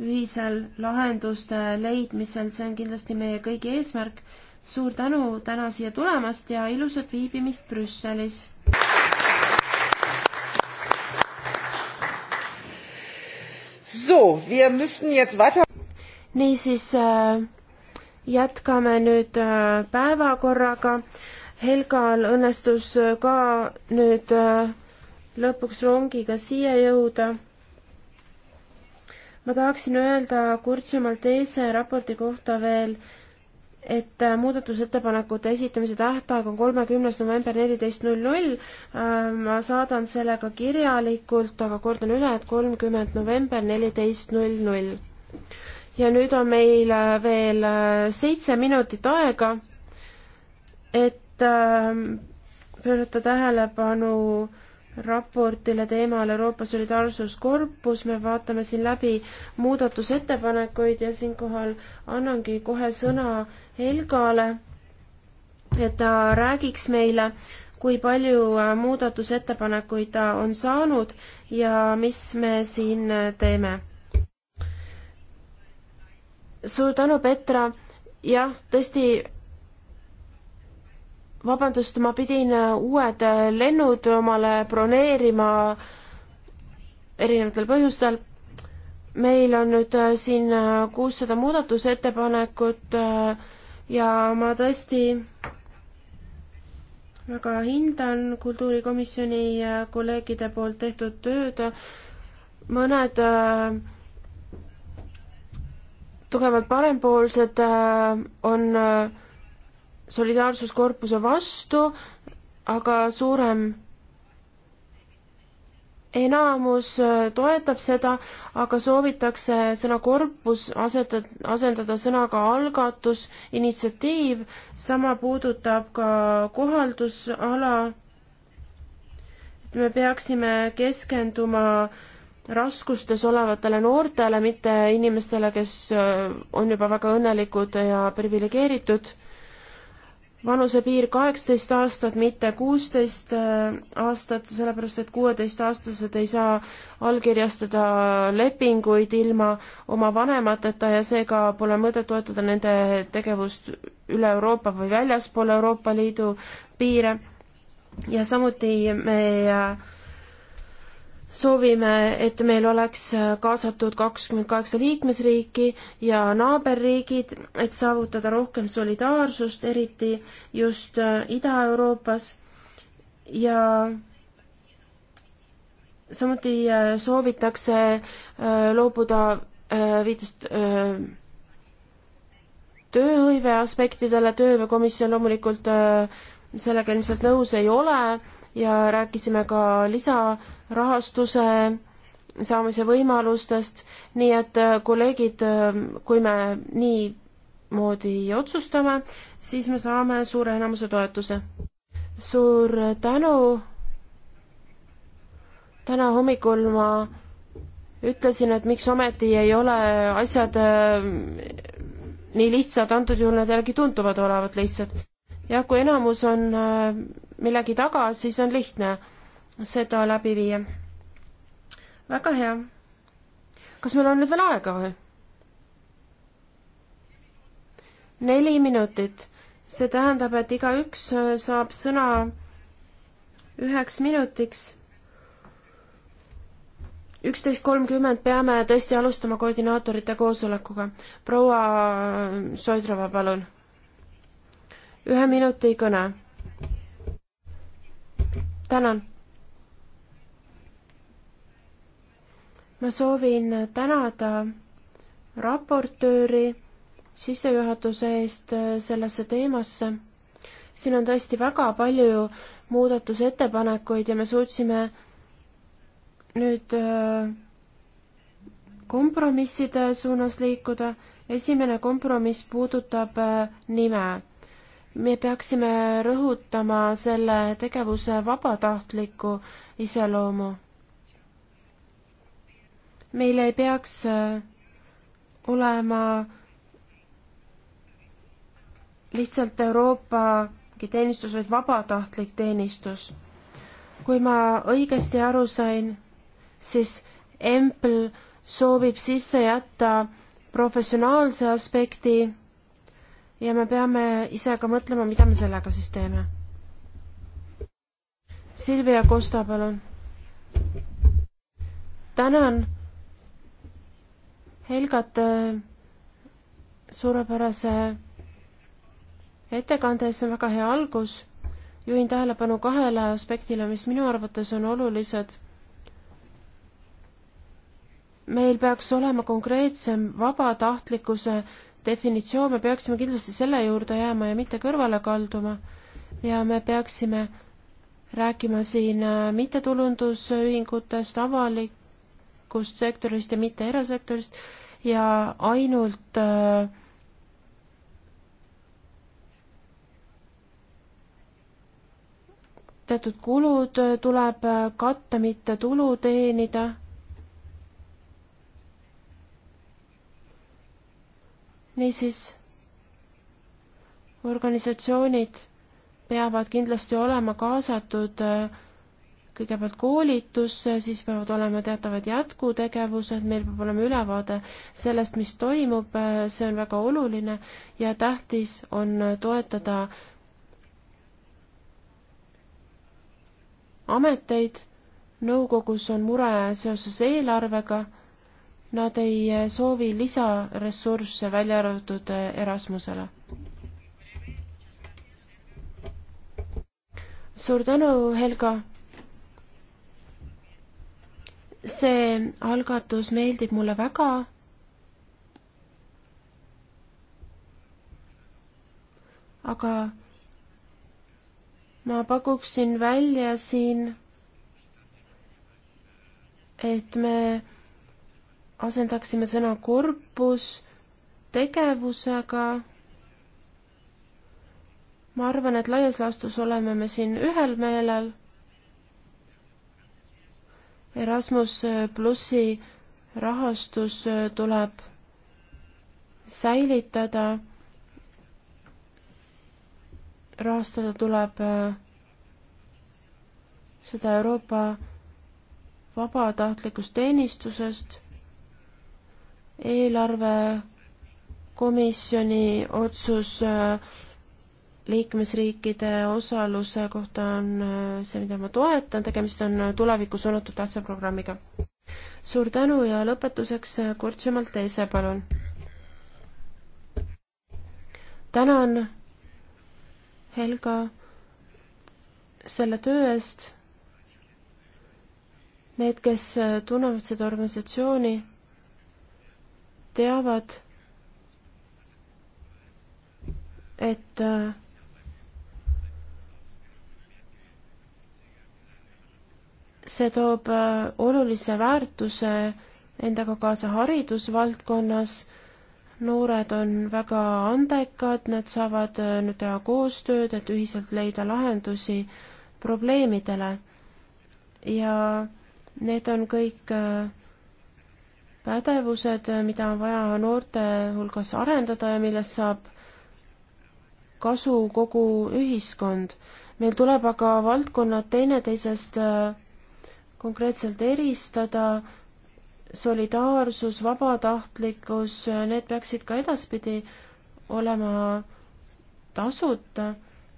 ühisel lahenduste leidmisel, see on kindlasti meie kõigi eesmärk. suur tänu täna siia tulemast ja ilusat viibimist Brüsselis! So, wir müssen jetzt weiter. niisiis äh, jätkame nüüd äh, päevakorraga. Helgal õnnestus äh, ka nüüd äh, lõpuks rongiga siia jõuda ma tahaksin öelda Kurtsumaal teise raporti kohta veel, et äh, muudatusettepanekute esitamise tähtaeg on kolmekümnes november neliteist null null. Äh, ma saadan selle ka kirjalikult, aga kordan üle, et kolmkümmend november neliteist null null. ja nüüd on meil äh, veel seitse minutit aega, et pöörata tähelepanu äh, raportile teemal Euroopa Solidaarsuskorpus, me vaatame siin läbi muudatusettepanekuid ja siinkohal annangi kohe sõna Helgale, et ta räägiks meile, kui palju äh, muudatusettepanekuid ta on saanud ja mis me siin teeme. suur tänu, Petra, jah, tõesti vabandust, ma pidin äh, uued äh, lennud omale broneerima erinevatel põhjustel. meil on nüüd äh, siin kuussada muudatusettepanekut ja ma tõesti väga hindan kultuurikomisjoni kolleegide poolt tehtud tööd. mõned tugevalt parempoolsed on äh, solidaarsuskorpuse vastu, aga suurem enamus äh, toetab seda, aga soovitakse sõna korpus asetada, asendada sõnaga algatus, initsiatiiv, sama puudutab ka kohaldusala. et me peaksime keskenduma raskustes olevatele noortele, mitte inimestele, kes äh, on juba väga õnnelikud ja priviligeeritud vanusepiir kaheksateist aastat, mitte kuusteist äh, aastat, sellepärast et kuueteistaastased ei saa allkirjastada lepinguid ilma oma vanemateta ja seega pole mõtet toetada nende tegevust üle Euroopa või väljaspool Euroopa Liidu piire. ja samuti me äh, soovime, et meil oleks kaasatud kakskümmend kaheksa liikmesriiki ja naaberriigid, et saavutada rohkem solidaarsust, eriti just äh, Ida-Euroopas ja samuti äh, soovitakse äh, loobuda viitest tööhõive aspektidele, tööhõivekomisjon loomulikult sellega ilmselt nõus ei ole ja rääkisime ka lisarahastuse saamise võimalustest, nii et äh, kolleegid, äh, kui me niimoodi otsustame, siis me saame suure enamuse toetuse. suur tänu. täna hommikul ma ütlesin, et miks ometi ei ole asjad äh, nii lihtsad, antud juhul nad jällegi tunduvad olevat lihtsad. jah, kui enamus on millegi taga, siis on lihtne seda läbi viia. väga hea. kas meil on nüüd veel aega või? neli minutit, see tähendab, et igaüks äh, saab sõna üheks minutiks. üksteist kolmkümmend peame tõesti alustama koordinaatorite koosolekuga. proua Soidrova, palun. ühe minuti kõne tänan. ma soovin tänada raportööri sissejuhatuse eest sellesse teemasse. siin on tõesti väga palju muudatusettepanekuid ja me suutsime nüüd äh, kompromisside suunas liikuda. esimene kompromiss puudutab äh, nime me peaksime rõhutama selle tegevuse vabatahtlikku iseloomu. meil ei peaks äh, olema lihtsalt Euroopa mingi teenistus, vaid vabatahtlik teenistus. kui ma õigesti aru sain, siis Empl soovib sisse jätta professionaalse aspekti ja me peame ise ka mõtlema, mida me sellega siis teeme. Silvia Kosta, palun. tänan Helgat äh, suurepärase ettekande eest, see on väga hea algus. juhin tähelepanu kahele aspektile, mis minu arvates on olulised. meil peaks olema konkreetsem vabatahtlikkuse definitsioon, me peaksime kindlasti selle juurde jääma ja mitte kõrvale kalduma. ja me peaksime rääkima siin äh, mittetulundusühingutest, avalikust sektorist ja mitte erasektorist ja ainult äh, teatud kulud äh, tuleb äh, katta, mitte tulu teenida. niisiis, organisatsioonid peavad kindlasti olema kaasatud äh, kõigepealt koolitusse, siis peavad olema teatavad jätkutegevused, meil peab olema ülevaade sellest, mis toimub, äh, see on väga oluline ja tähtis on äh, toetada ameteid, nõukogus on mure seoses eelarvega Nad ei eh, soovi lisaressursse välja arvatud eh, Erasmusele. suur tänu, Helga! see algatus meeldib mulle väga. aga ma pakuksin välja siin, et me asendaksime sõna korpus tegevusega. ma arvan, et laias laastus oleme me siin ühel meelel. Erasmus plussi rahastus tuleb säilitada. rahastada tuleb äh, seda Euroopa vabatahtlikust teenistusest eelarvekomisjoni otsus äh, liikmesriikide osaluse kohta on äh, see, mida ma toetan, tegemist on äh, tulevikku suunatud tähtsa programmiga. suur tänu ja lõpetuseks Kurt Schmalteise, palun. tänan, Helga, selle töö eest. Need, kes tunnevad seda organisatsiooni teavad, et äh, see toob äh, olulise väärtuse endaga kaasa haridusvaldkonnas. noored on väga andekad, nad saavad äh, nüüd teha koostööd, et ühiselt leida lahendusi probleemidele. ja need on kõik äh, pädevused, mida on vaja noorte hulgas arendada ja millest saab kasu kogu ühiskond. meil tuleb aga valdkonnad teineteisest äh, konkreetselt eristada, solidaarsus, vabatahtlikkus, äh, need peaksid ka edaspidi olema tasuta,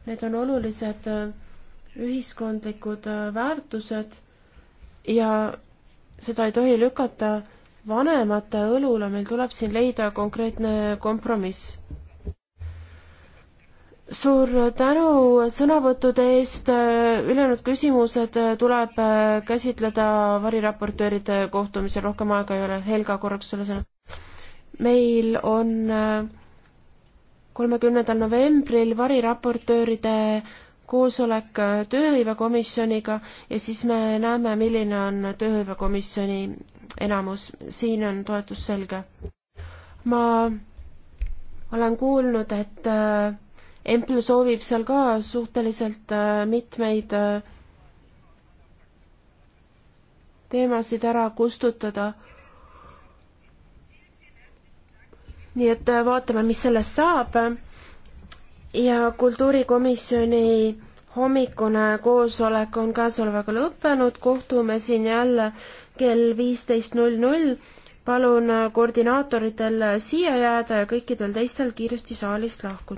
need on olulised äh, ühiskondlikud väärtused ja seda ei tohi lükata vanemate õlule, meil tuleb siin leida konkreetne kompromiss. suur tänu sõnavõttude eest, ülejäänud küsimused tuleb käsitleda variraportööride kohtumisel, rohkem aega ei ole, Helga korraks sulle sõna. meil on äh, kolmekümnendal novembril variraportööride koosolek tööhõivekomisjoniga ja siis me näeme, milline on tööhõivekomisjoni enamus, siin on toetus selge. ma olen kuulnud, et äh, Empl soovib seal ka suhteliselt äh, mitmeid äh, teemasid ära kustutada. nii et vaatame, mis sellest saab. ja kultuurikomisjoni hommikune koosolek on käesolevaga lõppenud, kohtume siin jälle kell viisteist null null. palun koordinaatoritel siia jääda ja kõikidel teistel kiiresti saalist lahkuda.